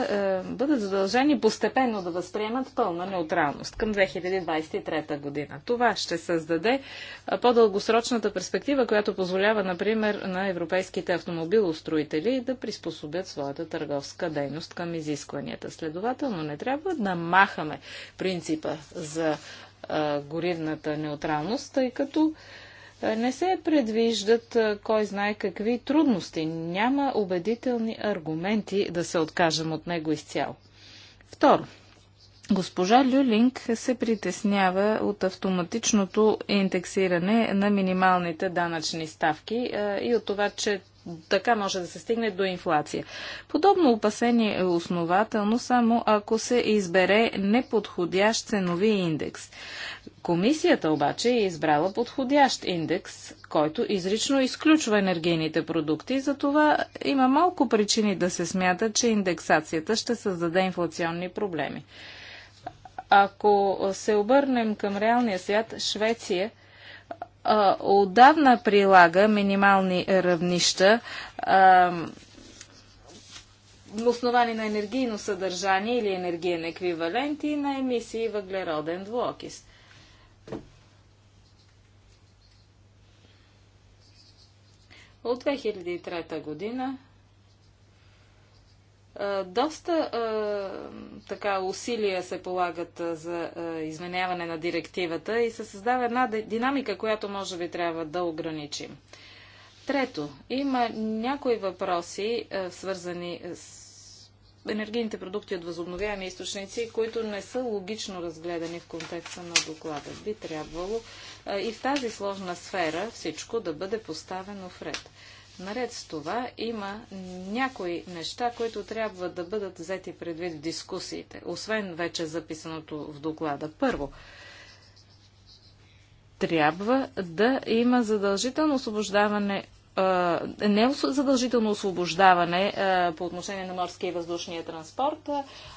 е, бъдат задължени постепенно да възприемат пълна неутралност към 2023 година. Това ще създаде е, по-дългосрочната перспектива, която позволява, например, на европейските автомобилостроители да приспособят своята търговска дейност към изискванията. Следователно, не трябва да махаме принципа за горивната неутралност, тъй като не се предвиждат кой знае какви трудности. Няма убедителни аргументи да се откажем от него изцяло. Второ, Госпожа Люлинг се притеснява от автоматичното индексиране на минималните данъчни ставки и от това, че така може да се стигне до инфлация. Подобно опасение е основателно само ако се избере неподходящ ценови индекс. Комисията обаче е избрала подходящ индекс, който изрично изключва енергийните продукти, затова има малко причини да се смята, че индексацията ще създаде инфлационни проблеми. Ако се обърнем към реалния свят, Швеция отдавна прилага минимални равнища, основани на енергийно съдържание или енергиен еквивалент и на емисии въглероден двуокис. От 2003 година доста така усилия се полагат за изменяване на директивата и се създава една динамика, която може би трябва да ограничим. Трето, има някои въпроси, свързани с енергийните продукти от възобновяеми източници, които не са логично разгледани в контекста на доклада. Би трябвало и в тази сложна сфера всичко да бъде поставено в ред. Наред с това има някои неща, които трябва да бъдат взети предвид в дискусиите, освен вече записаното в доклада. Първо, трябва да има задължително освобождаване не задължително освобождаване по отношение на морския и въздушния транспорт,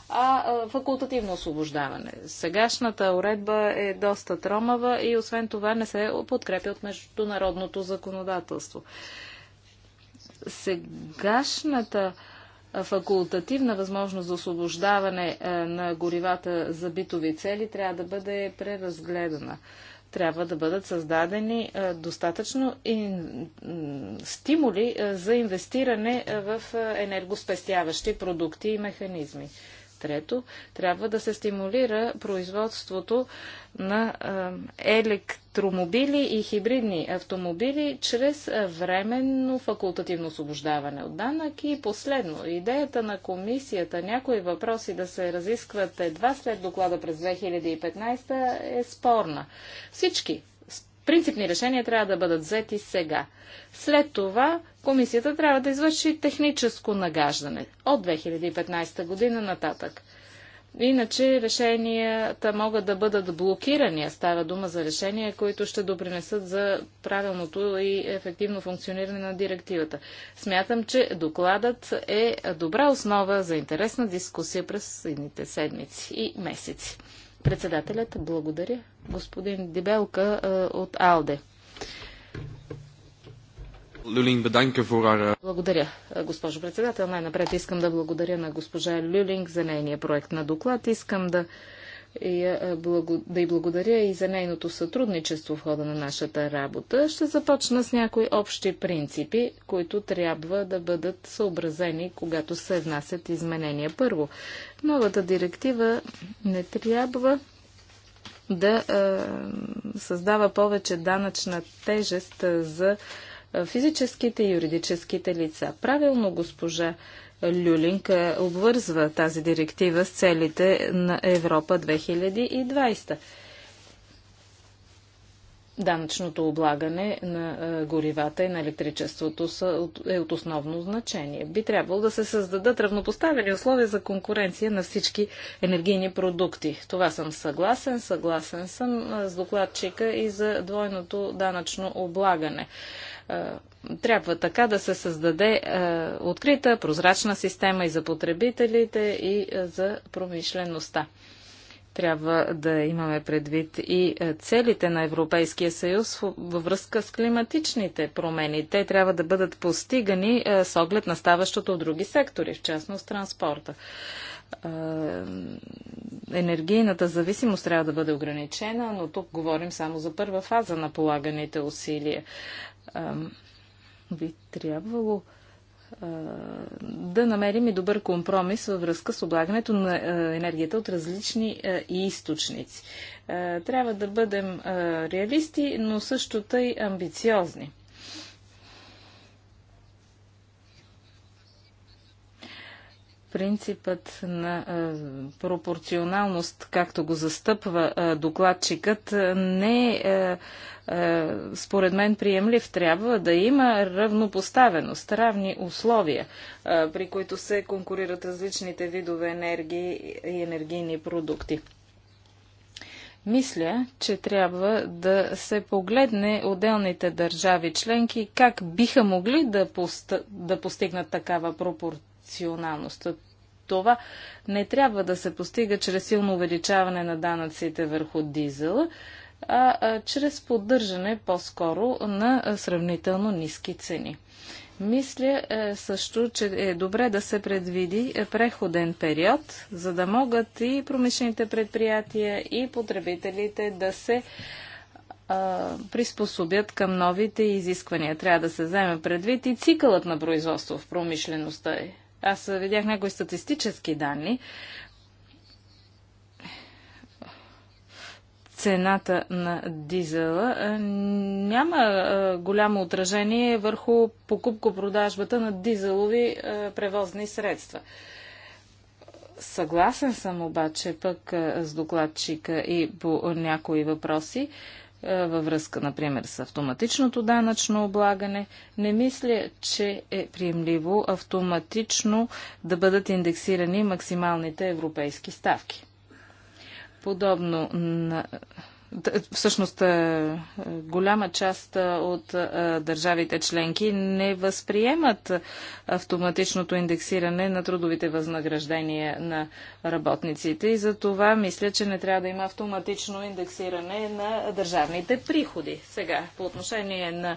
а факултативно освобождаване. Сегашната уредба е доста тромава и освен това не се подкрепя от международното законодателство сегашната факултативна възможност за освобождаване на горивата за битови цели трябва да бъде преразгледана. Трябва да бъдат създадени достатъчно стимули за инвестиране в енергоспестяващи продукти и механизми. Трето, трябва да се стимулира производството на електромобили и хибридни автомобили чрез временно факултативно освобождаване от данък. И последно, идеята на комисията някои въпроси да се разискват едва след доклада през 2015 е спорна. Всички Принципни решения трябва да бъдат взети сега. След това комисията трябва да извърши техническо нагаждане от 2015 година нататък. Иначе решенията могат да бъдат блокирани. Става дума за решения, които ще допринесат за правилното и ефективно функциониране на директивата. Смятам, че докладът е добра основа за интересна дискусия през следните седмици и месеци. Председателят, благодаря. Господин Дебелка е, от АЛДЕ. Люлинг bedanken фурара. Благодаря, е, госпожо председател. Най-напред искам да благодаря на госпожа Люлинг за нейния проект на доклад. Искам да я е, е, благо... да й благодаря и за нейното сътрудничество в хода на нашата работа. Ще започна с някои общи принципи, които трябва да бъдат съобразени, когато се внасят изменения. Първо, новата директива не трябва да е, създава повече данъчна тежест за е, физическите и юридическите лица. Правилно госпожа Люлинг е, обвързва тази директива с целите на Европа 2020 данъчното облагане на горивата и на електричеството е от основно значение. Би трябвало да се създадат равнопоставени условия за конкуренция на всички енергийни продукти. Това съм съгласен. Съгласен съм с докладчика и за двойното данъчно облагане. Трябва така да се създаде открита, прозрачна система и за потребителите, и за промишлеността. Трябва да имаме предвид и е, целите на Европейския съюз във връзка с климатичните промени. Те трябва да бъдат постигани е, с оглед на ставащото в други сектори, в частност транспорта е, енергийната зависимост трябва да бъде ограничена, но тук говорим само за първа фаза на полаганите усилия. Би трябвало да намерим и добър компромис във връзка с облагането на енергията от различни източници. Трябва да бъдем реалисти, но също тъй амбициозни. Принципът на пропорционалност, както го застъпва докладчикът, не е според мен приемлив. Трябва да има равнопоставеност, равни условия, при които се конкурират различните видове енергии и енергийни продукти. Мисля, че трябва да се погледне отделните държави членки как биха могли да, пост... да постигнат такава пропор рационалността. Това не трябва да се постига чрез силно увеличаване на данъците върху дизела, а, чрез поддържане по-скоро на сравнително ниски цени. Мисля е, също, че е добре да се предвиди е, преходен период, за да могат и промишлените предприятия, и потребителите да се приспособят към новите изисквания. Трябва да се вземе предвид и цикълът на производство в промишлеността. Е. Аз видях някои статистически данни. Цената на дизела няма голямо отражение върху покупко-продажбата на дизелови превозни средства. Съгласен съм обаче пък с докладчика и по някои въпроси. Е, във връзка, например, с автоматичното данъчно облагане, не мисля, че е приемливо автоматично да бъдат индексирани максималните европейски ставки. Подобно на е, всъщност, е, е, голяма част от държавите членки не възприемат автоматичното индексиране на трудовите възнаграждения на работниците и за това мисля, че не трябва да има автоматично индексиране на държавните приходи. Сега, по отношение на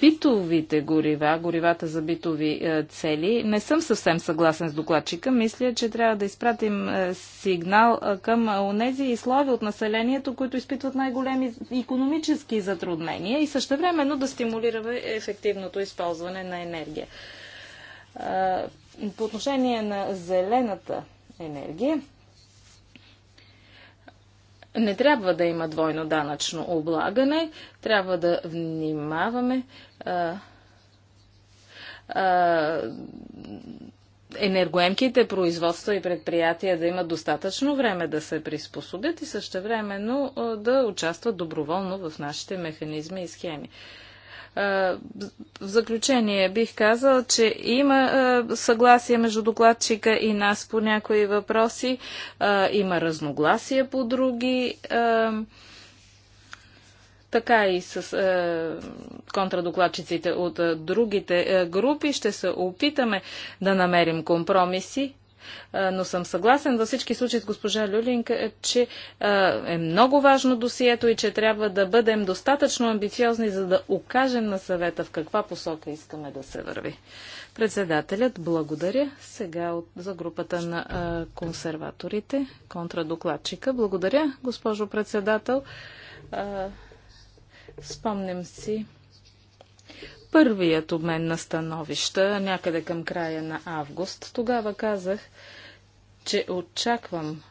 битовите горива, горивата за битови цели, не съм съвсем съгласен с докладчика. Мисля, че трябва да изпратим сигнал към онези и слави от населението, които изпитват най-големи економически затруднения и същевременно да стимулираме ефективното използване на енергия. По отношение на зелената енергия, не трябва да има двойно данъчно облагане, трябва да внимаваме енергоемките производства и предприятия да имат достатъчно време да се приспособят и същевременно да участват доброволно в нашите механизми и схеми. В заключение бих казал, че има съгласие между докладчика и нас по някои въпроси, има разногласия по други така и с е, контрадокладчиците от е, другите е, групи. Ще се опитаме да намерим компромиси, е, но съм съгласен във всички случаи с госпожа Люлинг, е, че е, е много важно досието и че трябва да бъдем достатъчно амбициозни, за да окажем на съвета в каква посока искаме да се върви. Председателят, благодаря сега за групата на консерваторите, контрадокладчика. Благодаря, госпожо председател. Спомням си първият обмен на становища, някъде към края на август. Тогава казах, че очаквам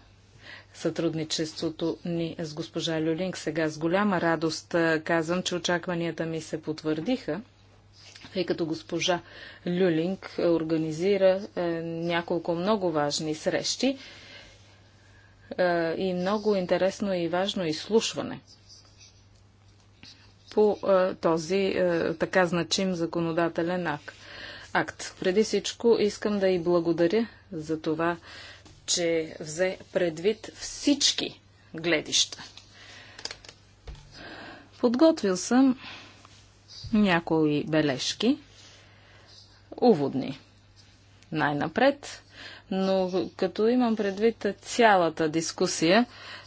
сътрудничеството ни с госпожа Люлинг. Сега с голяма радост казвам, че очакванията ми се потвърдиха, тъй като госпожа Люлинг организира е, няколко много важни срещи е, и много интересно и важно изслушване – по а, е, този а, е, така значим законодателен акт. акт. Преди всичко искам да и благодаря за това, че взе предвид всички гледища. Подготвил съм някои бележки, уводни. Най-напред, но като имам предвид цялата дискусия,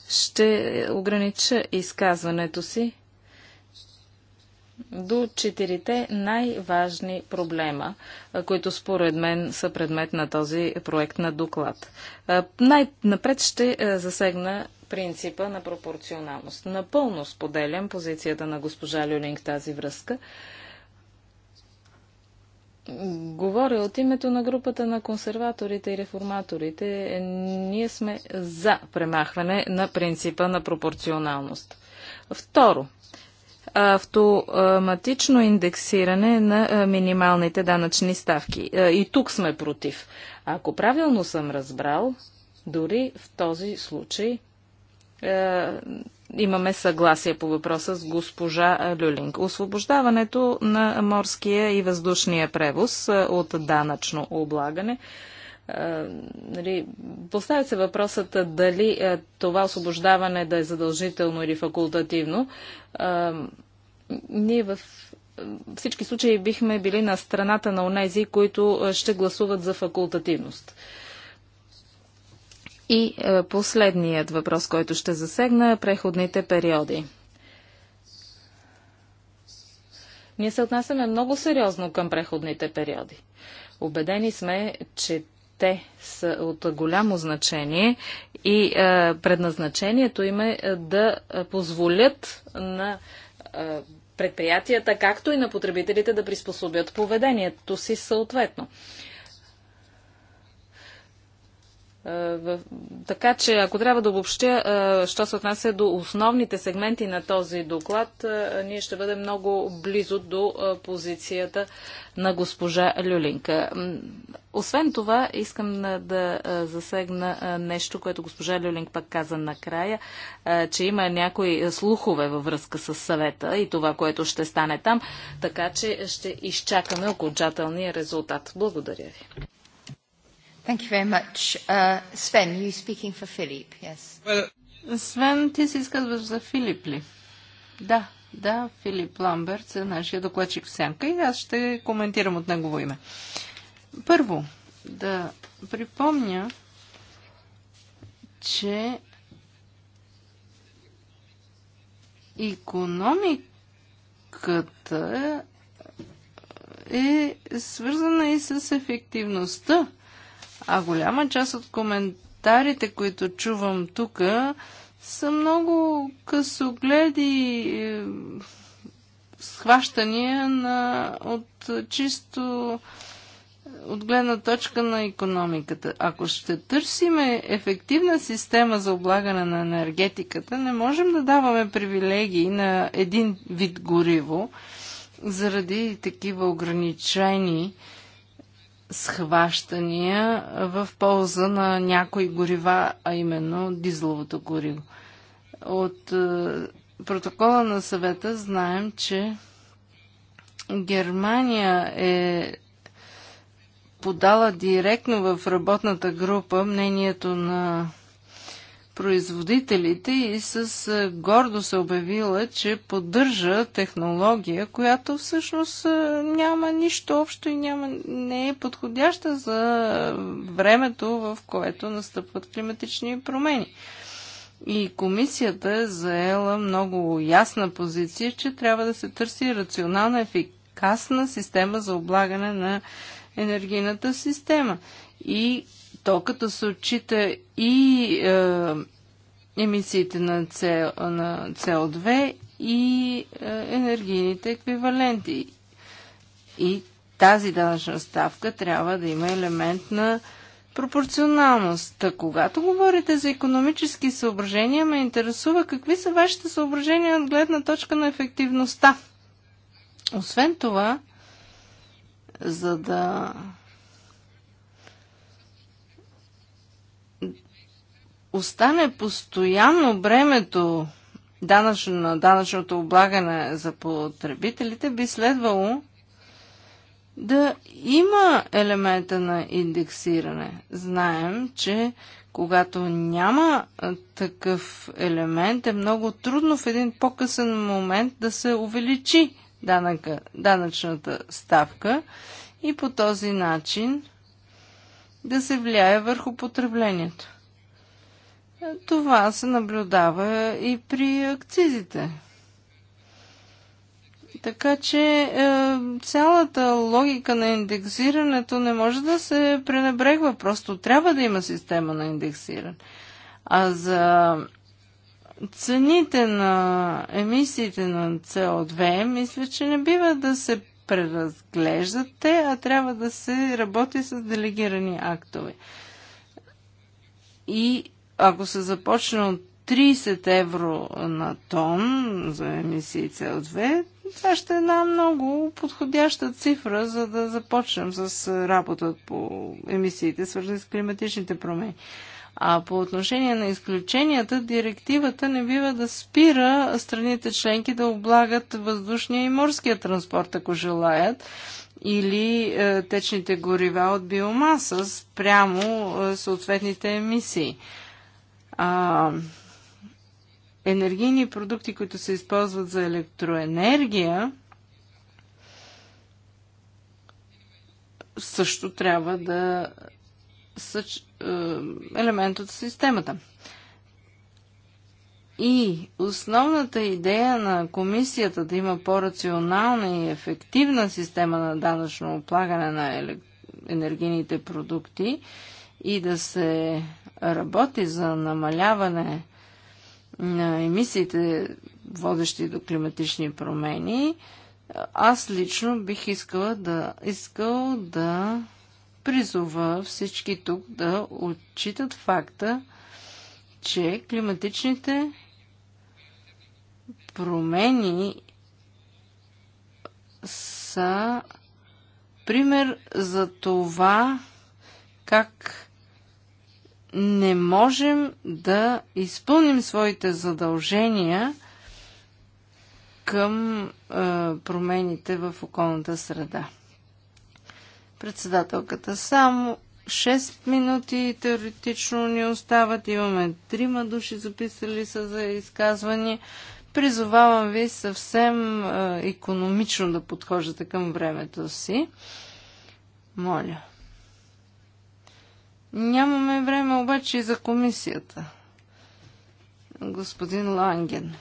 ще огранича изказването си до четирите най-важни проблема, които според мен са предмет на този проект на доклад. Най-напред ще засегна принципа на пропорционалност. Напълно споделям позицията на госпожа Люлинг тази връзка. Говоря от името на групата на консерваторите и реформаторите. Ние сме за премахване на принципа на пропорционалност. Второ, автоматично индексиране на минималните данъчни ставки. И тук сме против. Ако правилно съм разбрал, дори в този случай имаме съгласие по въпроса с госпожа Люлинг. Освобождаването на морския и въздушния превоз от данъчно облагане. Нали, поставя се въпросът дали това освобождаване да е задължително или факултативно ние в всички случаи бихме били на страната на онези, които ще гласуват за факултативност. И последният въпрос, който ще засегна е преходните периоди. Ние се отнасяме много сериозно към преходните периоди. Обедени сме, че те са от голямо значение и предназначението им е да позволят на предприятията, както и на потребителите да приспособят поведението си съответно. Е, така че, ако трябва да обобщя, е, що се отнася до основните сегменти на този доклад, е, ние ще бъдем много близо до позицията на госпожа Люлинка. Освен това, искам да засегна нещо, което госпожа Люлинг пък каза накрая, че има някои слухове във връзка с съвета и това, което ще стане там, така че ще изчакаме окончателния резултат. Благодаря ви. Thank you very much. Uh, Sven, you speaking for Philip, yes. Well, Свен, ти си изказваш за Филип ли? Да, да, Филип Ламберт е нашия докладчик в сянка и аз ще коментирам от негово име. Първо, да припомня, че економиката е свързана и с ефективността а голяма част от коментарите, които чувам тук, са много късогледи е, схващания на, от чисто от гледна точка на економиката. Ако ще търсиме ефективна система за облагане на енергетиката, не можем да даваме привилегии на един вид гориво заради такива ограничени схващания в полза на някои горива, а именно дизеловото гориво. От е, протокола на съвета знаем, че Германия е подала директно в работната група мнението на производителите и с гордо се обявила, че поддържа технология, която всъщност няма нищо общо и няма, не е подходяща за времето, в което настъпват климатични промени. И комисията е заела много ясна позиция, че трябва да се търси рационална, ефикасна система за облагане на енергийната система. И то, като се отчита и е, емисиите на, CO, на CO2 и е, енергийните еквиваленти. И тази данъчна ставка трябва да има елемент на пропорционалност. Та, когато говорите за економически съображения, ме интересува какви са вашите съображения от гледна точка на ефективността. Освен това, за да остане постоянно бремето данъчно, на данъчното облагане за потребителите, би следвало да има елемента на индексиране. Знаем, че когато няма такъв елемент, е много трудно в един по-късен момент да се увеличи данъка, данъчната ставка и по този начин да се влияе върху потреблението. Това се наблюдава и при акцизите. Така че е, цялата логика на индексирането не може да се пренебрегва. Просто трябва да има система на индексиране. А за цените на емисиите на CO2, мисля, че не бива да се преразглеждат те, а трябва да се работи с делегирани актове. И ако се започне от 30 евро на тон за емисии CO2, това ще е една много подходяща цифра, за да започнем с работа по емисиите, свързани с климатичните промени. А по отношение на изключенията, директивата не бива да спира страните членки да облагат въздушния и морския транспорт, ако желаят, или е, течните горива от биомаса спрямо е, съответните емисии а, енергийни продукти, които се използват за електроенергия, също трябва да са е, елемент от системата. И основната идея на комисията да има по-рационална и ефективна система на данъчно облагане на енергийните продукти и да се работи за намаляване на емисиите, водещи до климатични промени, аз лично бих искала да, искал да призова всички тук да отчитат факта, че климатичните промени са пример за това как не можем да изпълним своите задължения към е, промените в околната среда. Председателката само 6 минути теоретично ни остават. Имаме трима души записали са за изказвания. Призовавам ви съвсем економично да подхождате към времето си. Моля. Нямаме време обаче и за комисията. Господин Ланген.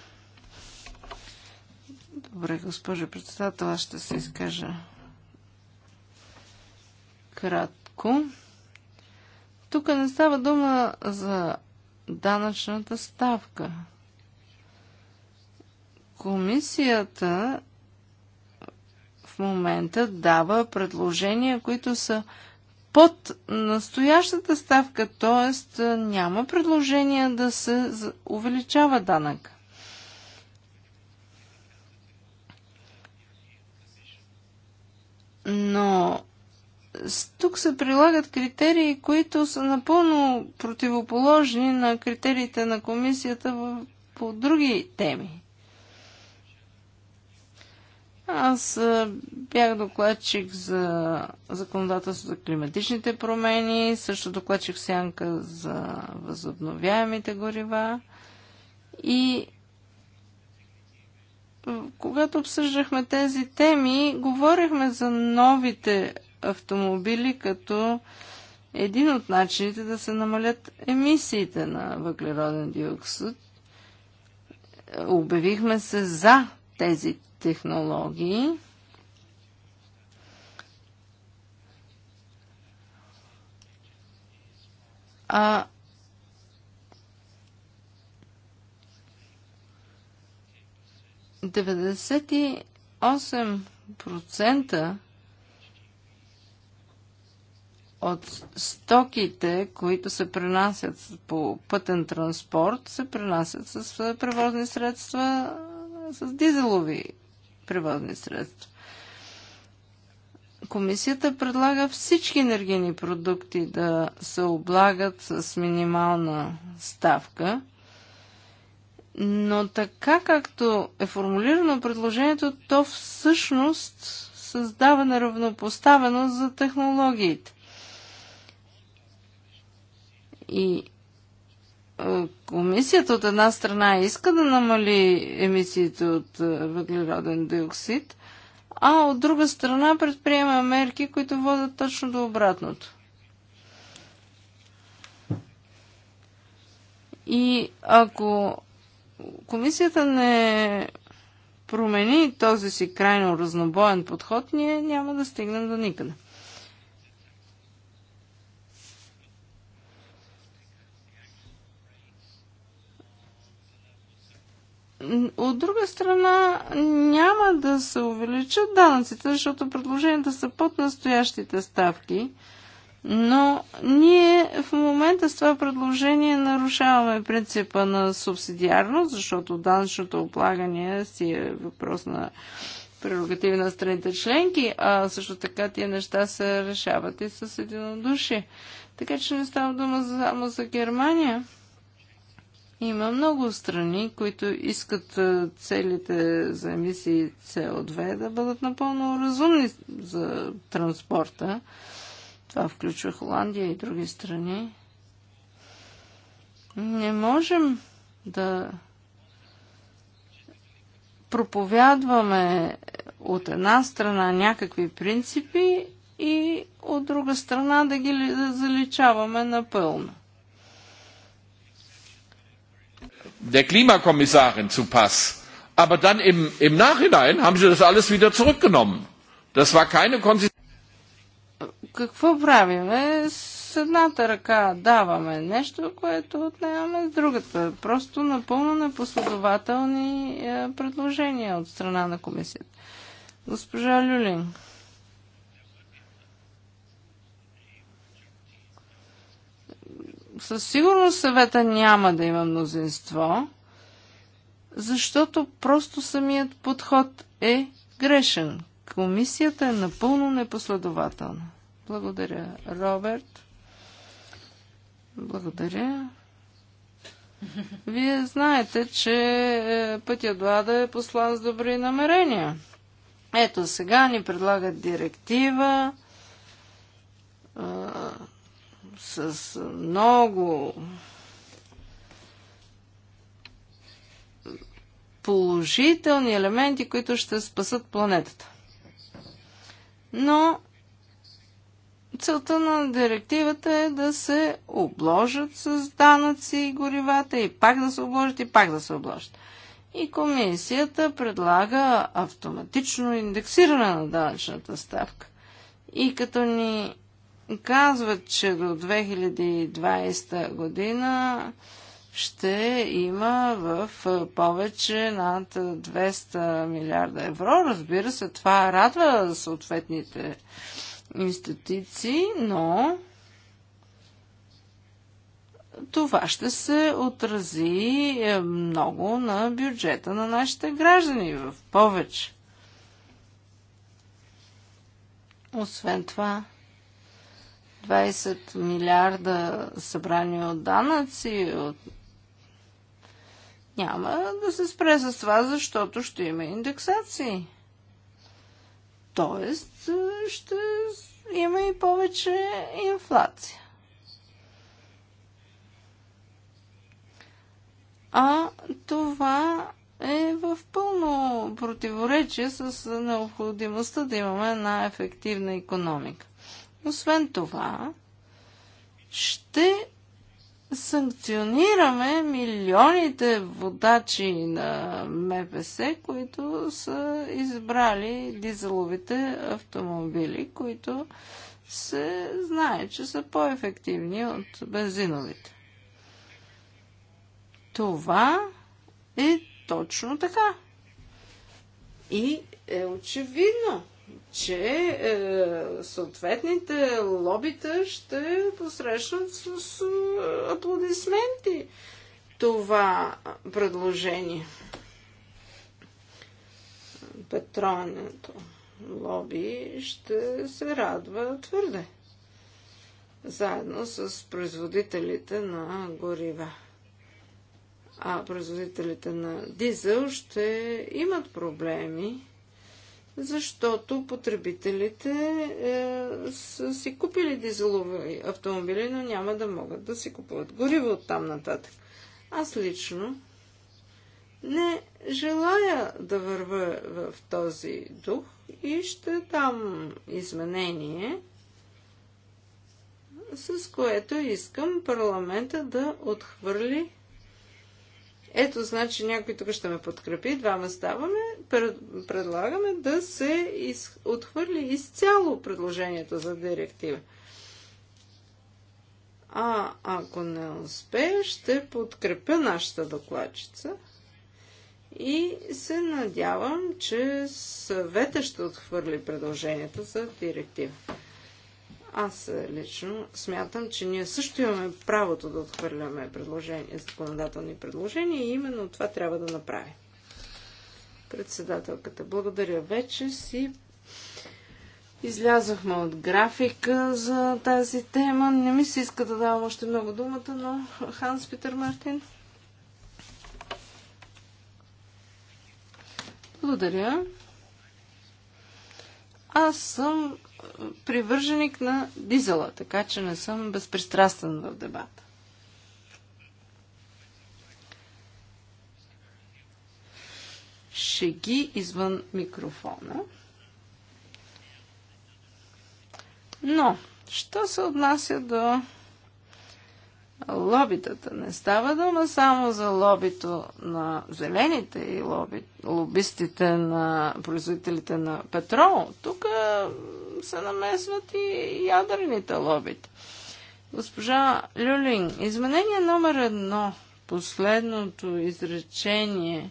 Добре, госпожо председател, аз ще се изкажа кратко. Тук не става дума за данъчната ставка. Комисията в момента дава предложения, които са под настоящата ставка, т.е. няма предложение да се увеличава данък. Но тук се прилагат критерии, които са напълно противоположни на критериите на комисията по други теми. Аз бях докладчик за законодателство за климатичните промени, също докладчик сянка за възобновяемите горива. И когато обсъждахме тези теми, говорихме за новите автомобили като един от начините да се намалят емисиите на въглероден диоксид. Обявихме се за тези технологии. А процента от стоките, които се пренасят по пътен транспорт, се пренасят с превозни средства с дизелови превозни средства. Комисията предлага всички енергийни продукти да се облагат с минимална ставка, но така както е формулирано предложението, то всъщност създава неравнопоставеност за технологиите. И е, комисията от една страна иска да намали емисиите от е, въглероден диоксид, а от друга страна предприема мерки, които водят точно до обратното. И ако комисията не промени този си крайно разнобоен подход, ние няма да стигнем до никъде. От друга страна, няма да се увеличат данъците, защото предложенията са под настоящите ставки, но ние в момента с това предложение нарушаваме принципа на субсидиарност, защото данъчното облагане си е въпрос на прерогативи на страните членки, а също така тия неща се решават и с единодушие. Така че не става дума само за Германия. Има много страни, които искат е, целите за емисии CO2 да бъдат напълно разумни за транспорта. Това включва Холандия и други страни. Не можем да проповядваме от една страна някакви принципи и от друга страна да ги заличаваме напълно. der Klimakommissarin zu Pass. Aber dann im, im Nachhinein haben sie das alles wieder zurückgenommen. Das war keine Konsistenz. Какво правиме? С едната ръка даваме нещо, което отнемаме с другата. Е просто напълно непоследователни е, предложения от страна на комисията. Госпожа Люлин. със сигурност съвета няма да има мнозинство, защото просто самият подход е грешен. Комисията е напълно непоследователна. Благодаря, Роберт. Благодаря. Вие знаете, че е, пътя до Ада е послан с добри намерения. Ето сега ни предлагат директива, с много положителни елементи, които ще спасат планетата. Но целта на директивата е да се обложат с данъци и горивата и пак да се обложат и пак да се обложат. И комисията предлага автоматично индексиране на данъчната ставка. И като ни казват, че до 2020 година ще има в повече над 200 милиарда евро. Разбира се, това радва съответните институции, но това ще се отрази е, много на бюджета на нашите граждани в повече. Освен това, 20 милиарда събрани от данъци, от... няма да се спре с това, защото ще има индексации. Тоест, ще има и повече инфлация. А това е в пълно противоречие с необходимостта да имаме една ефективна економика. Освен това, ще санкционираме милионите водачи на МПС, които са избрали дизеловите автомобили, които се знае, че са по-ефективни от бензиновите. Това е точно така. И е очевидно, че е, съответните лобита ще посрещнат с, с е, аплодисменти това предложение. Петронето лоби ще се радва твърде. Заедно с производителите на горива. А производителите на дизел ще имат проблеми защото потребителите е, са си купили дизелови автомобили, но няма да могат да си купуват гориво от там нататък. Аз лично не желая да вървя в този дух и ще дам изменение, с което искам парламента да отхвърли ето, значи някой тук ще ме подкрепи, двама ставаме, предлагаме да се из, отхвърли изцяло предложението за директива. А ако не успее, ще подкрепя нашата докладчица и се надявам, че съвета ще отхвърли предложението за директива. Аз лично смятам, че ние също имаме правото да отхвърляме предложения, законодателни предложения и именно това трябва да направим. Председателката, благодаря вече си. Излязохме от графика за тази тема. Не ми се иска да давам още много думата, но Ханс Питер Мартин. Благодаря. Аз съм привърженик на дизела, така че не съм безпристрастен в дебата. Шеги извън микрофона. Но, що се отнася до лобитата. Не става дума само за лобито на зелените и лоби, лобистите на производителите на петрол. Тук се намесват и ядрените лобита. Госпожа Люлин, изменение номер едно, последното изречение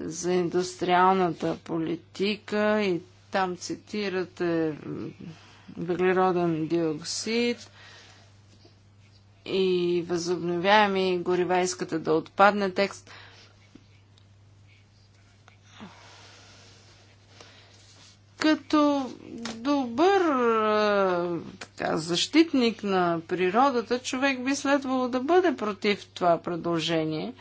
за индустриалната политика и там цитирате въглероден диоксид – и възобновяеми горива искате да отпадне текст. Като добър така, защитник на природата, човек би следвало да бъде против това предложение.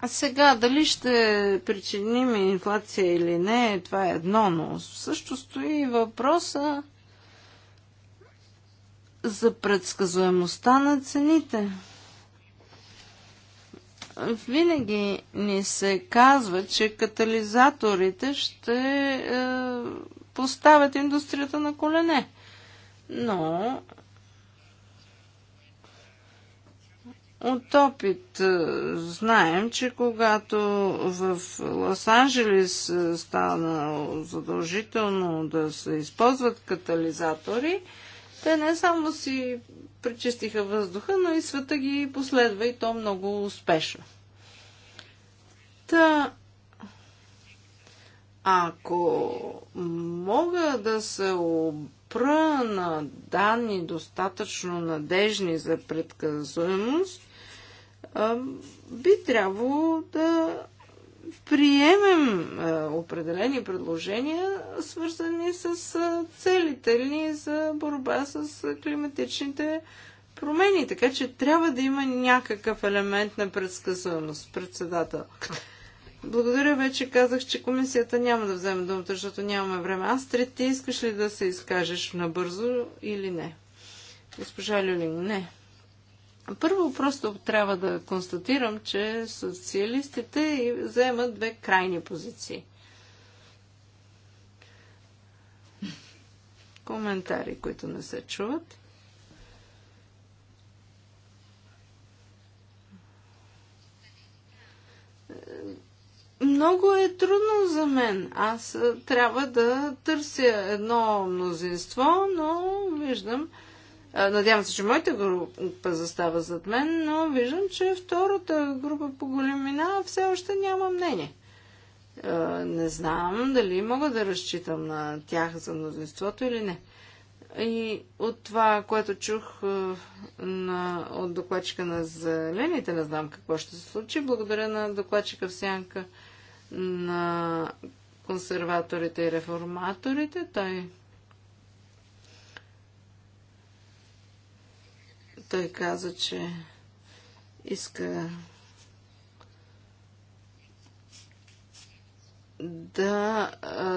А сега, дали ще причиним инфлация или не, това е едно, но също стои въпроса за предсказуемостта на цените. Винаги ни се казва, че катализаторите ще е, поставят индустрията на колене. Но От опит е, знаем, че когато в Лос-Анджелес е, стана задължително да се използват катализатори, те не само си пречистиха въздуха, но и света ги последва и то много успешно. Та, ако мога да се опра на данни достатъчно надежни за предказуемост, би трябвало да приемем е, определени предложения, свързани с е, целите ни за борба с е, климатичните промени. Така че трябва да има някакъв елемент на предсказуемост, председател. Благодаря, вече казах, че комисията няма да вземе думата, защото нямаме време. Астрид, ти искаш ли да се изкажеш набързо или не? Госпожа Люлин, не. Първо просто трябва да констатирам, че социалистите заемат две крайни позиции. Коментари, които не се чуват. Много е трудно за мен. Аз трябва да търся едно мнозинство, но виждам, Надявам се, че моята група застава зад мен, но виждам, че втората група по големина все още няма мнение. Не знам дали мога да разчитам на тях за мнозинството или не. И от това, което чух на, от докладчика на Зелените, не знам какво ще се случи. Благодаря на докладчика в сянка на консерваторите и реформаторите. Той Той каза, че иска да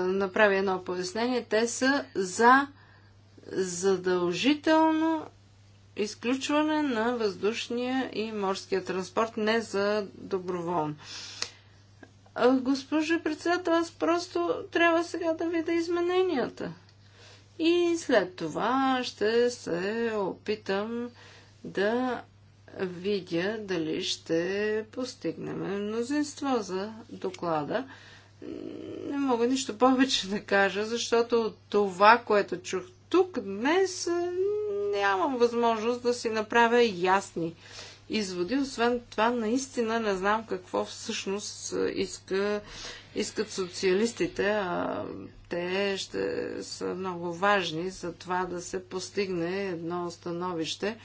направи едно пояснение. Те са за задължително изключване на въздушния и морския транспорт, не за доброволно. Госпожо председател, аз просто трябва сега да видя измененията. И след това ще се опитам да видя дали ще постигнем мнозинство за доклада. Не мога нищо повече да кажа, защото това, което чух тук днес, нямам възможност да си направя ясни изводи. Освен това, наистина не знам какво всъщност иска, искат социалистите, а те ще са много важни за това да се постигне едно становище,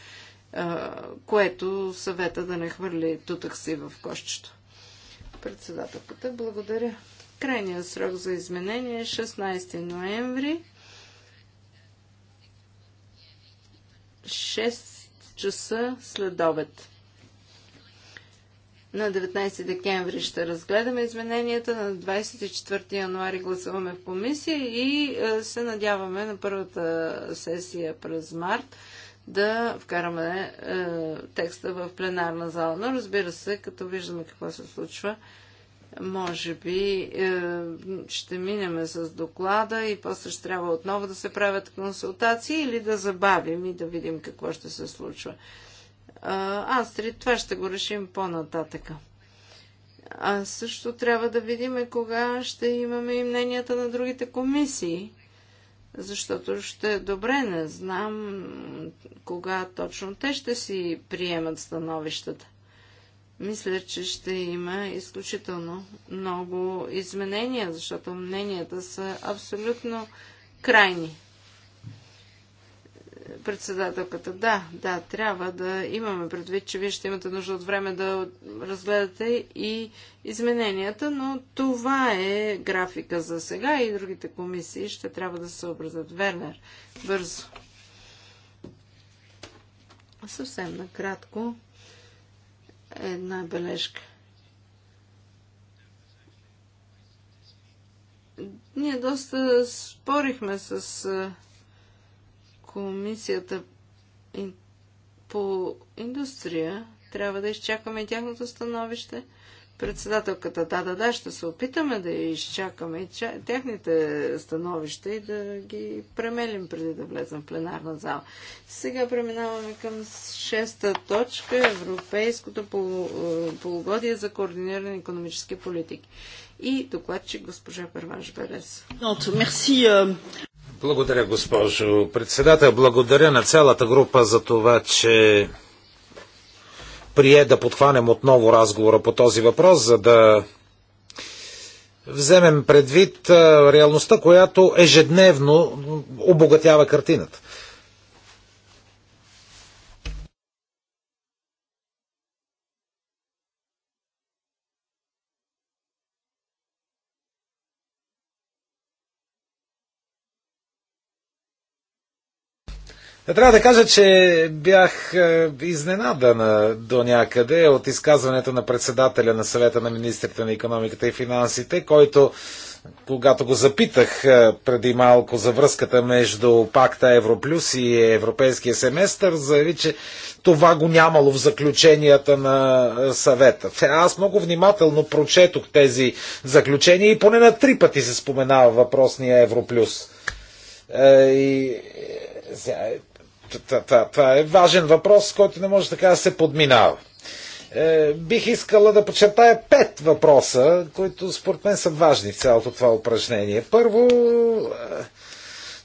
което съвета да не хвърли тутък си в кошчето. Председателката, благодаря. Крайният срок за изменение е 16 ноември. 6 часа след обед. На 19 декември ще разгледаме измененията, на 24 януари гласуваме в комисия и е, се надяваме на първата сесия през март да вкараме е, текста в пленарна зала. Но разбира се, като виждаме какво се случва, може би е, ще минеме с доклада и после ще трябва отново да се правят консултации или да забавим и да видим какво ще се случва. Астрид, това ще го решим по-нататъка. А също трябва да видим кога ще имаме и мненията на другите комисии защото ще е добре, не знам кога точно те ще си приемат становищата. Мисля, че ще има изключително много изменения, защото мненията са абсолютно крайни. Председателката, да, да, трябва да имаме предвид, че вие ще имате нужда от време да разгледате и измененията, но това е графика за сега и другите комисии ще трябва да се съобразят. Вернер, бързо. Съвсем накратко една бележка. Ние доста спорихме с комисията по индустрия. Трябва да изчакаме и тяхното становище. Председателката, да, да, да, ще се опитаме да изчакаме техните становища и да ги премелим преди да влезем в пленарна зала. Сега преминаваме към шеста точка Европейското е, полугодие за координиране економически политики. И докладчик госпожа Перваш Берес. Мерси. Благодаря, госпожо председател. Благодаря на цялата група за това, че прие да подхванем отново разговора по този въпрос, за да вземем предвид реалността, която ежедневно обогатява картината. Е, трябва да кажа, че бях е, изненадана до някъде от изказването на председателя на съвета на министрите на економиката и финансите, който когато го запитах е, преди малко за връзката между пакта Европлюс и Европейския семестър, заяви, че това го нямало в заключенията на съвета. Аз много внимателно прочетох тези заключения и поне на три пъти се споменава въпросния Европлюс. И това е важен въпрос, който не може така да се подминава. Е, бих искала да подчертая пет въпроса, които според мен са важни в цялото това упражнение. Първо, е,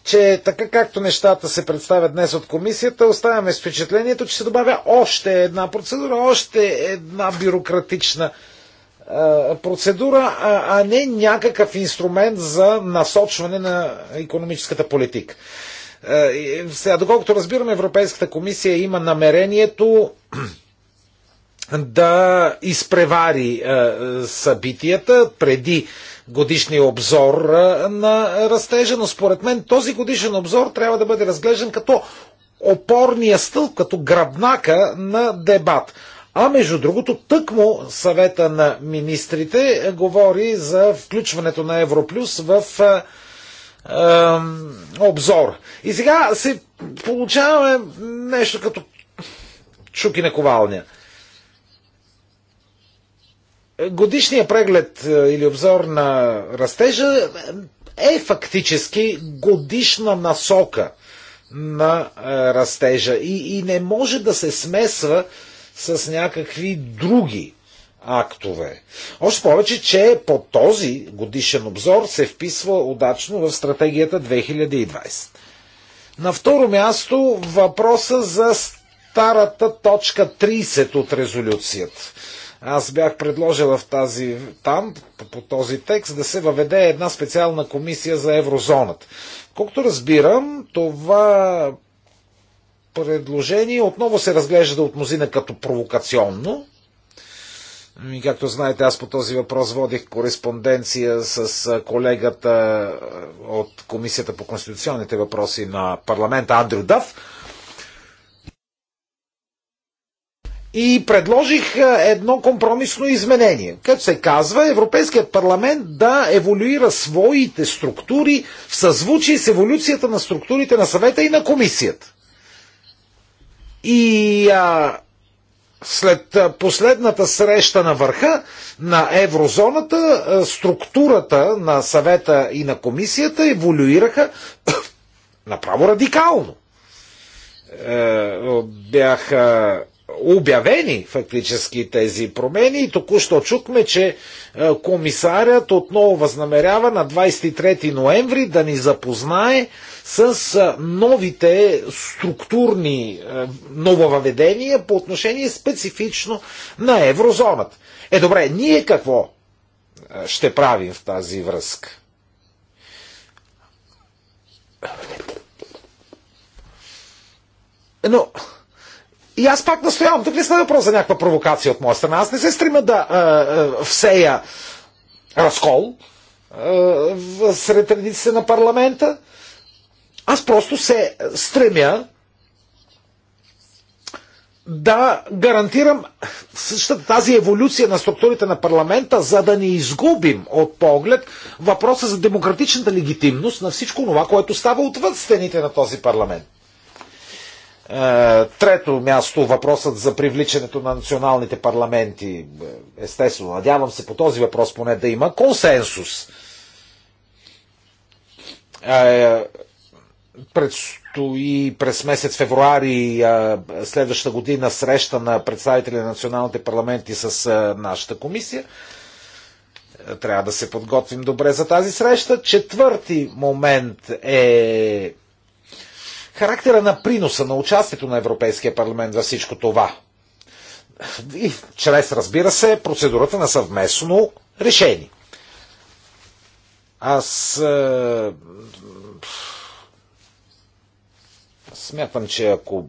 че така както нещата се представят днес от комисията, оставяме с впечатлението, че се добавя още една процедура, още една бюрократична е, процедура, а не някакъв инструмент за насочване на економическата политика. Е, сега, доколкото разбираме, Европейската комисия има намерението да изпревари е, събитията преди годишния обзор е, на растежа, но според мен този годишен обзор трябва да бъде разглеждан като опорния стълб, като гръбнака на дебат. А между другото, тъкмо съвета на министрите говори за включването на Европлюс в обзор. И сега се получаваме нещо като чуки на ковалния. Годишният преглед е, или обзор на растежа е фактически годишна насока на е, растежа и, и не може да се смесва с някакви други актове. Още повече, че по този годишен обзор се вписва удачно в стратегията 2020. На второ място въпроса за старата точка 30 от резолюцията. Аз бях предложила в тази, там, по този текст, да се въведе една специална комисия за еврозоната. Колкото разбирам, това предложение отново се разглежда от мнозина като провокационно, и ами, както знаете, аз по този въпрос водих кореспонденция с колегата от Комисията по конституционните въпроси на парламента Андрю Дав. И предложих едно компромисно изменение, като се казва Европейският парламент да еволюира своите структури в съзвучие с еволюцията на структурите на съвета и на комисията. И а, след последната среща на върха на еврозоната, структурата на съвета и на комисията еволюираха направо радикално. Е, бяха обявени фактически тези промени и току-що чухме, че е, комисарят отново възнамерява на 23 ноември да ни запознае с е, новите структурни е, нововъведения по отношение специфично на еврозоната. Е добре, ние какво ще правим в тази връзка? Но, и аз пак настоявам, тук не става въпрос за някаква провокация от моя страна. Аз не се стрима да а, а, всея разкол а, сред редиците на парламента. Аз просто се стремя да гарантирам същата тази еволюция на структурите на парламента, за да не изгубим от поглед въпроса за демократичната легитимност на всичко това, което става отвъд стените на този парламент. Е, трето място въпросът за привличането на националните парламенти. Е, естествено, надявам се по този въпрос поне да има консенсус. Е, предстои през месец февруари следващата година среща на представители на националните парламенти с нашата комисия. Трябва да се подготвим добре за тази среща. Четвърти момент е характера на приноса, на участието на Европейския парламент за всичко това. И чрез, разбира се, процедурата на съвместно решение. Аз е, смятам, че ако...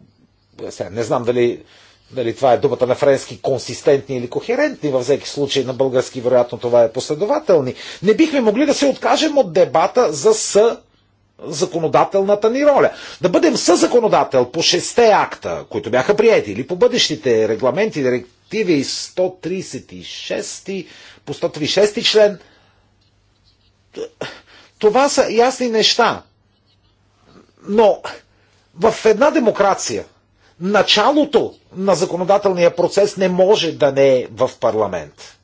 Е, сега, не знам дали, дали това е думата на френски консистентни или кохерентни, във всеки случай на български вероятно това е последователни. Не бихме могли да се откажем от дебата за съ законодателната ни роля. Да бъдем съзаконодател по шесте акта, които бяха приети, или по бъдещите регламенти, директиви 136, по 136 член. Това са ясни неща. Но в една демокрация началото на законодателния процес не може да не е в парламент.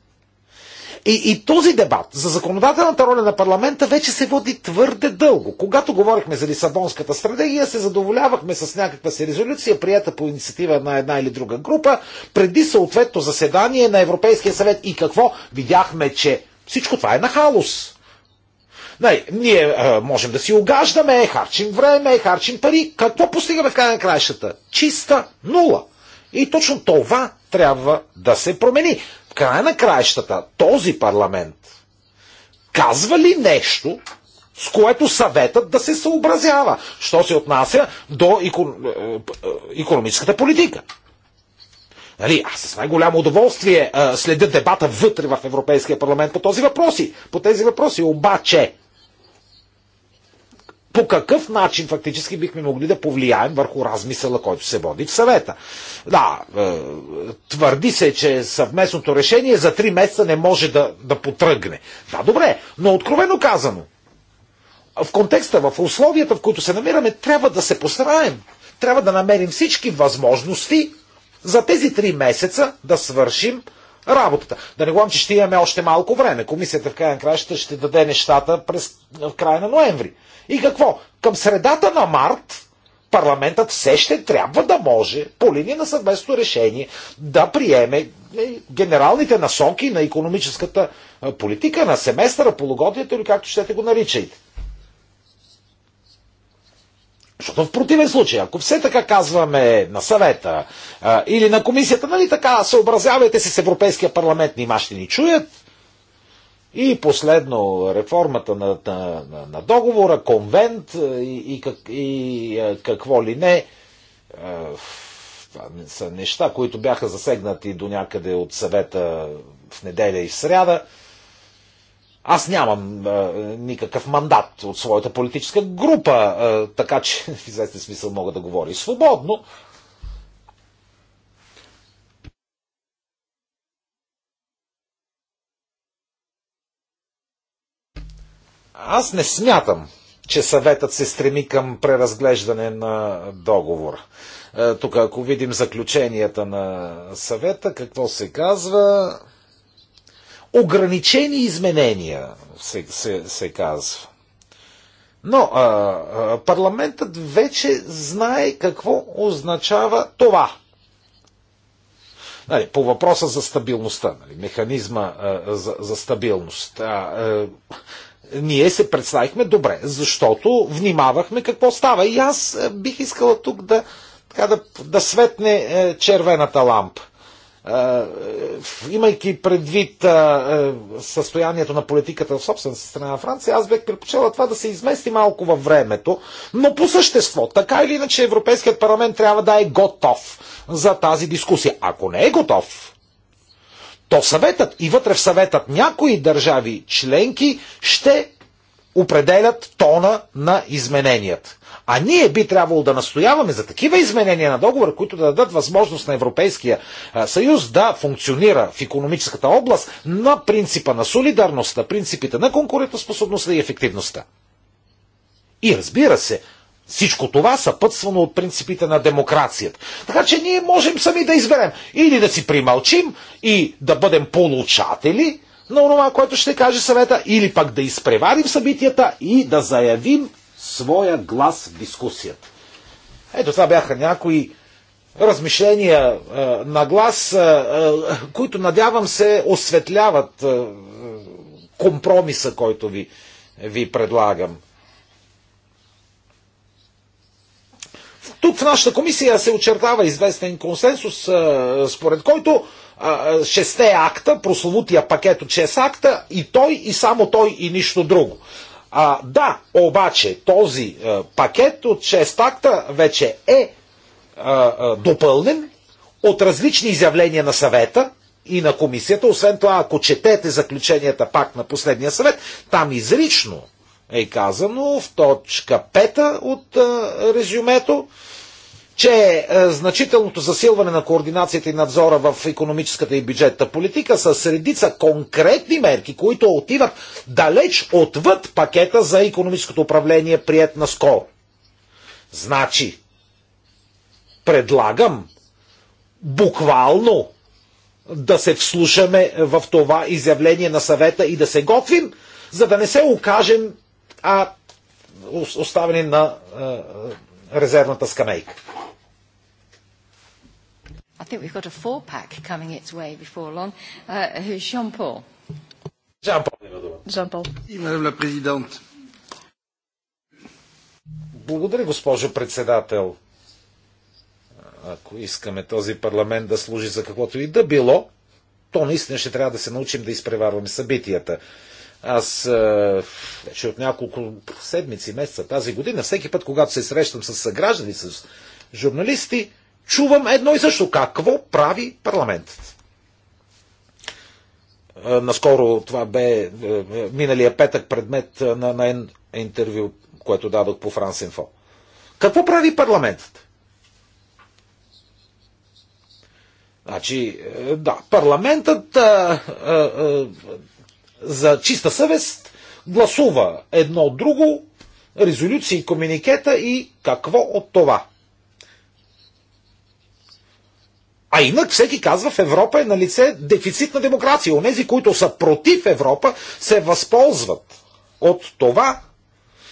И, и този дебат за законодателната роля на парламента вече се води твърде дълго. Когато говорихме за Лисабонската стратегия, се задоволявахме с някаква си резолюция, прията по инициатива на една или друга група, преди съответно заседание на Европейския съвет. И какво? Видяхме, че всичко това е на халус. Най, ние е, можем да си огаждаме, харчим време, харчим пари. Какво постигаме в края на краищата? Чиста нула. И точно това трябва да се промени края на краищата този парламент казва ли нещо, с което съветът да се съобразява, що се отнася до икон... Е, е, е, економическата политика. Нали, аз с най-голямо удоволствие а, следя дебата вътре в Европейския парламент по този въпроси. По тези въпроси обаче по какъв начин фактически бихме могли да повлияем върху размисъла, който се води в съвета. Да, е, твърди се, че съвместното решение за три месеца не може да, да потръгне. Да, добре, но откровено казано, в контекста, в условията, в които се намираме, трябва да се постараем. Трябва да намерим всички възможности за тези три месеца да свършим работата. Да не говорим, че ще имаме още малко време. Комисията в края на краищата ще даде нещата през, в края на ноември. И какво? Към средата на март парламентът все ще трябва да може по линия на съвместно решение да приеме е, генералните насоки на економическата е, политика, на семестъра, полугодието или както ще те го наричайте. Защото в противен случай, ако все така казваме на съвета а, или на комисията, нали така, съобразявайте се с Европейския парламент, нима ще ни чуят. И последно, реформата на, на, на, на договора, конвент и, и, как, и какво ли не. А, са неща, които бяха засегнати до някъде от съвета в неделя и в сряда. Аз нямам а, е, никакъв мандат от своята политическа група, а, е, така че в известен смисъл мога да говоря свободно. Аз не смятам, че съветът се стреми към преразглеждане на договор. Е, тук, ако видим заключенията на съвета, какво се казва, ограничени изменения, се, се, се казва. Но а, а, парламентът вече знае какво означава това. Нали, по въпроса за стабилността, нали, механизма а, за, за стабилност. А, а, ние се представихме добре, защото внимавахме какво става. И аз бих искала тук да, така да, да светне е, червената лампа. Е, е, имайки предвид е, състоянието на политиката в собствената страна на Франция, аз бях предпочела това да се измести малко във времето, но по същество, така или иначе Европейският парламент трябва да е готов за тази дискусия. Ако не е готов, то съветът и вътре в съветът някои държави членки ще определят тона на измененията. А ние би трябвало да настояваме за такива изменения на договора, които да дадат възможност на Европейския съюз да функционира в економическата област на принципа на солидарността, принципите на конкурентоспособността и ефективността. И разбира се, всичко това съпътствано от принципите на демокрацията. Така че ние можем сами да изберем или да си примълчим и да бъдем получатели – на онова, което ще каже съвета, или пък да изпреварим събитията и да заявим своя глас в дискусията. Ето това бяха някои размишления е, на глас, е, е, които надявам се осветляват е, компромиса, който ви, ви предлагам. Тук в нашата комисия се очертава известен консенсус, е, според който шесте акта, прословутия пакет от 6 акта и той и само той и нищо друго. А, да, обаче този а, е, пакет от 6 акта вече е а, е, а, е, допълнен от различни изявления на съвета и на комисията. Освен това, ако четете заключенията пак на последния съвет, там изрично е казано в точка 5 от а, резюмето, че е, значителното засилване на координацията и надзора в економическата и бюджетна политика са средица конкретни мерки, които отиват далеч отвъд пакета за економическото управление, прият наскоро. Значи, предлагам буквално да се вслушаме в това изявление на съвета и да се готвим, за да не се окажем а, оставени на а, е, е, резервната скамейка. I think we've got a four-pack coming its way before long. Uh, who's Jean-Paul? Jean-Paul. Jean-Paul. Madame la Présidente. Благодаря, госпожо председател. Ако искаме този парламент да служи за каквото и да било, то наистина ще трябва да се научим да изпреварваме събитията. Аз е, вече от няколко седмици, месеца тази година, всеки път, когато се срещам с съграждани, с журналисти, чувам едно и също. Какво прави парламентът? Наскоро това бе е, е, миналия петък предмет е, на, на интервю, което дадох по Франсинфо. Какво прави парламентът? Значи, да, парламентът а, а, а, за чиста съвест гласува едно друго, резолюции, комуникета и какво от това? А инак всеки казва, в Европа е на лице дефицит на демокрация. Онези, които са против Европа, се възползват от това,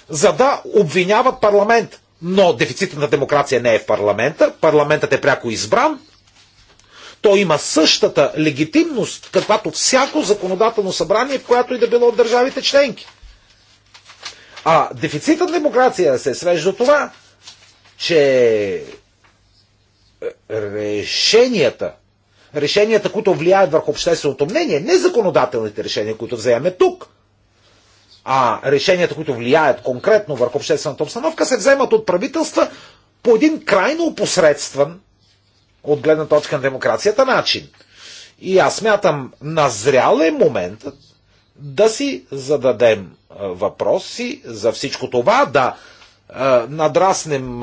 за да обвиняват парламент. Но дефицит на демокрация не е в парламента. Парламентът е пряко избран. Той има същата легитимност, каквато всяко законодателно събрание, в която и да било от държавите членки. А дефицитът на демокрация се свежда до това, че решенията, решенията, които влияят върху общественото мнение, не законодателните решения, които вземаме тук, а решенията, които влияят конкретно върху обществената обстановка, се вземат от правителства по един крайно опосредстван от гледна точка на демокрацията начин. И аз смятам, назрял е моментът да си зададем въпроси за всичко това, да надраснем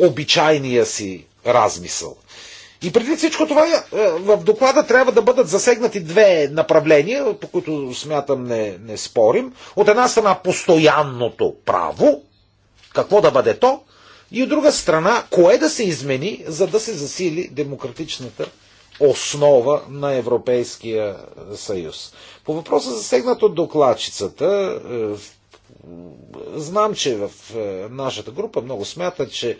обичайния си размисъл. И преди всичко това е, в доклада трябва да бъдат засегнати две направления, по които смятам не, не спорим. От една страна постоянното право, какво да бъде то, и от друга страна кое да се измени, за да се засили демократичната основа на Европейския съюз. По въпроса засегнат от докладчицата, е, знам, че в е, нашата група много смята, че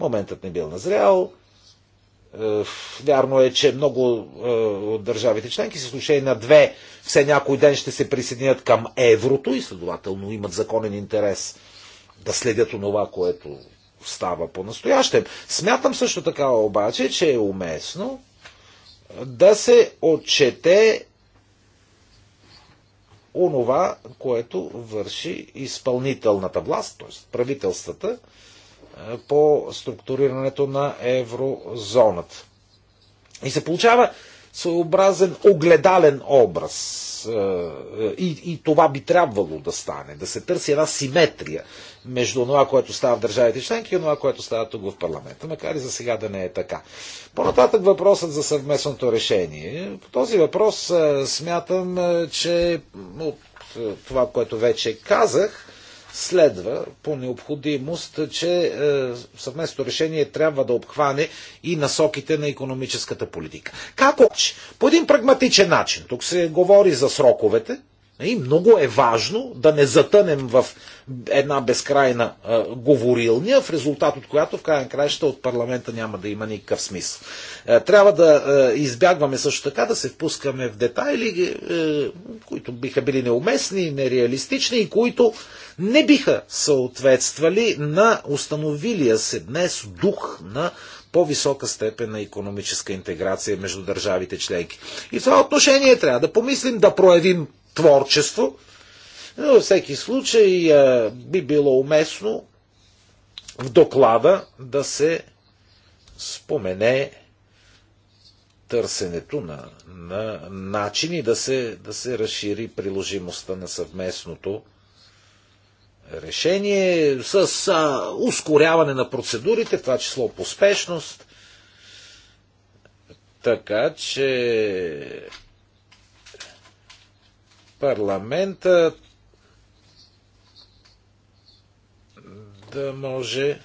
моментът не бил назрял. Е, вярно е, че много е, от държавите членки, с изключение на две, все някой ден ще се присъединят към еврото и следователно имат законен интерес да следят онова, което става по-настоящем. Смятам също така обаче, че е уместно да се отчете онова, което върши изпълнителната власт, т.е. правителствата, по структурирането на еврозоната. И се получава своеобразен огледален образ. Е, и, и това би трябвало да стане, да се търси една симетрия между това, което става в държавите членки и това, което става тук в парламента, макар и за сега да не е така. По-нататък въпросът за съвместното решение. По този въпрос е, смятам, е, че от това, което вече казах, следва по необходимост, че е, съвместното решение трябва да обхване и насоките на економическата политика. Как обаче? По един прагматичен начин. Тук се говори за сроковете, и нали? много е важно да не затънем в една безкрайна а, говорилния, в резултат от която в крайна краища от парламента няма да има никакъв смисъл. А, е, трябва да а, е, избягваме също така да се впускаме в детайли, а, е, които биха били неуместни, нереалистични и които не биха съответствали на установилия се днес дух на по-висока степен на економическа интеграция между държавите членки. И в това отношение трябва да помислим да проявим творчество. Но във всеки случай би било уместно в доклада да се спомене търсенето на, на начини да се, да се разшири приложимостта на съвместното решение с а, ускоряване на процедурите, в това число по спешност. Така че парламента да може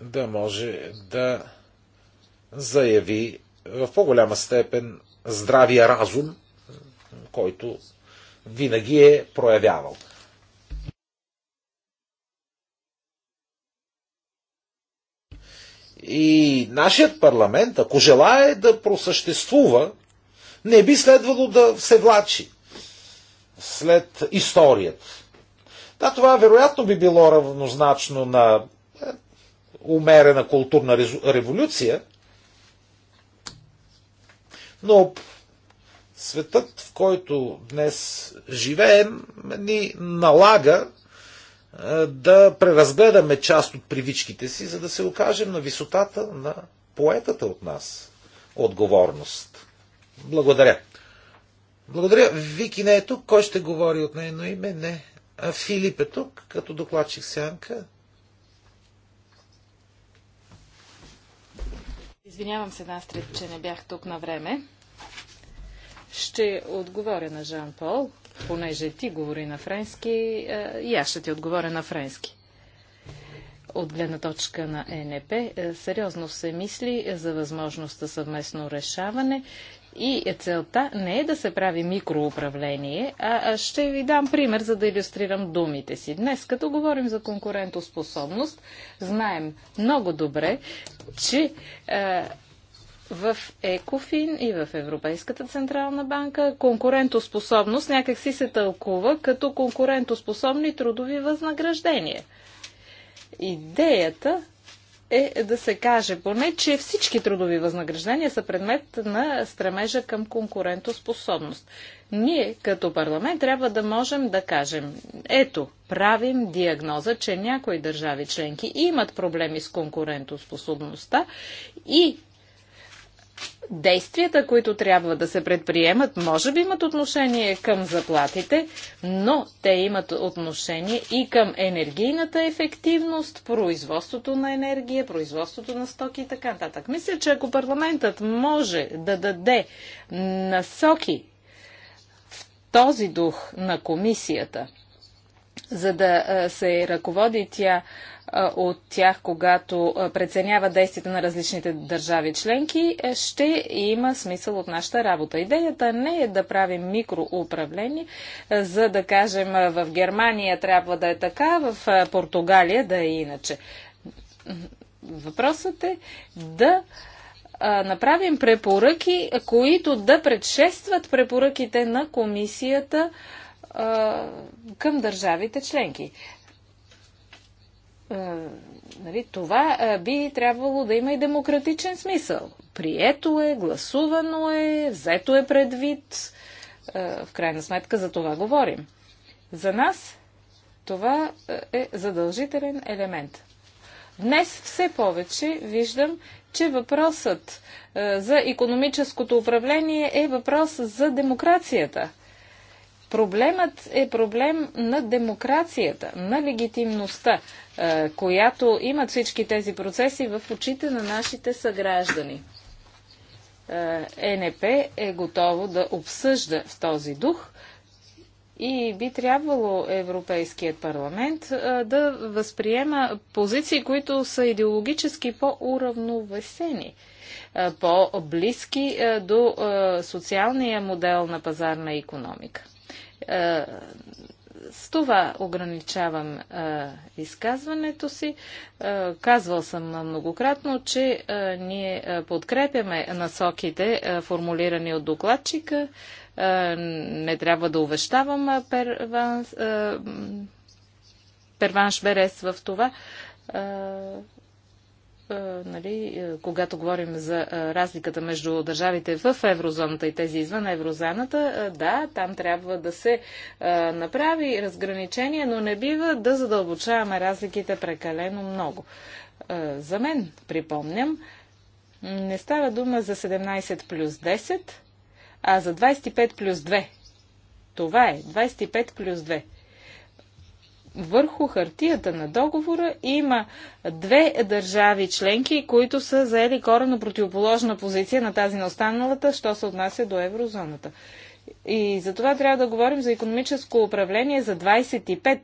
да може да заяви в по-голяма степен здравия разум, който винаги е проявявал. И нашият парламент, ако желае да просъществува, не би следвало да се влачи след историята. Да, това вероятно би било равнозначно на е, умерена културна революция, но светът, в който днес живеем, ни налага е, да преразгледаме част от привичките си, за да се окажем на висотата на поетата от нас отговорност. Благодаря. Благодаря. Вики не е тук. Кой ще говори от нейно име? Не. А Филип е тук, като докладчик Сянка. Извинявам се, Настрид, че не бях тук на време. Ще отговоря на Жан Пол. Понеже ти говори на френски, е, и аз ще ти отговоря на френски. От гледна точка на ЕНП, е, сериозно се мисли за възможността съвместно решаване и целта не е да се прави микроуправление, а ще ви дам пример, за да иллюстрирам думите си. Днес, като говорим за конкурентоспособност, знаем много добре, че е, в Екофин и в Европейската централна банка конкурентоспособност някак си се тълкува като конкурентоспособни трудови възнаграждения. Идеята е да се каже поне, че всички трудови възнаграждения са предмет на стремежа към конкурентоспособност. Ние като парламент трябва да можем да кажем, ето, правим диагноза, че някои държави членки имат проблеми с конкурентоспособността и действията, които трябва да се предприемат, може би имат отношение към заплатите, но те имат отношение и към енергийната ефективност, производството на енергия, производството на стоки и така нататък. Мисля, че ако парламентът може да даде насоки в този дух на комисията, за да се ръководи тя от тях, когато преценява действията на различните държави членки, е, ще има смисъл от нашата работа. Идеята не е да правим микроуправление, за да кажем в Германия трябва да е така, в Португалия да е иначе. Въпросът е да направим препоръки, които да предшестват препоръките на комисията към държавите членки. Е, нали, това е, би трябвало да има и демократичен смисъл. Прието е, гласувано е, взето е предвид. Е, в крайна сметка за това говорим. За нас това е задължителен елемент. Днес все повече виждам, че въпросът за економическото управление е въпрос за демокрацията – Проблемът е проблем на демокрацията, на легитимността, е, която имат всички тези процеси в очите на нашите съграждани. ЕНП е, е готово да обсъжда в този дух и би трябвало Европейският парламент е, да възприема позиции, които са идеологически по-уравновесени по-близки до социалния модел на пазарна економика. Е, с това ограничавам а, е, изказването си. А, е, казвал съм многократно, че а, ние подкрепяме насоките, а, формулирани от докладчика. А, не трябва да увещавам перванш, а, перванш Берес в това. А, е, нали, е, когато говорим за е, разликата между държавите в еврозоната и тези извън еврозоната, да, там трябва да се направи разграничение, но не бива да задълбочаваме разликите прекалено много. За мен, припомням, не става дума за 17 плюс 10, а за 25 плюс 2. Това е 25 плюс 2 върху хартията на договора има две държави членки, които са заели коренно противоположна позиция на тази на останалата, що се отнася до еврозоната. И за това трябва да говорим за економическо управление за 25.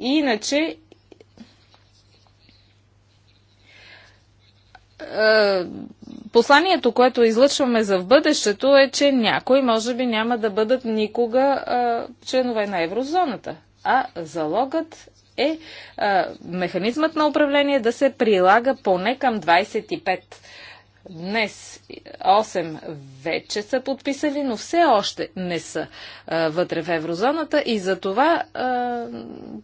Иначе е, посланието, което излъчваме за в бъдещето е, че някои може би няма да бъдат никога е, членове на еврозоната а залогът е а, механизмът на управление да се прилага поне към 25. Днес 8 вече са подписали, но все още не са а, вътре в еврозоната и за това а,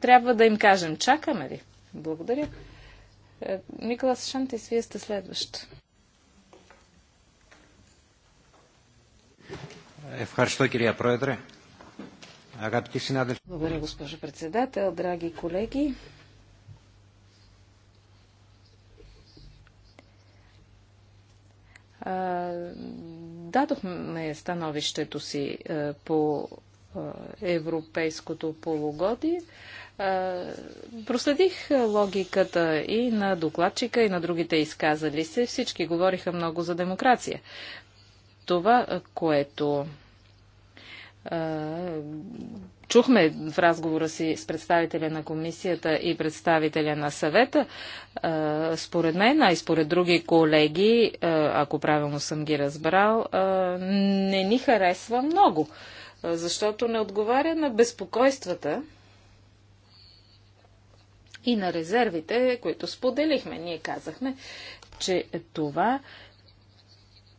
трябва да им кажем, чакаме ли? Благодаря. Е, Николас Шантис, вие сте следващ. Ευχαριστώ е, κυρία проедре. Благодаря, госпожо председател, драги колеги. Дадохме становището си по европейското полугодие. Проследих логиката и на докладчика, и на другите изказали се. Всички говориха много за демокрация. Това, което чухме в разговора си с представителя на комисията и представителя на съвета, според мен, а и според други колеги, ако правилно съм ги разбрал, не ни харесва много, защото не отговаря на безпокойствата и на резервите, които споделихме. Ние казахме, че това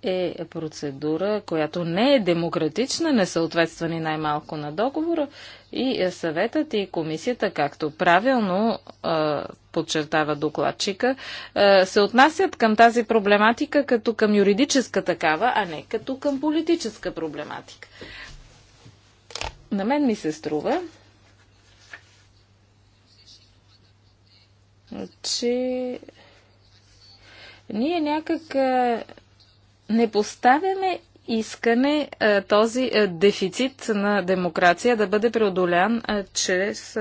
е процедура, която не е демократична, не съответства ни най-малко на договора и е съветът и комисията, както правилно подчертава докладчика, се отнасят към тази проблематика като към юридическа такава, а не като към политическа проблематика. На мен ми се струва, че ние някак не поставяме искане е, този е, дефицит на демокрация да бъде преодолян е, чрез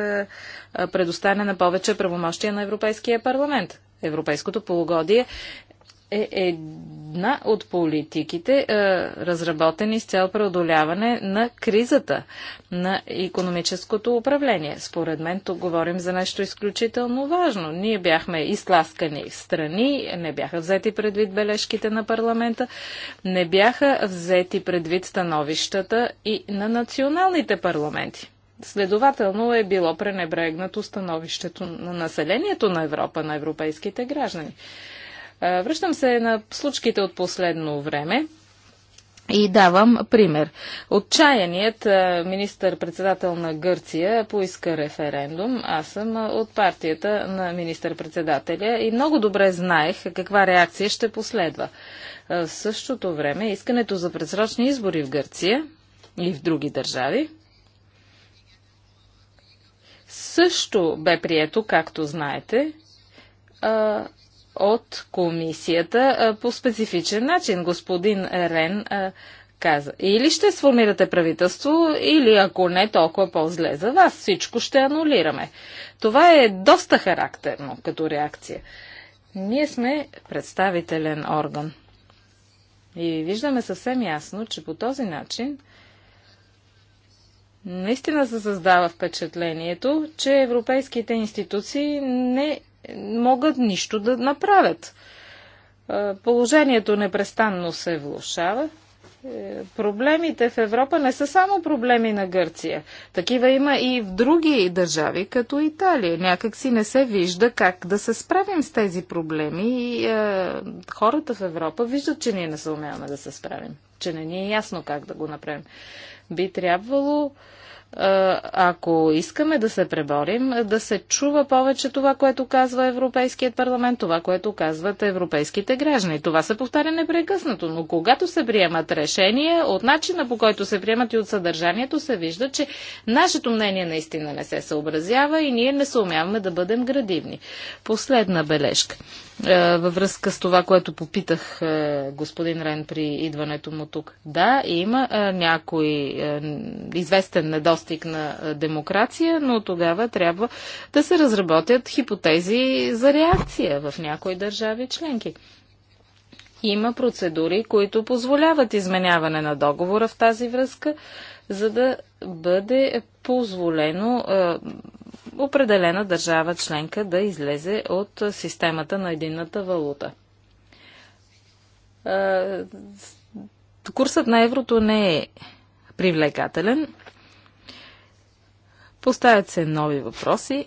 предоставяне на повече правомощия на Европейския парламент. Европейското полугодие е една от политиките, е, разработени с цел преодоляване на кризата на економическото управление. Според мен тук говорим за нещо изключително важно. Ние бяхме изтласкани в страни, не бяха взети предвид бележките на парламента, не бяха взети предвид становищата и на националните парламенти. Следователно е било пренебрегнато становището на населението на Европа, на европейските граждани. Връщам се на случките от последно време. И давам пример. Отчаяният министър-председател на Гърция поиска референдум. Аз съм от партията на министър-председателя и много добре знаех каква реакция ще последва. В същото време искането за предсрочни избори в Гърция и в други държави също бе прието, както знаете, от комисията по специфичен начин. Господин Рен каза, или ще сформирате правителство, или ако не, толкова по-зле за вас. Всичко ще анулираме. Това е доста характерно като реакция. Ние сме представителен орган. И виждаме съвсем ясно, че по този начин наистина се създава впечатлението, че европейските институции не могат нищо да направят. Е, положението непрестанно се влушава. Е, проблемите в Европа не са само проблеми на Гърция. Такива има и в други държави, като Италия. Някак си не се вижда как да се справим с тези проблеми и е, хората в Европа виждат, че ние не съумяваме да се справим, че не ни е ясно как да го направим. Би трябвало е, ако искаме да се преборим, да се чува повече това, което казва Европейският парламент, това, което казват европейските граждани. Това се повтаря непрекъснато, но когато се приемат решения, от начина по който се приемат и от съдържанието, се вижда, че нашето мнение наистина не се съобразява и ние не съумяваме да бъдем градивни. Последна бележка във връзка с това, което попитах господин Рен при идването му тук. Да, има някой известен недостатък мостик на демокрация, но тогава трябва да се разработят хипотези за реакция в някои държави членки. Има процедури, които позволяват изменяване на договора в тази връзка, за да бъде позволено определена държава членка да излезе от системата на единната валута. курсът на еврото не е привлекателен. Поставят се нови въпроси.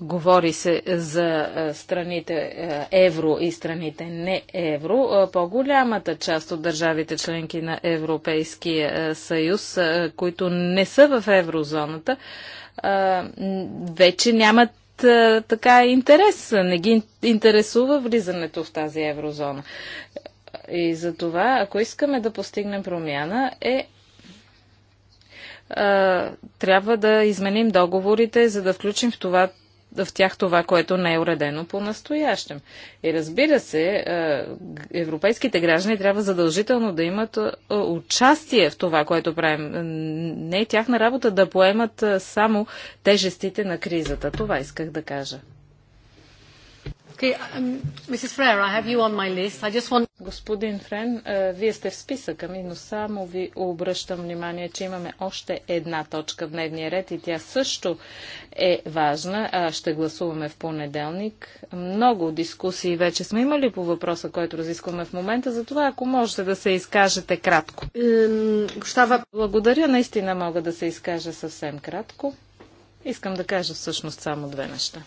Говори се за е, страните е, евро и страните не евро. Е, по-голямата част от държавите членки на Европейския съюз, които не са в еврозоната, вече нямат така интерес. Не ги интересува влизането в тази еврозона. И за това, ако искаме да постигнем промяна, е трябва да изменим договорите, за да включим в това в тях това, което не е уредено по-настоящем. И разбира се, европейските граждани трябва задължително да имат участие в това, което правим. Не е тяхна работа да поемат само тежестите на кризата. Това исках да кажа. Um, Господин Френ, е, вие сте в списъка ми, но само ви обръщам внимание, че имаме още една точка в дневния ред и тя също е важна. Ще гласуваме в понеделник. Много дискусии вече сме имали по въпроса, който разискваме в момента. Затова, ако можете да се изкажете кратко. Благодаря, наистина мога да се изкажа съвсем кратко. Искам да кажа всъщност само две неща.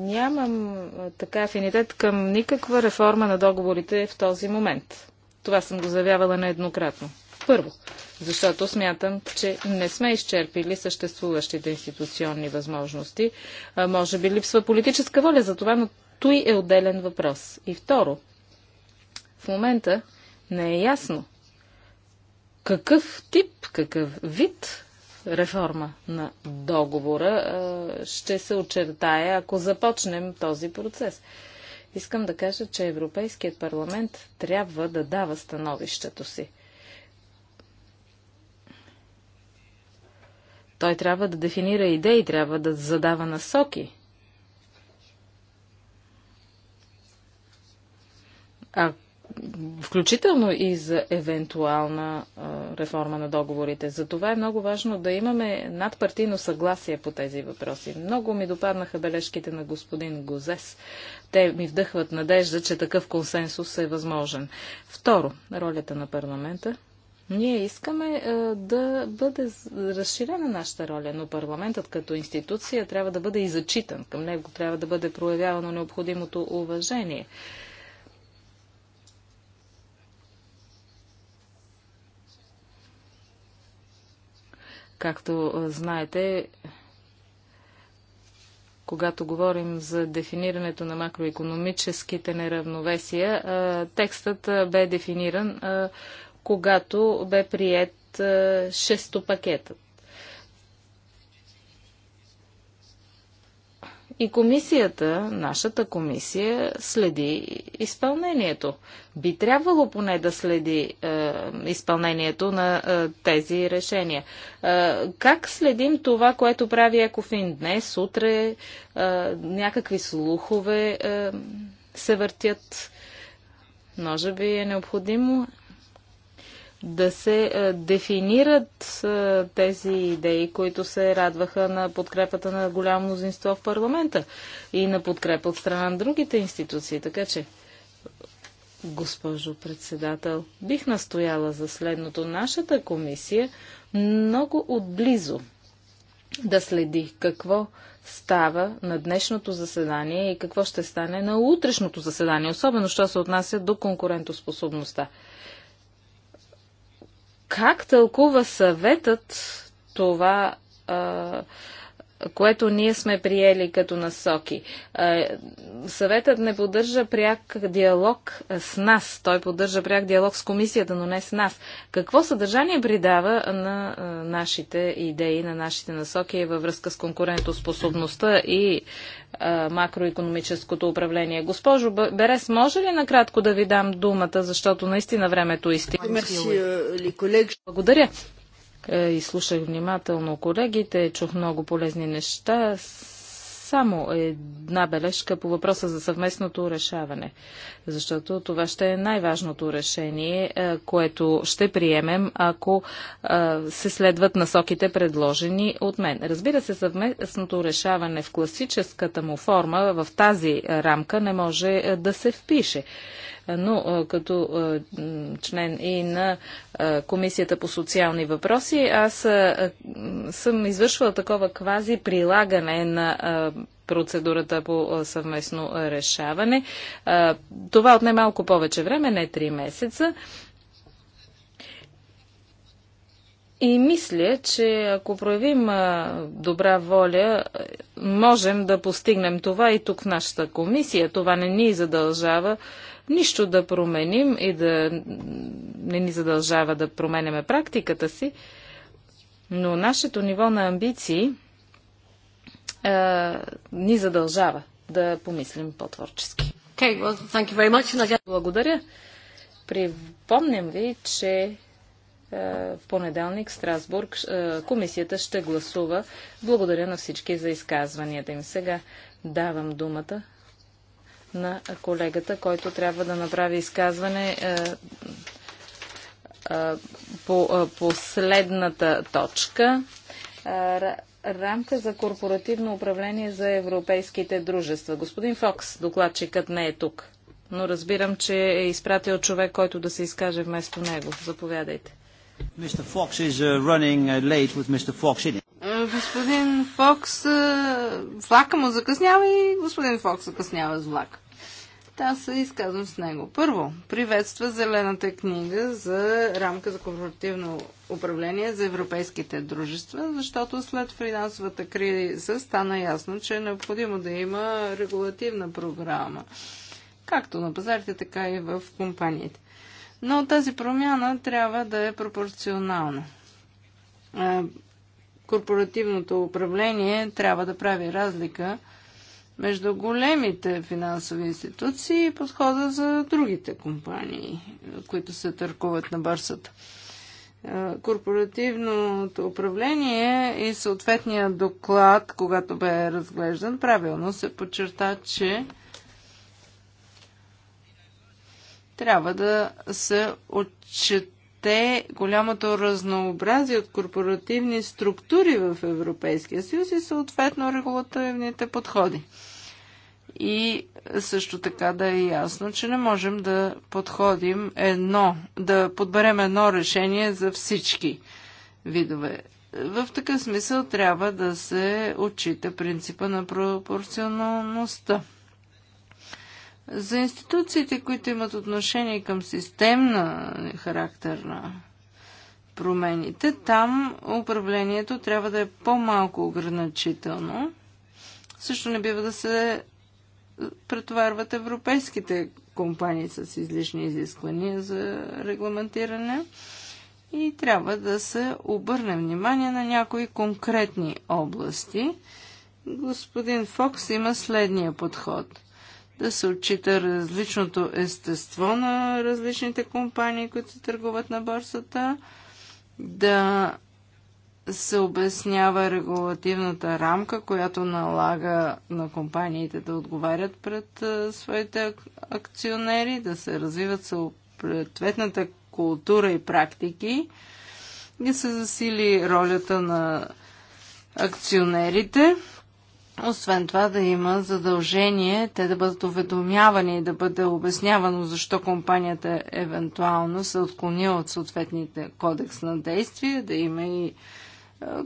Нямам така афинитет към никаква реформа на договорите в този момент. Това съм го заявявала нееднократно. Първо, защото смятам, че не сме изчерпили съществуващите институционни възможности. А, може би липсва политическа воля за това, но той е отделен въпрос. И второ, в момента не е ясно какъв тип, какъв вид реформа на договора ще се очертая, ако започнем този процес. Искам да кажа, че Европейският парламент трябва да дава становището си. Той трябва да дефинира идеи, трябва да задава насоки. Ако включително и за евентуална реформа на договорите. За това е много важно да имаме надпартийно съгласие по тези въпроси. Много ми допаднаха бележките на господин Гозес. Те ми вдъхват надежда, че такъв консенсус е възможен. Второ, ролята на парламента. Ние искаме да бъде разширена нашата роля, но парламентът като институция трябва да бъде и зачитан. Към него трябва да бъде проявявано необходимото уважение. Както знаете, когато говорим за дефинирането на макроекономическите неравновесия, текстът бе дефиниран, когато бе прият шестопакетът. И комисията, нашата комисия, следи изпълнението. Би трябвало поне да следи е, изпълнението на е, тези решения. Е, как следим това, което прави Екофин днес, утре, е, някакви слухове е, се въртят? Може би е необходимо да се е, дефинират е, тези идеи, които се радваха на подкрепата на голямо мнозинство в парламента и на подкрепа от страна на другите институции. Така че, госпожо председател, бих настояла за следното. Нашата комисия много отблизо да следи какво става на днешното заседание и какво ще стане на утрешното заседание, особено що се отнася до конкурентоспособността. Как тълкува съветът това а, което ние сме приели като насоки. Съветът не поддържа пряк диалог с нас. Той поддържа пряк диалог с комисията, но не с нас. Какво съдържание придава на нашите идеи, на нашите насоки във връзка с конкурентоспособността и макроекономическото управление? Госпожо Берес, може ли накратко да ви дам думата, защото наистина времето е изтича? Е, Благодаря. Е, Изслушах внимателно колегите, чух много полезни неща. Само една бележка по въпроса за съвместното решаване, защото това ще е най-важното решение, е, което ще приемем, ако е, се следват насоките предложени от мен. Разбира се, съвместното решаване в класическата му форма, в тази рамка, не може да се впише но като член и на Комисията по социални въпроси, аз съм извършвала такова квази прилагане на процедурата по съвместно решаване. Това отне малко повече време, не 3 месеца. И мисля, че ако проявим добра воля, можем да постигнем това и тук в нашата комисия. Това не ни задължава нищо да променим и да не ни задължава да променяме практиката си, но нашето ниво на амбиции а, ни задължава да помислим по-творчески. Okay, well, thank you very much. Благодаря. Припомням ви, че в понеделник в Страсбург комисията ще гласува. Благодаря на всички за изказванията им. Сега давам думата на колегата, който трябва да направи изказване е, е, по е, последната точка. Рамка за корпоративно управление за европейските дружества. Господин Фокс, докладчикът не е тук, но разбирам, че е изпратил човек, който да се изкаже вместо него. Заповядайте. Uh, uh, господин Фокс, влака му закъснява и господин Фокс закъснява с влака. Аз се изказвам с него. Първо, приветства Зелената книга за рамка за корпоративно управление за европейските дружества, защото след финансовата криза стана ясно, че е необходимо да има регулативна програма, както на пазарите, така и в компаниите. Но тази промяна трябва да е пропорционална е, корпоративното управление трябва да прави разлика между големите финансови институции и подхода за другите компании, които се търкуват на бърсата. Е, корпоративното управление и съответния доклад, когато бе разглеждан, правилно се подчерта, че трябва да се отчет те голямото разнообразие от корпоративни структури в Европейския съюз и съответно регулативните подходи. И също така да е ясно, че не можем да подходим едно, да подберем едно решение за всички видове. В такъв смисъл трябва да се отчита принципа на пропорционалността. За институциите, които имат отношение към системна характер на промените, там управлението трябва да е по-малко ограничително. Също не бива да се претоварват европейските компании с излишни изисквания за регламентиране и трябва да се обърне внимание на някои конкретни области. Господин Фокс има следния подход – да се отчита различното естество на различните компании, които търгуват на борсата, да се обяснява регулативната рамка, която налага на компаниите да отговарят пред своите акционери, да се развиват съответната култура и практики, да се засили ролята на акционерите освен това да има задължение те да бъдат уведомявани и да бъде обяснявано защо компанията евентуално се отклонила от съответните кодекс на действие, да има и е,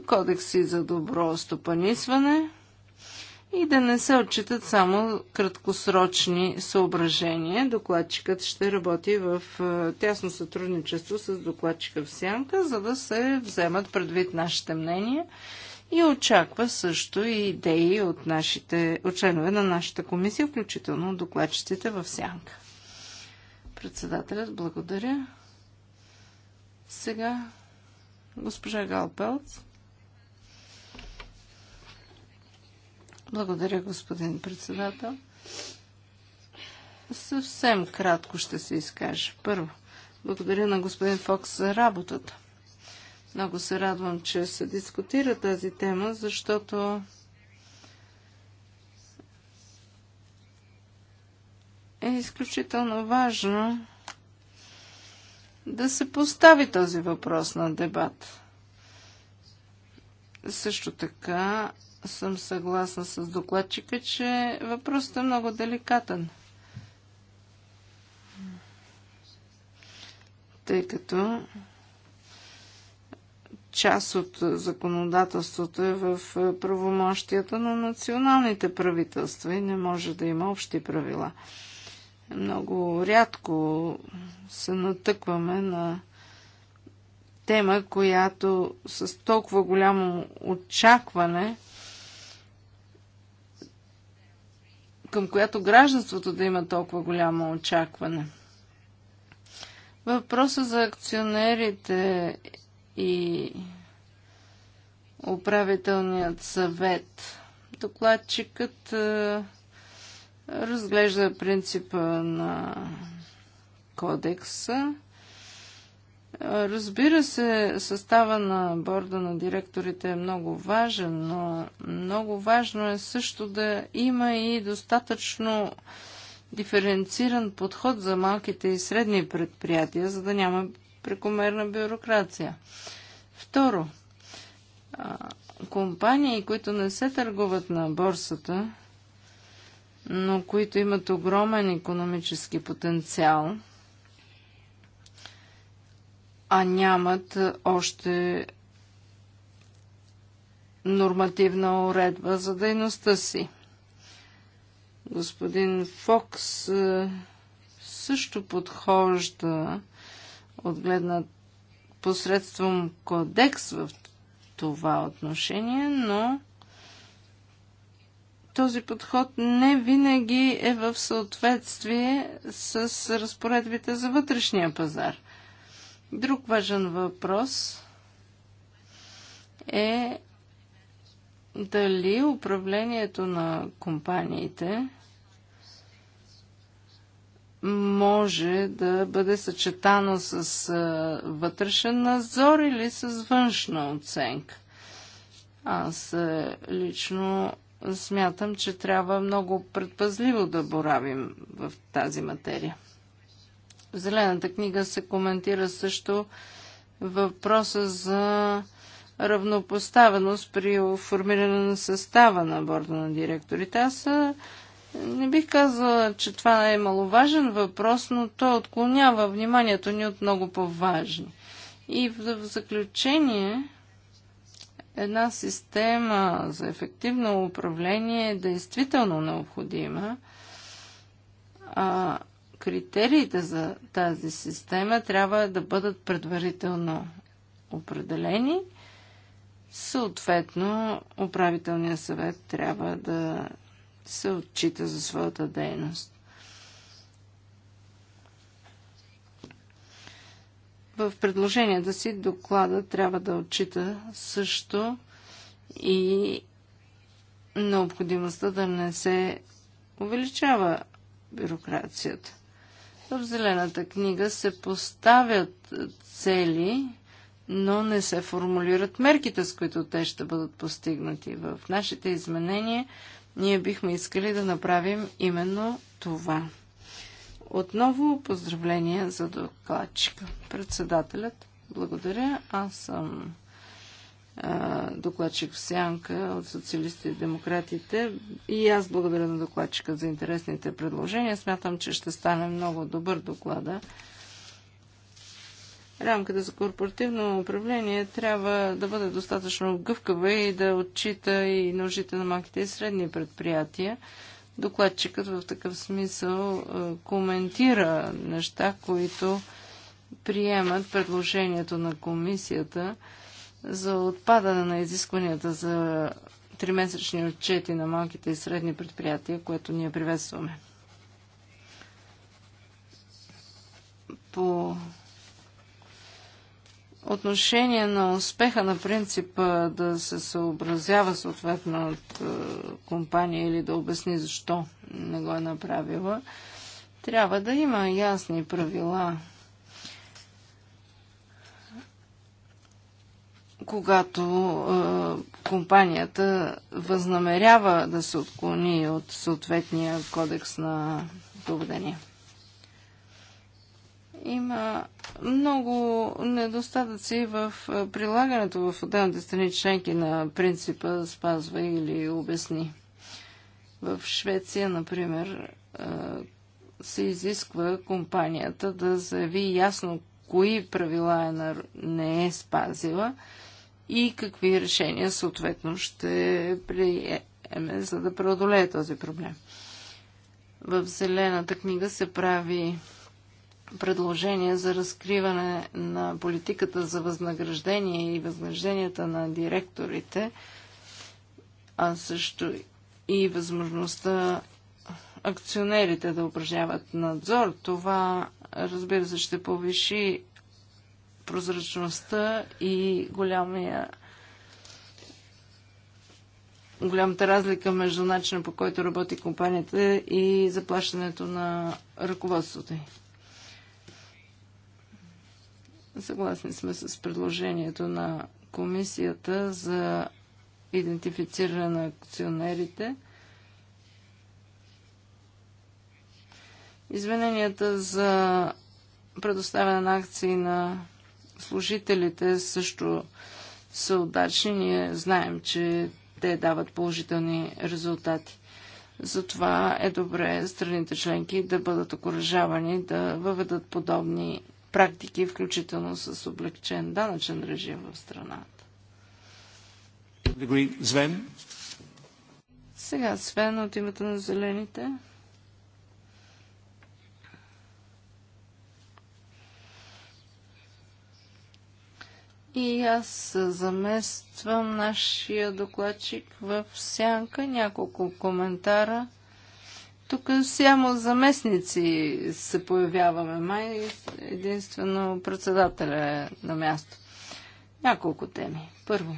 кодекси за добро стопанисване и да не се отчитат само краткосрочни съображения. Докладчикът ще работи в е, тясно сътрудничество с докладчика в Сянка, за да се вземат предвид нашите мнения и очаква също и идеи от, нашите, от членове на нашата комисия, включително докладчиците в сянка. Председателят, благодаря. Сега госпожа Галпелц. Благодаря, господин председател. Съвсем кратко ще се изкаже. Първо, благодаря на господин Фокс за работата. Много се радвам, че се дискутира тази тема, защото е изключително важно да се постави този въпрос на дебат. Също така съм съгласна с докладчика, че въпросът е много деликатен. Тъй като част от законодателството е в е, правомощията на националните правителства и не може да има общи правила. Много рядко се натъкваме на тема, която с толкова голямо очакване, към която гражданството да има толкова голямо очакване. Въпросът за акционерите и управителният съвет. Докладчикът е, разглежда принципа на кодекса. Разбира се, състава на борда на директорите е много важен, но много важно е също да има и достатъчно диференциран подход за малките и средни предприятия, за да няма прекомерна бюрокрация. Второ, компании, които не се търгуват на борсата, но които имат огромен економически потенциал, а нямат още нормативна уредба за дейността си. Господин Фокс също подхожда от гледна посредством кодекс в това отношение, но този подход не винаги е в съответствие с разпоредбите за вътрешния пазар. Друг важен въпрос е дали управлението на компаниите може да бъде съчетано с вътрешен надзор или с външна оценка. Аз лично смятам, че трябва много предпазливо да боравим в тази материя. В Зелената книга се коментира също въпроса за равнопоставеност при формиране на състава на борда на директорите. Аз не бих казала, че това е маловажен въпрос, но той отклонява вниманието ни от много по-важни. И в заключение, една система за ефективно управление е действително необходима, а критериите за тази система трябва да бъдат предварително определени. Съответно, управителният съвет трябва да се отчита за своята дейност. В предложенията си доклада трябва да отчита също и необходимостта да не се увеличава бюрокрацията. В Зелената книга се поставят цели, но не се формулират мерките, с които те ще бъдат постигнати. В нашите изменения ние бихме искали да направим именно това. Отново поздравления за докладчика. Председателят, благодаря. Аз съм докладчик в Сянка от социалистите и демократите. И аз благодаря на докладчика за интересните предложения. Смятам, че ще стане много добър доклада рамката за корпоративно управление трябва да бъде достатъчно гъвкава и да отчита и нуждите на малките и средни предприятия. Докладчикът в такъв смисъл е, коментира неща, които приемат предложението на комисията за отпадане на изискванията за тримесечни отчети на малките и средни предприятия, което ние приветстваме. По отношение на успеха на принципа да се съобразява съответно от е, компания или да обясни защо не го е направила, трябва да има ясни правила. Когато е, компанията възнамерява да се отклони от съответния кодекс на поведение. Има много недостатъци в прилагането в отделните страни членки на принципа спазва или обясни. В Швеция, например, се изисква компанията да заяви ясно кои правила е не е спазила и какви решения съответно ще приеме, за да преодолее този проблем. В Зелената книга се прави предложение за разкриване на политиката за възнаграждение и възнагражденията на директорите, а също и възможността акционерите да упражняват надзор. Това, разбира се, ще повиши прозрачността и голямия голямата разлика между начина по който работи компанията и заплащането на ръководството й. Съгласни сме с предложението на комисията за идентифициране на акционерите. Извиненията за предоставяне на акции на служителите също са удачни. Ние знаем, че те дават положителни резултати. Затова е добре страните членки да бъдат окоръжавани да въведат подобни практики, включително с облегчен данъчен режим в страната. Свен. Сега Свен от името на зелените. И аз замествам нашия докладчик в сянка няколко коментара – тук само заместници се появяваме, май единствено председателя е на място. Няколко теми. Първо.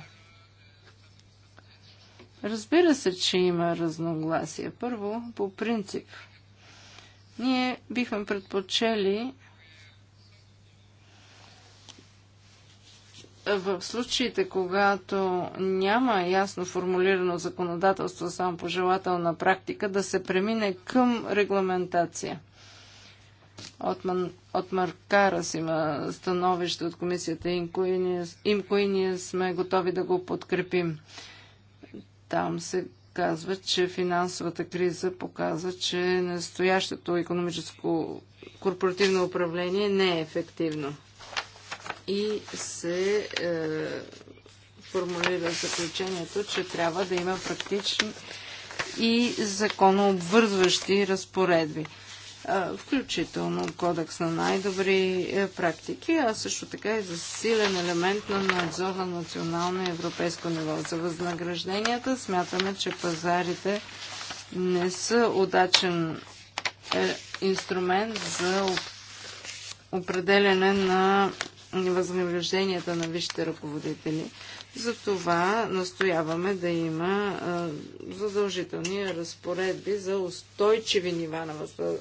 Разбира се, че има разногласия. Първо, по принцип, ние бихме предпочели в случаите, когато няма ясно формулирано законодателство, само пожелателна практика, да се премине към регламентация. Отман, Отмар Карас има становище от комисията им кои ние, Имко и ние сме готови да го подкрепим. Там се казва, че финансовата криза показва, че настоящото економическо корпоративно управление не е ефективно и се е, формулира заключението, че трябва да има практични и законообвързващи разпоредби, е, включително кодекс на най-добри е, практики, а също така и за силен елемент на надзор на национално и европейско ниво. За възнагражденията смятаме, че пазарите не са удачен е, инструмент за определене на възнагражденията на висшите ръководители. Затова настояваме да има задължителни разпоредби за устойчиви нива на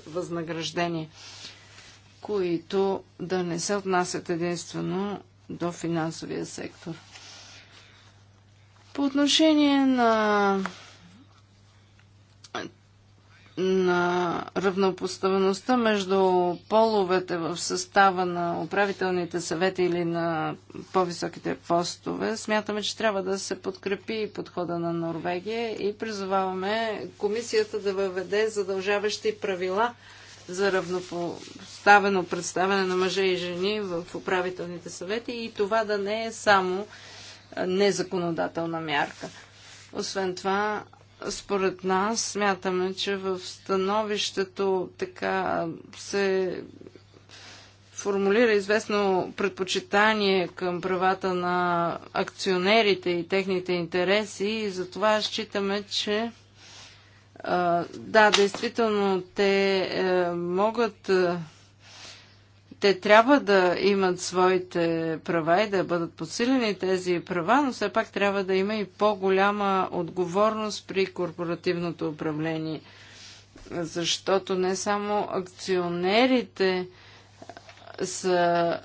възнаграждение, които да не се отнасят единствено до финансовия сектор. По отношение на на равнопоставеността между половете в състава на управителните съвети или на по-високите постове, смятаме, че трябва да се подкрепи подхода на Норвегия и призоваваме комисията да въведе задължаващи правила за равнопоставено представяне на мъже и жени в управителните съвети и това да не е само незаконодателна мярка. Освен това, според нас смятаме, че в становището така се формулира известно предпочитание към правата на акционерите и техните интереси и затова считаме, че да, действително те е, могат е, те трябва да имат своите права и да бъдат подсилени тези права, но все пак трябва да има и по-голяма отговорност при корпоративното управление. Защото не само акционерите са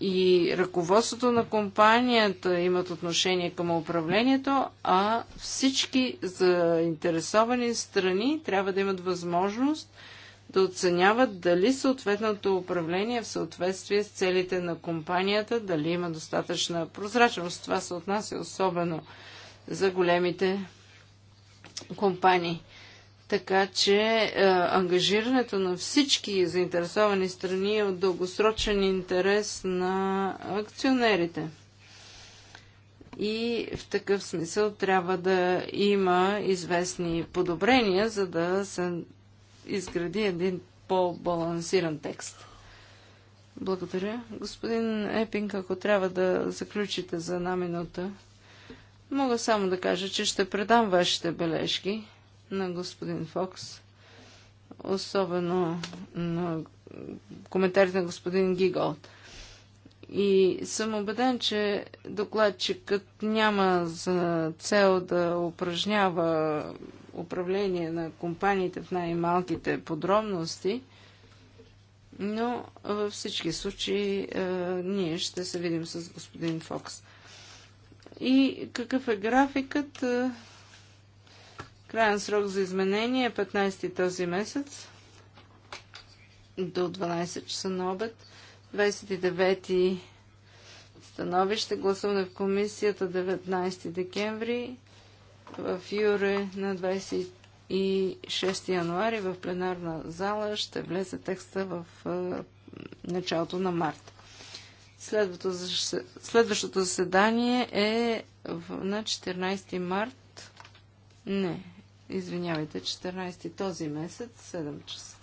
и ръководството на компанията имат отношение към управлението, а всички заинтересовани страни трябва да имат възможност да оценяват дали съответното управление е в съответствие с целите на компанията, дали има достатъчна прозрачност. Това се отнася особено за големите компании. Така че е, ангажирането на всички заинтересовани страни е от дългосрочен интерес на акционерите. И в такъв смисъл трябва да има известни подобрения, за да се изгради един по-балансиран текст. Благодаря. Господин Епинг, ако трябва да заключите за една минута, мога само да кажа, че ще предам вашите бележки на господин Фокс, особено на коментарите на господин Гиголт. И съм убеден, че докладчикът няма за цел да упражнява управление на компаниите в най-малките подробности, но във всички случаи а, е, ние ще се видим с господин Фокс. И какъв е графикът? Е, крайен срок за изменение е 15 този месец до 12 часа на обед. 29 ти становище гласуване в комисията 19 декември в Юре на 26 януари в пленарна зала ще влезе текста в началото на март. Следващото заседание е на 14 март. Не, извинявайте, 14 този месец, 7 часа.